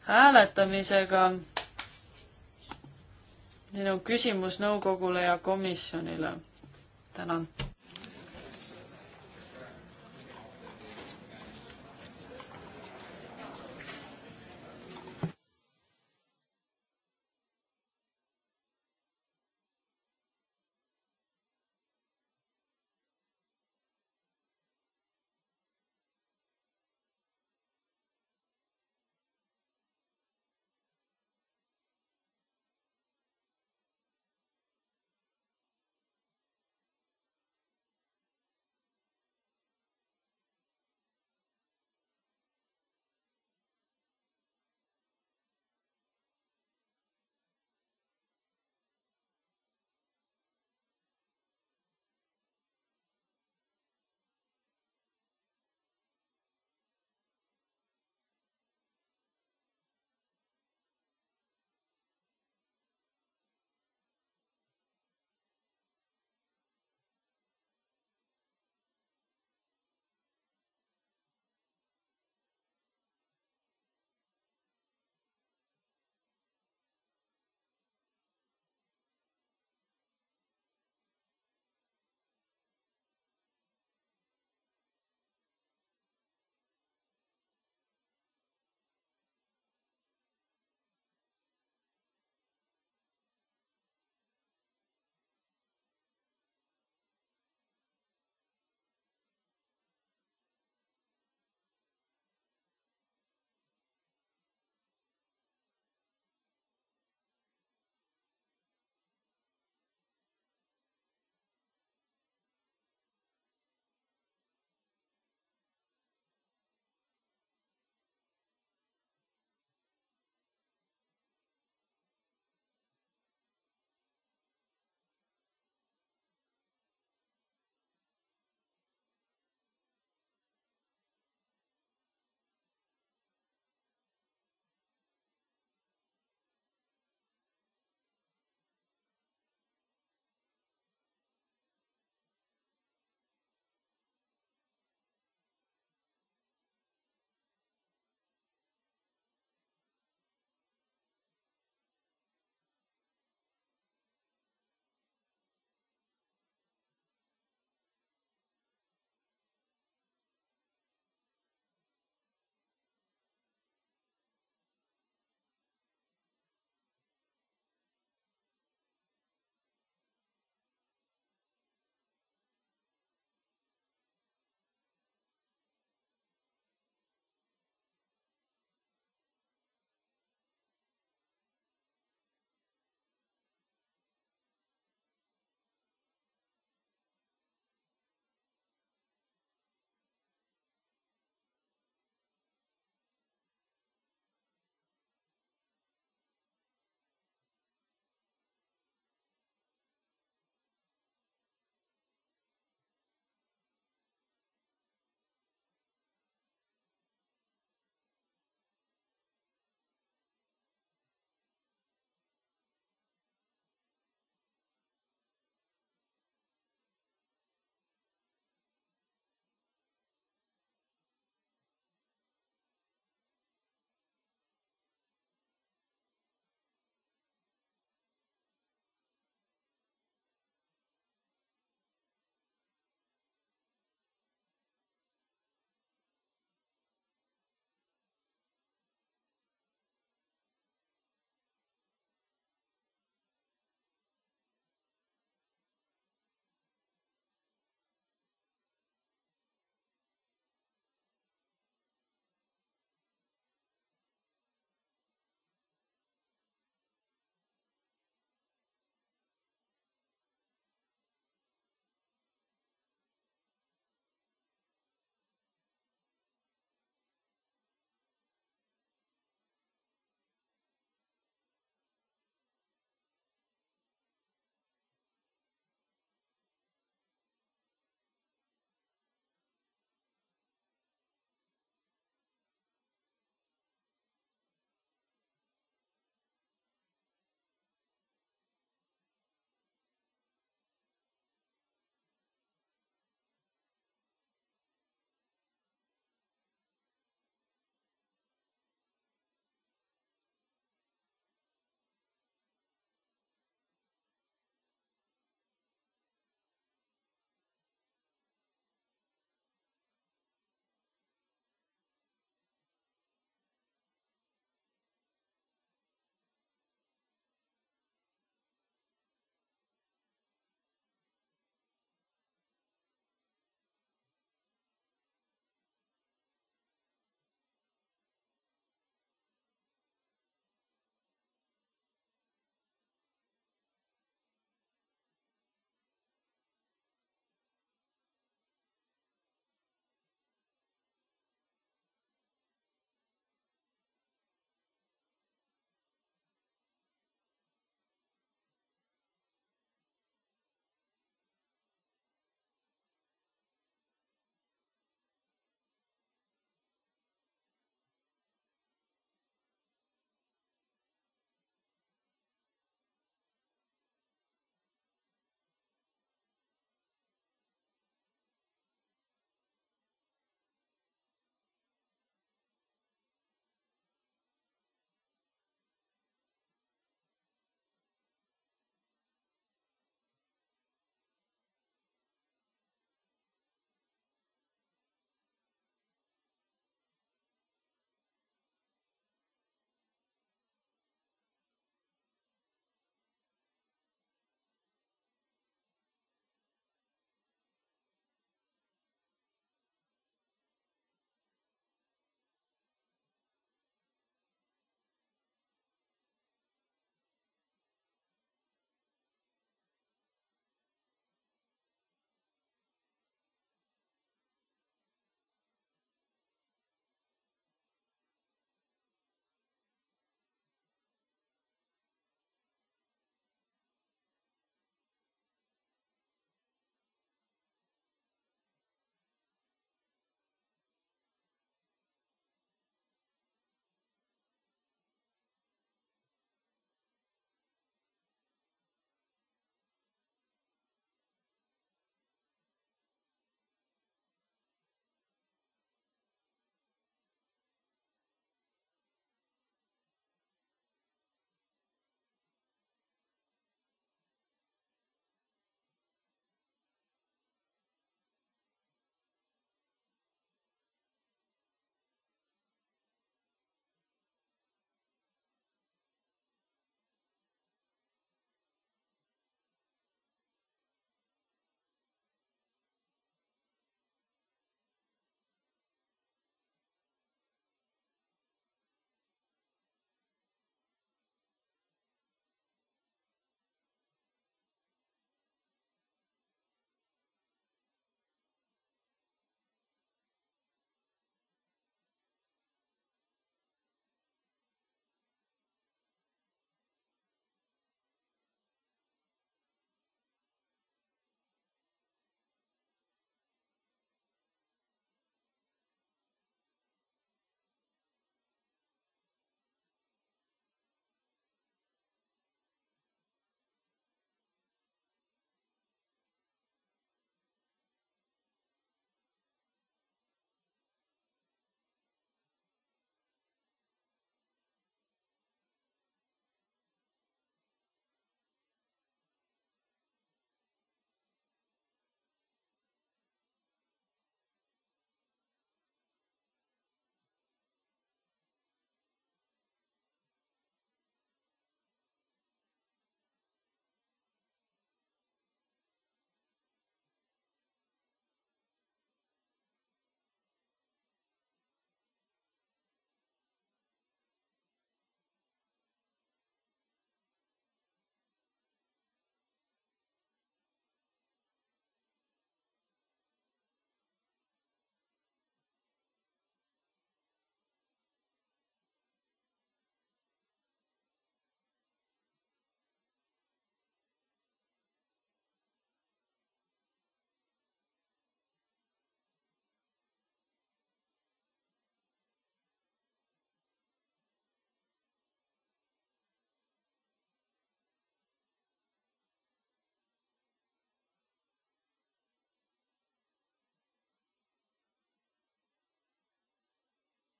hääletamisega minu küsimus nõukogule ja komisjonile. tänan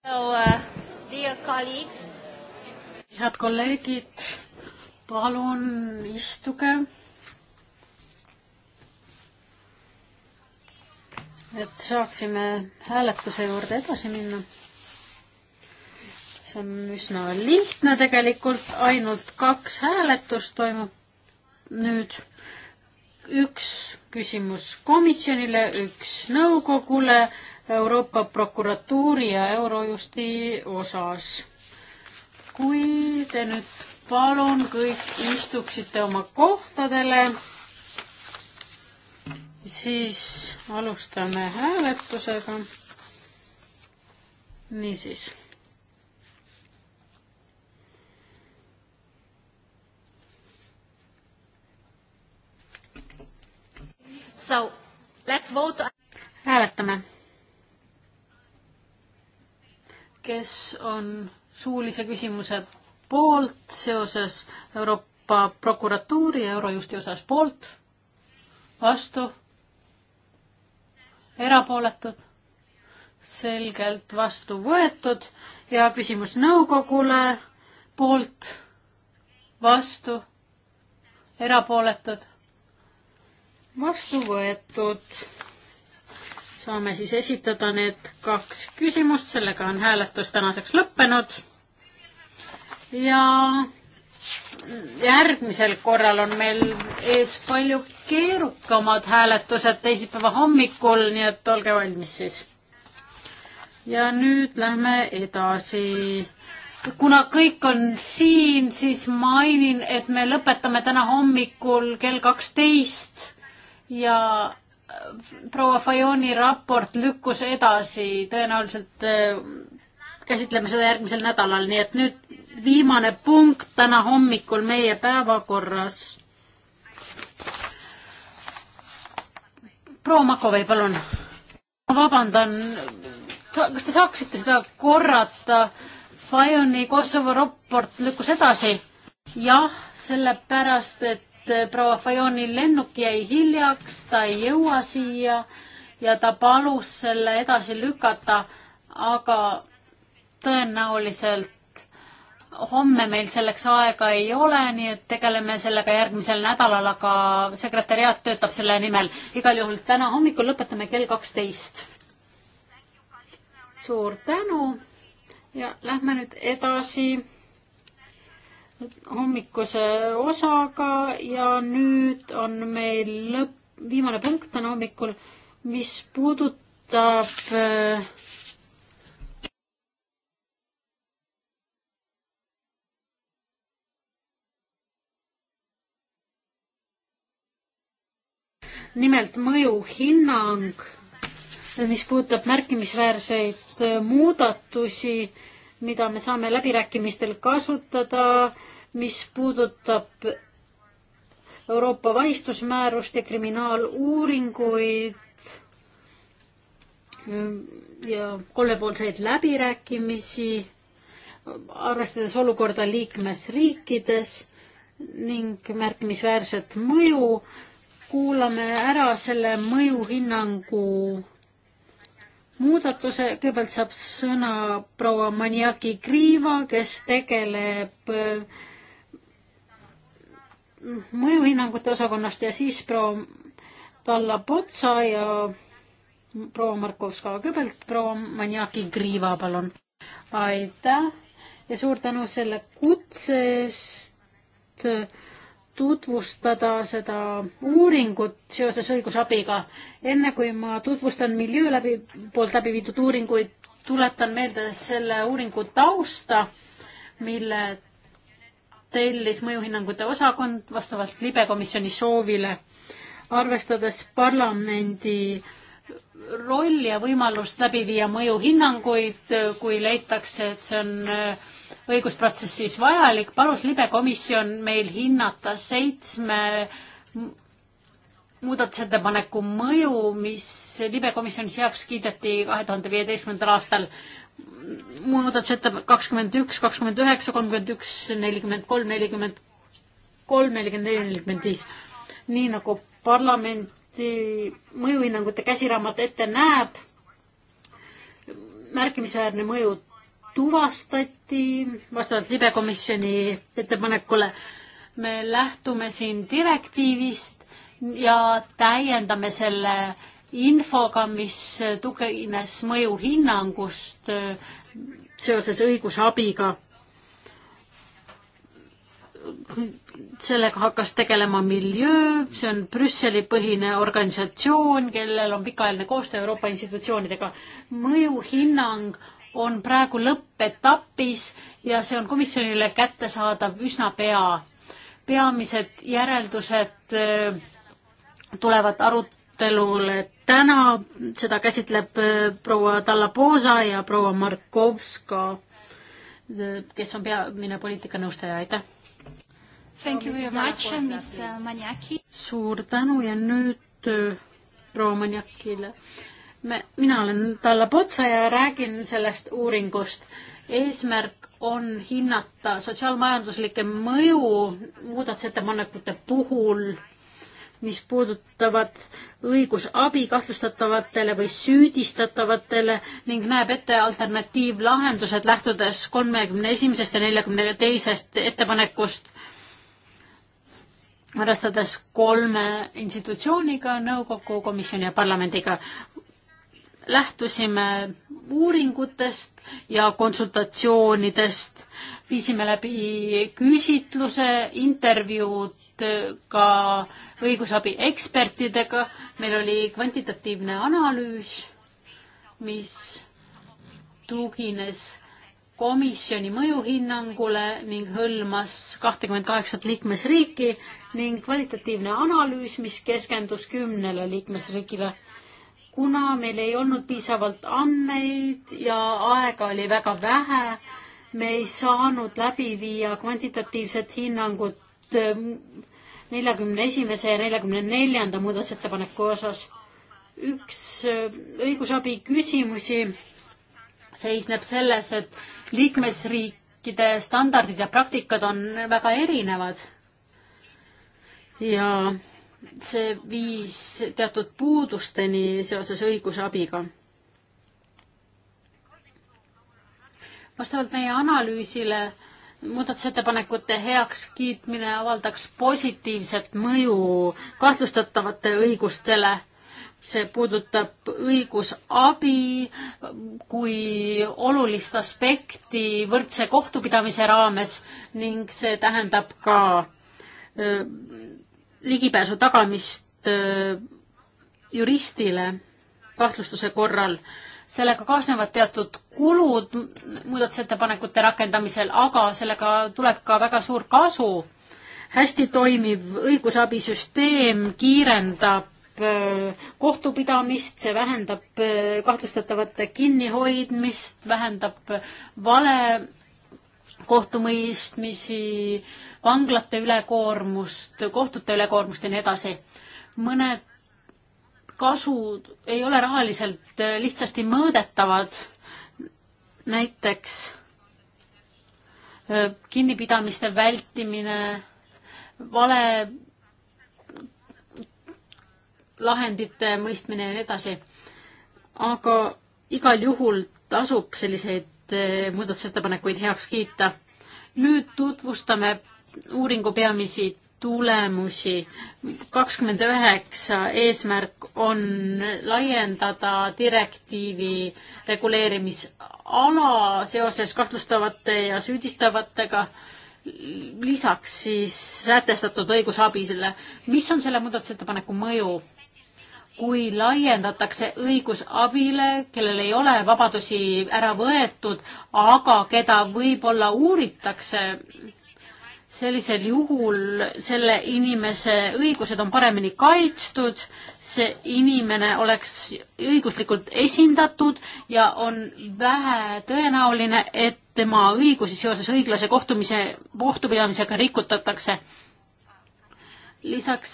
Uh, head kolleegid, palun istuge. et saaksime hääletuse juurde edasi minna. see on üsna lihtne tegelikult, ainult kaks hääletust toimub nüüd üks küsimus komisjonile, üks nõukogule Euroopa prokuratuuri ja Eurojusti osas. kui te nüüd palun kõik istuksite oma kohtadele, siis alustame hääletusega. niisiis So let's vote. hääletame. kes on suulise küsimuse poolt seoses Euroopa prokuratuuri ja Eurojusti osas poolt, vastu, erapooletud, selgelt vastu võetud ja küsimus nõukogule poolt, vastu, erapooletud, vastu võetud saame siis esitada need kaks küsimust, sellega on hääletus tänaseks lõppenud. ja järgmisel korral on meil ees palju keerukamad hääletused teisipäeva hommikul, nii et olge valmis siis. ja nüüd lähme edasi. kuna kõik on siin, siis mainin, et me lõpetame täna hommikul kell kaksteist ja proua Fajoni raport lükkus edasi, tõenäoliselt äh, käsitleme seda järgmisel nädalal, nii et nüüd viimane punkt täna hommikul meie päevakorras. proua Makovei, palun. ma vabandan, kas te saaksite seda korrata? Fajoni Kosovo raport lükkus edasi. jah, sellepärast, et et eh, proua Fajoni lennuk jäi hiljaks, ta ei jõua siia ja ta palus selle edasi lükata, aga tõenäoliselt homme meil selleks aega ei ole, nii et tegeleme sellega järgmisel nädalal, aga sekretäriaat töötab selle nimel. igal juhul täna hommikul lõpetame kell kaksteist. suur tänu ja lähme nüüd edasi hommikuse osaga ja nüüd on meil lõpp, viimane punkt täna hommikul, mis puudutab äh, nimelt mõjuhinnang, mis puudutab märkimisväärseid äh, muudatusi mida me saame läbirääkimistel kasutada, mis puudutab Euroopa vahistusmäärust ja kriminaaluuringuid ja kolmepoolseid läbirääkimisi, arvestades olukorda liikmesriikides ning märkimisväärset mõju, kuulame ära selle mõjuhinnangu muudatuse, kõigepealt saab sõna proua Maniaki Kriiva, kes tegeleb eh, mõjuhinnangute osakonnast ja siis proua Talla Potsa ja proua Markovska. kõigepealt proua Maniaki Kriiva, palun. aitäh ja suur tänu selle kutse eest tutvustada seda uuringut seoses õigusabiga. enne kui ma tutvustan miljöö läbi, poolt läbi viidud uuringuid, tuletan meelde selle uuringu tausta, mille tellis mõjuhinnangute osakond vastavalt libekomisjoni soovile, arvestades parlamendi roll ja võimalust läbi viia mõjuhinnanguid, kui leitakse, et see on äh, õigusprotsessis vajalik, palus libekomisjon meil hinnata seitsme muudatusettepaneku mõju, mis libekomisjonis heaks kiideti kahe tuhande viieteistkümnendal aastal. muudatusettepanek kakskümmend üks, kakskümmend üheksa, kolmkümmend üks, nelikümmend kolm, nelikümmend kolm, nelikümmend neli, nelikümmend viis. nii nagu parlamenti mõjuhinnangute käsiraamat ette näeb, märkimisväärne mõju tuvastati vastavalt libekomisjoni ettepanekule. me lähtume siin direktiivist ja täiendame selle infoga, mis tugines mõjuhinnangust äh, seoses õigusabiga. sellega hakkas tegelema Miljöö, see on Brüsseli põhine organisatsioon, kellel on pikaajaline koostöö Euroopa institutsioonidega. mõjuhinnang on praegu lõppetapis ja see on komisjonile kättesaadav üsna pea. peamised järeldused äh, tulevad arutelule täna, seda käsitleb äh, proua Tallaposa ja proua Markovska, äh, kes on peamine poliitikanõustaja, aitäh! Thank you very much, uh, Miss uh, Maniaki. suur tänu ja nüüd proua Maniakile me, mina olen Talla Potsa ja räägin sellest uuringust. eesmärk on hinnata sotsiaalmajanduslikke mõju muudatusettepanekute puhul, mis puudutavad õigusabi kahtlustatavatele või süüdistatavatele ning näeb ette alternatiivlahendused, lähtudes kolmekümne esimesest ja neljakümne teisest ettepanekust arvestades kolme institutsiooniga, nõukogu, komisjoni ja parlamendiga lähtusime uuringutest ja konsultatsioonidest, viisime läbi küsitluse, intervjuud ka õigusabi ekspertidega, meil oli kvantitatiivne analüüs, mis tugines komisjoni mõjuhinnangule ning hõlmas kahtekümmet kaheksat liikmesriiki ning kvalitatiivne analüüs, mis keskendus kümnele liikmesriigile kuna meil ei olnud piisavalt andmeid ja aega oli väga vähe, me ei saanud läbi viia kvantitatiivset hinnangut äh, neljakümne esimese ja neljakümne neljanda muudatusettepaneku osas. üks äh, õigusabi küsimusi seisneb selles, et liikmesriikide standardid ja praktikad on väga erinevad ja see viis teatud puudusteni seoses õigusabiga. vastavalt meie analüüsile muudatusettepanekute heakskiitmine avaldaks positiivset mõju kahtlustatavate õigustele. see puudutab õigusabi kui olulist aspekti võrdse kohtupidamise raames ning see tähendab ka öö, äh, ligipääsu tagamist äh, juristile kahtlustuse korral. sellega kaasnevad teatud kulud muudatusettepanekute rakendamisel, aga sellega tuleb ka väga suur kasu. hästi toimiv õigusabisüsteem kiirendab äh, kohtupidamist, see vähendab äh, kahtlustatavate kinnihoidmist, vähendab vale kohtumõistmisi, vanglate ülekoormust, kohtute ülekoormust ja nii edasi. mõned kasud ei ole rahaliselt lihtsasti mõõdetavad. näiteks äh, kinnipidamiste vältimine, vale lahendite mõistmine ja nii edasi. aga igal juhul tasub selliseid Eh, muudatusettepanekuid heaks kiita. nüüd tutvustame uuringu peamisi tulemusi. kakskümmend üheksa eesmärk on laiendada direktiivi reguleerimisala seoses kahtlustavate ja süüdistavatega lisaks siis sätestatud õigusabisele. mis on selle muudatusettepaneku mõju? kui laiendatakse õigus abile, kellel ei ole vabadusi ära võetud, aga keda võib-olla uuritakse, sellisel juhul selle inimese õigused on paremini kaitstud, see inimene oleks õiguslikult esindatud ja on vähe tõenäoline, et tema õigusi seoses õiglase kohtumise, kohtupidamisega rikutatakse. lisaks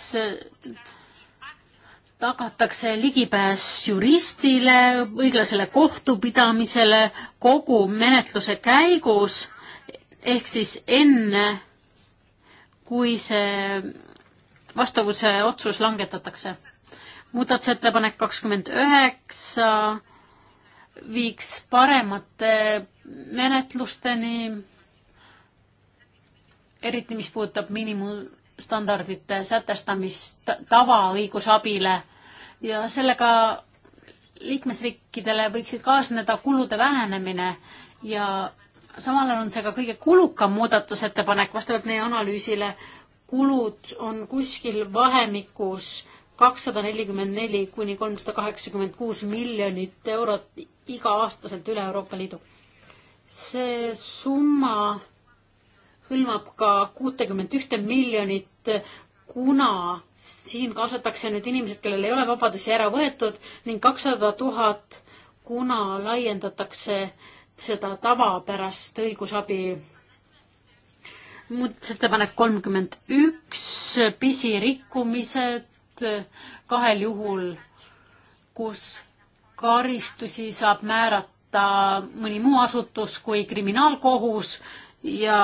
tagatakse ligipääs juristile, õiglasele kohtupidamisele kogu menetluse käigus, ehk siis enne, kui see vastavuse otsus langetatakse. muudatusettepanek kakskümmend üheksa viiks paremate menetlusteni, eriti mis puudutab miinimum standardite sätestamist tavaõigusabile ja sellega liikmesriikidele võiksid kaasneda kulude vähenemine ja samal ajal on see ka kõige kulukam muudatusettepanek vastavalt meie analüüsile. kulud on kuskil vahemikus kakssada nelikümmend neli kuni kolmsada kaheksakümmend kuus miljonit eurot iga-aastaselt üle Euroopa Liidu. see summa hõlmab ka kuutekümmet ühte miljonit, kuna siin kaasatakse nüüd inimesed, kellel ei ole vabadusi ära võetud ning kakssada tuhat, kuna laiendatakse seda tavapärast õigusabi. muudatusettepanek kolmkümmend üks, pisirikkumised kahel juhul, kus karistusi saab määrata mõni muu asutus kui kriminaalkohus ja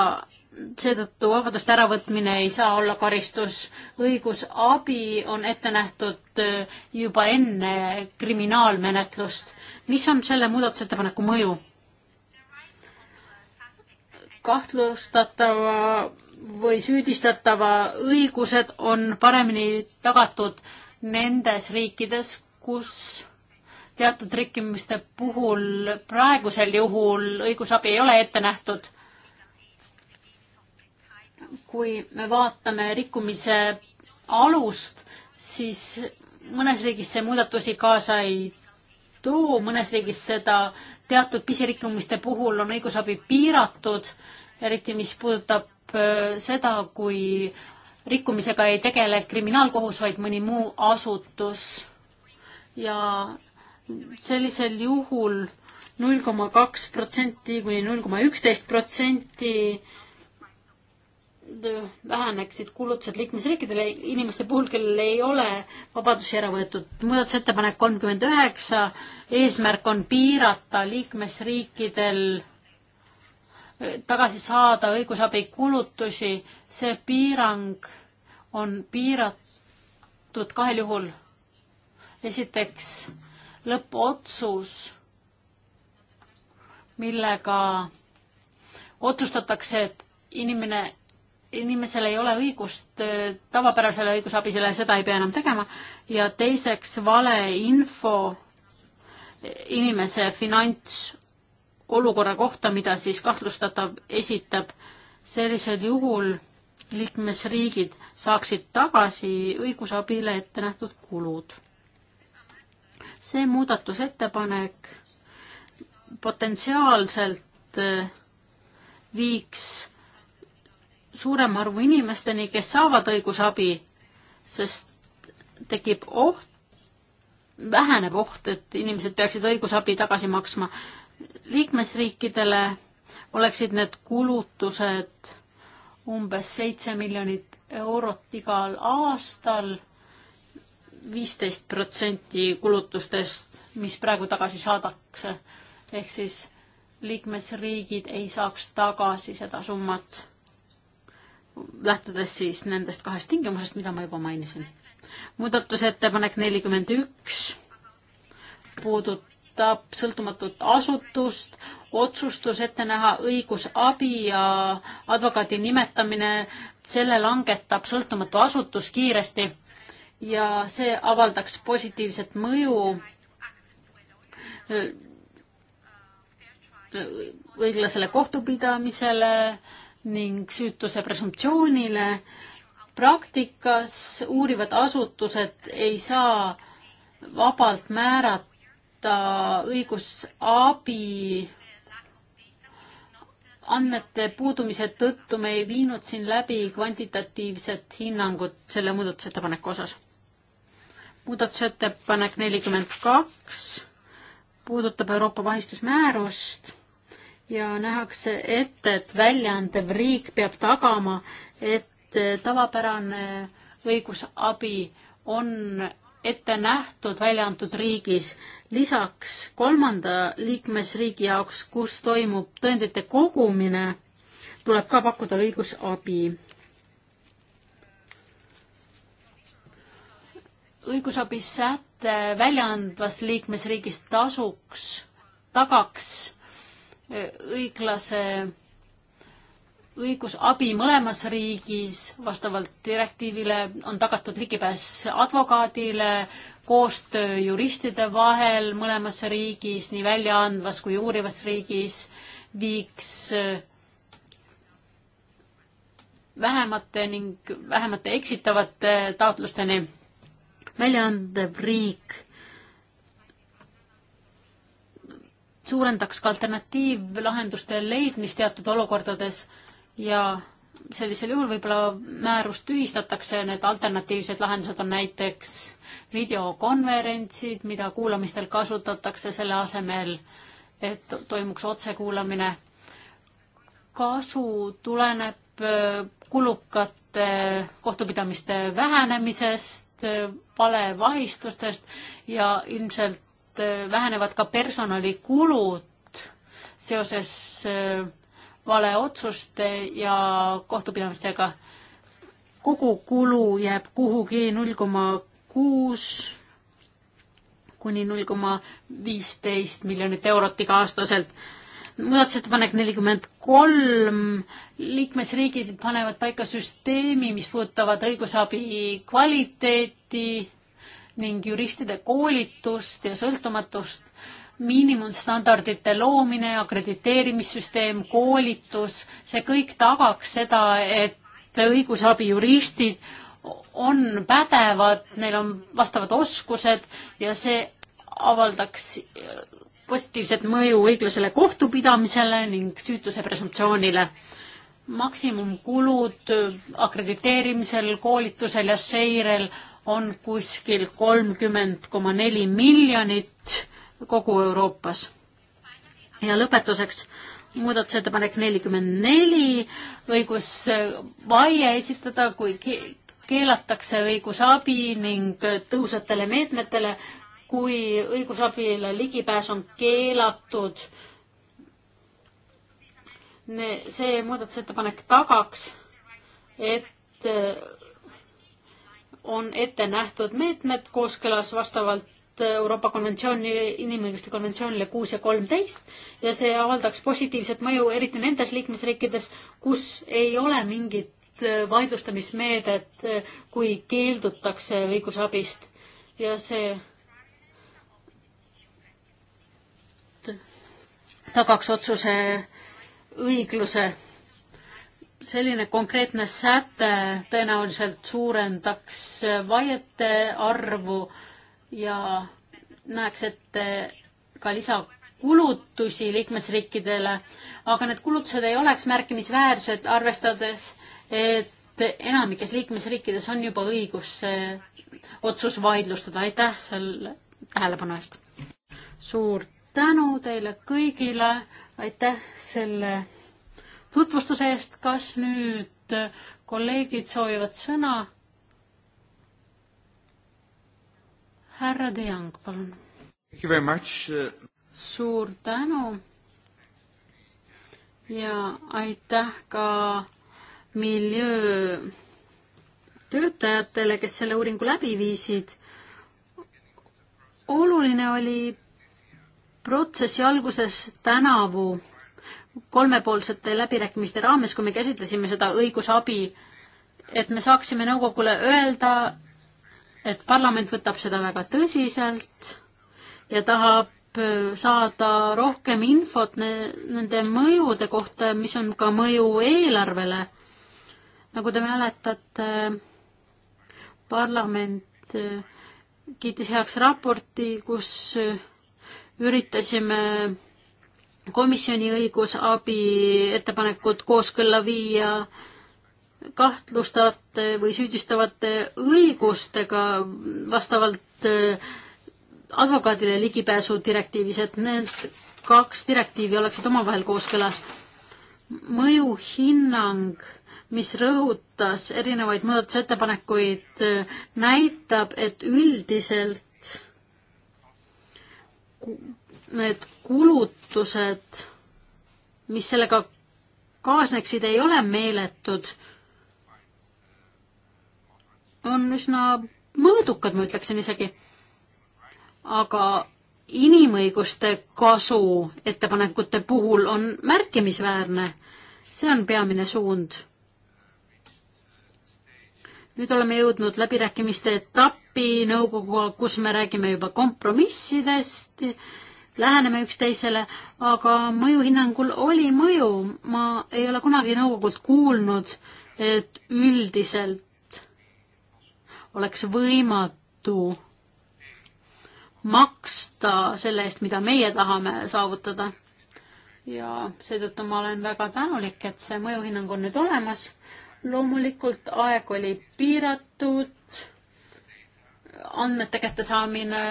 seetõttu vabaduste äravõtmine ei saa olla karistus. õigusabi on ette nähtud äh, juba enne kriminaalmenetlust. mis on selle muudatusettepaneku mõju? kahtlustatava või süüdistatava õigused on paremini tagatud nendes riikides, kus teatud rikkimiste puhul praegusel juhul õigusabi ei ole ette nähtud kui me vaatame rikkumise alust, siis mõnes riigis see muudatusi kaasa ei too, mõnes riigis seda teatud pisirikkumiste puhul on õigusabi piiratud, eriti mis puudutab äh, seda, kui rikkumisega ei tegele kriminaalkohus, vaid mõni muu asutus. ja sellisel juhul null koma kaks protsenti kuni null koma üksteist protsenti väheneksid kulutused liikmesriikidele inimeste puhul, kellel ei ole vabadusi ära võetud. muudatusettepanek kolmkümmend üheksa, eesmärk on piirata liikmesriikidel eh, tagasi saada õigusabi kulutusi, see piirang on piiratud kahel juhul. esiteks lõppotsus, millega otsustatakse, et inimene inimesel ei ole õigust tavapärasele õigusabisele, seda ei pea enam tegema. ja teiseks valeinfo inimese finantsolukorra kohta, mida siis kahtlustatav esitab, sellisel juhul liikmesriigid saaksid tagasi õigusabile ette nähtud kulud. see muudatusettepanek potentsiaalselt eh, viiks suurema arvu inimesteni, kes saavad õigusabi, sest tekib oht, väheneb oht, et inimesed peaksid õigusabi tagasi maksma. liikmesriikidele oleksid need kulutused umbes seitse miljonit eurot igal aastal, viisteist protsenti kulutustest, mis praegu tagasi saadakse. ehk siis liikmesriigid ei saaks tagasi seda summat lähtudes siis nendest kahest tingimusest, mida ma juba mainisin. muudatusettepanek nelikümmend üks puudutab sõltumatut asutust, otsustus ette näha õigusabi ja advokaadi nimetamine, selle langetab sõltumatu asutus kiiresti ja see avaldaks positiivset mõju õiglasele kohtupidamisele ning süütuse presumptsioonile. praktikas uurivad asutused ei saa vabalt määrata õigusabi andmete puudumise tõttu me ei viinud siin läbi kvantitatiivset hinnangut selle muudatusettepaneku osas. muudatusettepanek nelikümmend kaks puudutab Euroopa vahistusmäärust ja nähakse ette, et väljaandev riik peab tagama, et tavapärane õigusabi on ette nähtud välja antud riigis. lisaks kolmanda liikmesriigi jaoks, kus toimub tõendite kogumine, tuleb ka pakkuda õigusabi. õigusabisäte väljaandvas liikmesriigis tasuks, tagaks õiglase õigusabi mõlemas riigis vastavalt direktiivile on tagatud ligipääs advokaadile, koostöö juristide vahel mõlemas riigis, nii väljaandvas kui uurivas riigis, viiks vähemate ning vähemate eksitavate taotlusteni. väljaandev riik suurendaks ka alternatiivlahenduste leidmist teatud olukordades ja sellisel juhul võib-olla määrus tühistatakse, need alternatiivsed lahendused on näiteks videokonverentsid, mida kuulamistel kasutatakse selle asemel, et toimuks otsekuulamine. kasu tuleneb äh, kulukate kohtupidamiste vähenemisest, äh, valevahistustest ja ilmselt et äh, vähenevad ka personalikulud seoses äh, valeotsuste ja kohtupidamistega. kogukulu jääb kuhugi null koma kuus kuni null koma viisteist miljonit eurot iga-aastaselt. muudatusettepanek nelikümmend kolm, liikmesriigid panevad paika süsteemi, mis puudutavad õigusabi kvaliteeti ning juristide koolitust ja sõltumatust, miinimumstandardite loomine, akrediteerimissüsteem, koolitus, see kõik tagaks seda, et õigusabijuristid on pädevad, neil on vastavad oskused ja see avaldaks positiivset mõju õiglasele kohtupidamisele ning süütuse presumptsioonile. maksimumkulud akrediteerimisel, koolitusel ja seirel on kuskil kolmkümmend koma neli miljonit kogu Euroopas. ja lõpetuseks muudatusettepanek nelikümmend neli, õigus vaie esitada, kui keelatakse õigusabi ning tõhusatele meetmetele, kui õigusabile ligipääs on keelatud. see muudatusettepanek tagaks, et on ette nähtud meetmed kooskõlas vastavalt äh, Euroopa konventsiooni, inimõiguste konventsioonile kuus ja kolmteist ja see avaldaks positiivset mõju eriti nendes liikmesriikides, kus ei ole mingit äh, vaidlustamismeedet, äh, kui keeldutakse õigusabist ja see tagaks otsuse õigluse selline konkreetne säte tõenäoliselt suurendaks vaiete arvu ja näeks ette ka lisakulutusi liikmesriikidele, aga need kulutused ei oleks märkimisväärsed, arvestades, et enamikes liikmesriikides on juba õigus see otsus vaidlustada. aitäh selle tähelepanu eest! suur tänu teile kõigile, aitäh selle tutvustuse eest, kas nüüd äh, kolleegid soovivad sõna? härra De Jong, palun. Äh, suur tänu ja aitäh ka miljöö töötajatele, kes selle uuringu läbi viisid. oluline oli protsessi alguses tänavu kolmepoolsete läbirääkimiste raames, kui me käsitlesime seda õigusabi, et me saaksime nõukogule öelda, et parlament võtab seda väga tõsiselt ja tahab äh, saada rohkem infot ne nende mõjude kohta, mis on ka mõju eelarvele. nagu te mäletate, parlament äh, kiitis heaks raporti, kus äh, üritasime komisjoni õigusabi ettepanekut kooskõlla viia kahtlustavate või süüdistavate õigustega vastavalt äh, advokaadile ligipääsu direktiivis, et need kaks direktiivi oleksid omavahel kooskõlas. mõjuhinnang, mis rõhutas erinevaid muudatusettepanekuid, äh, näitab, et üldiselt need kulutused, mis sellega kaasneksid, ei ole meeletud, on üsna mõõdukad, ma ütleksin isegi. aga inimõiguste kasu ettepanekute puhul on märkimisväärne. see on peamine suund. nüüd oleme jõudnud läbirääkimiste etappi nõukoguga, kus me räägime juba kompromissidest läheneme üksteisele, aga mõjuhinnangul oli mõju, ma ei ole kunagi nõukogult kuulnud, et üldiselt oleks võimatu maksta selle eest, mida meie tahame saavutada. ja seetõttu ma olen väga tänulik, et see mõjuhinnang on nüüd olemas. loomulikult aeg oli piiratud, andmete kättesaamine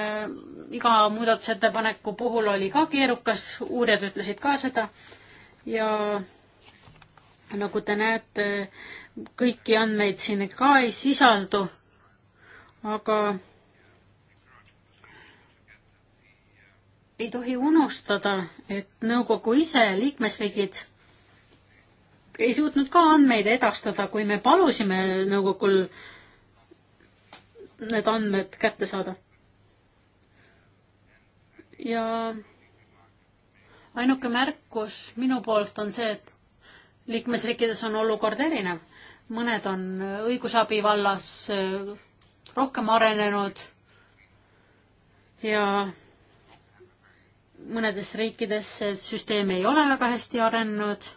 iga muudatusettepaneku puhul oli ka keerukas, uurijad ütlesid ka seda ja nagu te näete, kõiki andmeid siin ka ei sisaldu, aga ei tohi unustada, et nõukogu ise, liikmesriigid ei suutnud ka andmeid edastada, kui me palusime nõukogul need andmed kätte saada ja ainuke märkus minu poolt on see, et liikmesriikides on olukord erinev. mõned on õigusabi vallas äh, rohkem arenenud ja mõnedes riikides see süsteem ei ole väga hästi arenenud.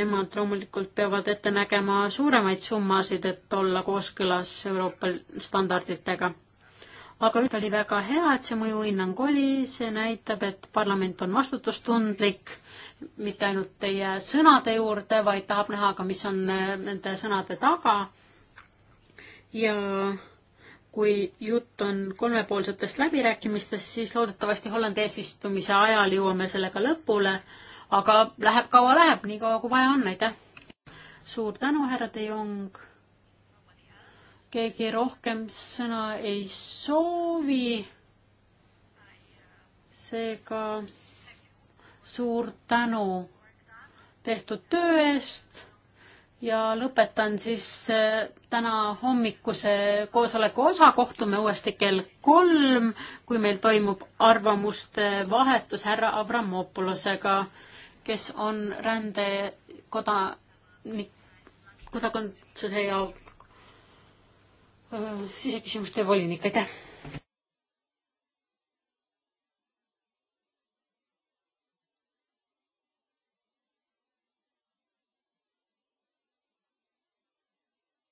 Nemad loomulikult peavad ette nägema suuremaid summasid, et olla kooskõlas Euroopa standarditega aga oli väga hea, et see mõjuhinnang oli, see näitab, et parlament on vastutustundlik, mitte ainult teie sõnade juurde, vaid tahab näha ka, mis on äh, nende sõnade taga. ja kui jutt on kolmepoolsetest läbirääkimistest, siis loodetavasti Hollandi eesistumise ajal jõuame sellega lõpule, aga läheb kaua läheb, nii kaua kui vaja on, aitäh! suur tänu, härra De Jong! keegi rohkem sõna ei soovi. seega suur tänu tehtud töö eest ja lõpetan siis äh, täna hommikuse koosoleku osa, kohtume uuesti kell kolm, kui meil toimub arvamuste vahetus härra Avramopolosega, kes on rändekoda, kodakondsuse ja siseküsimuste volinik, aitäh!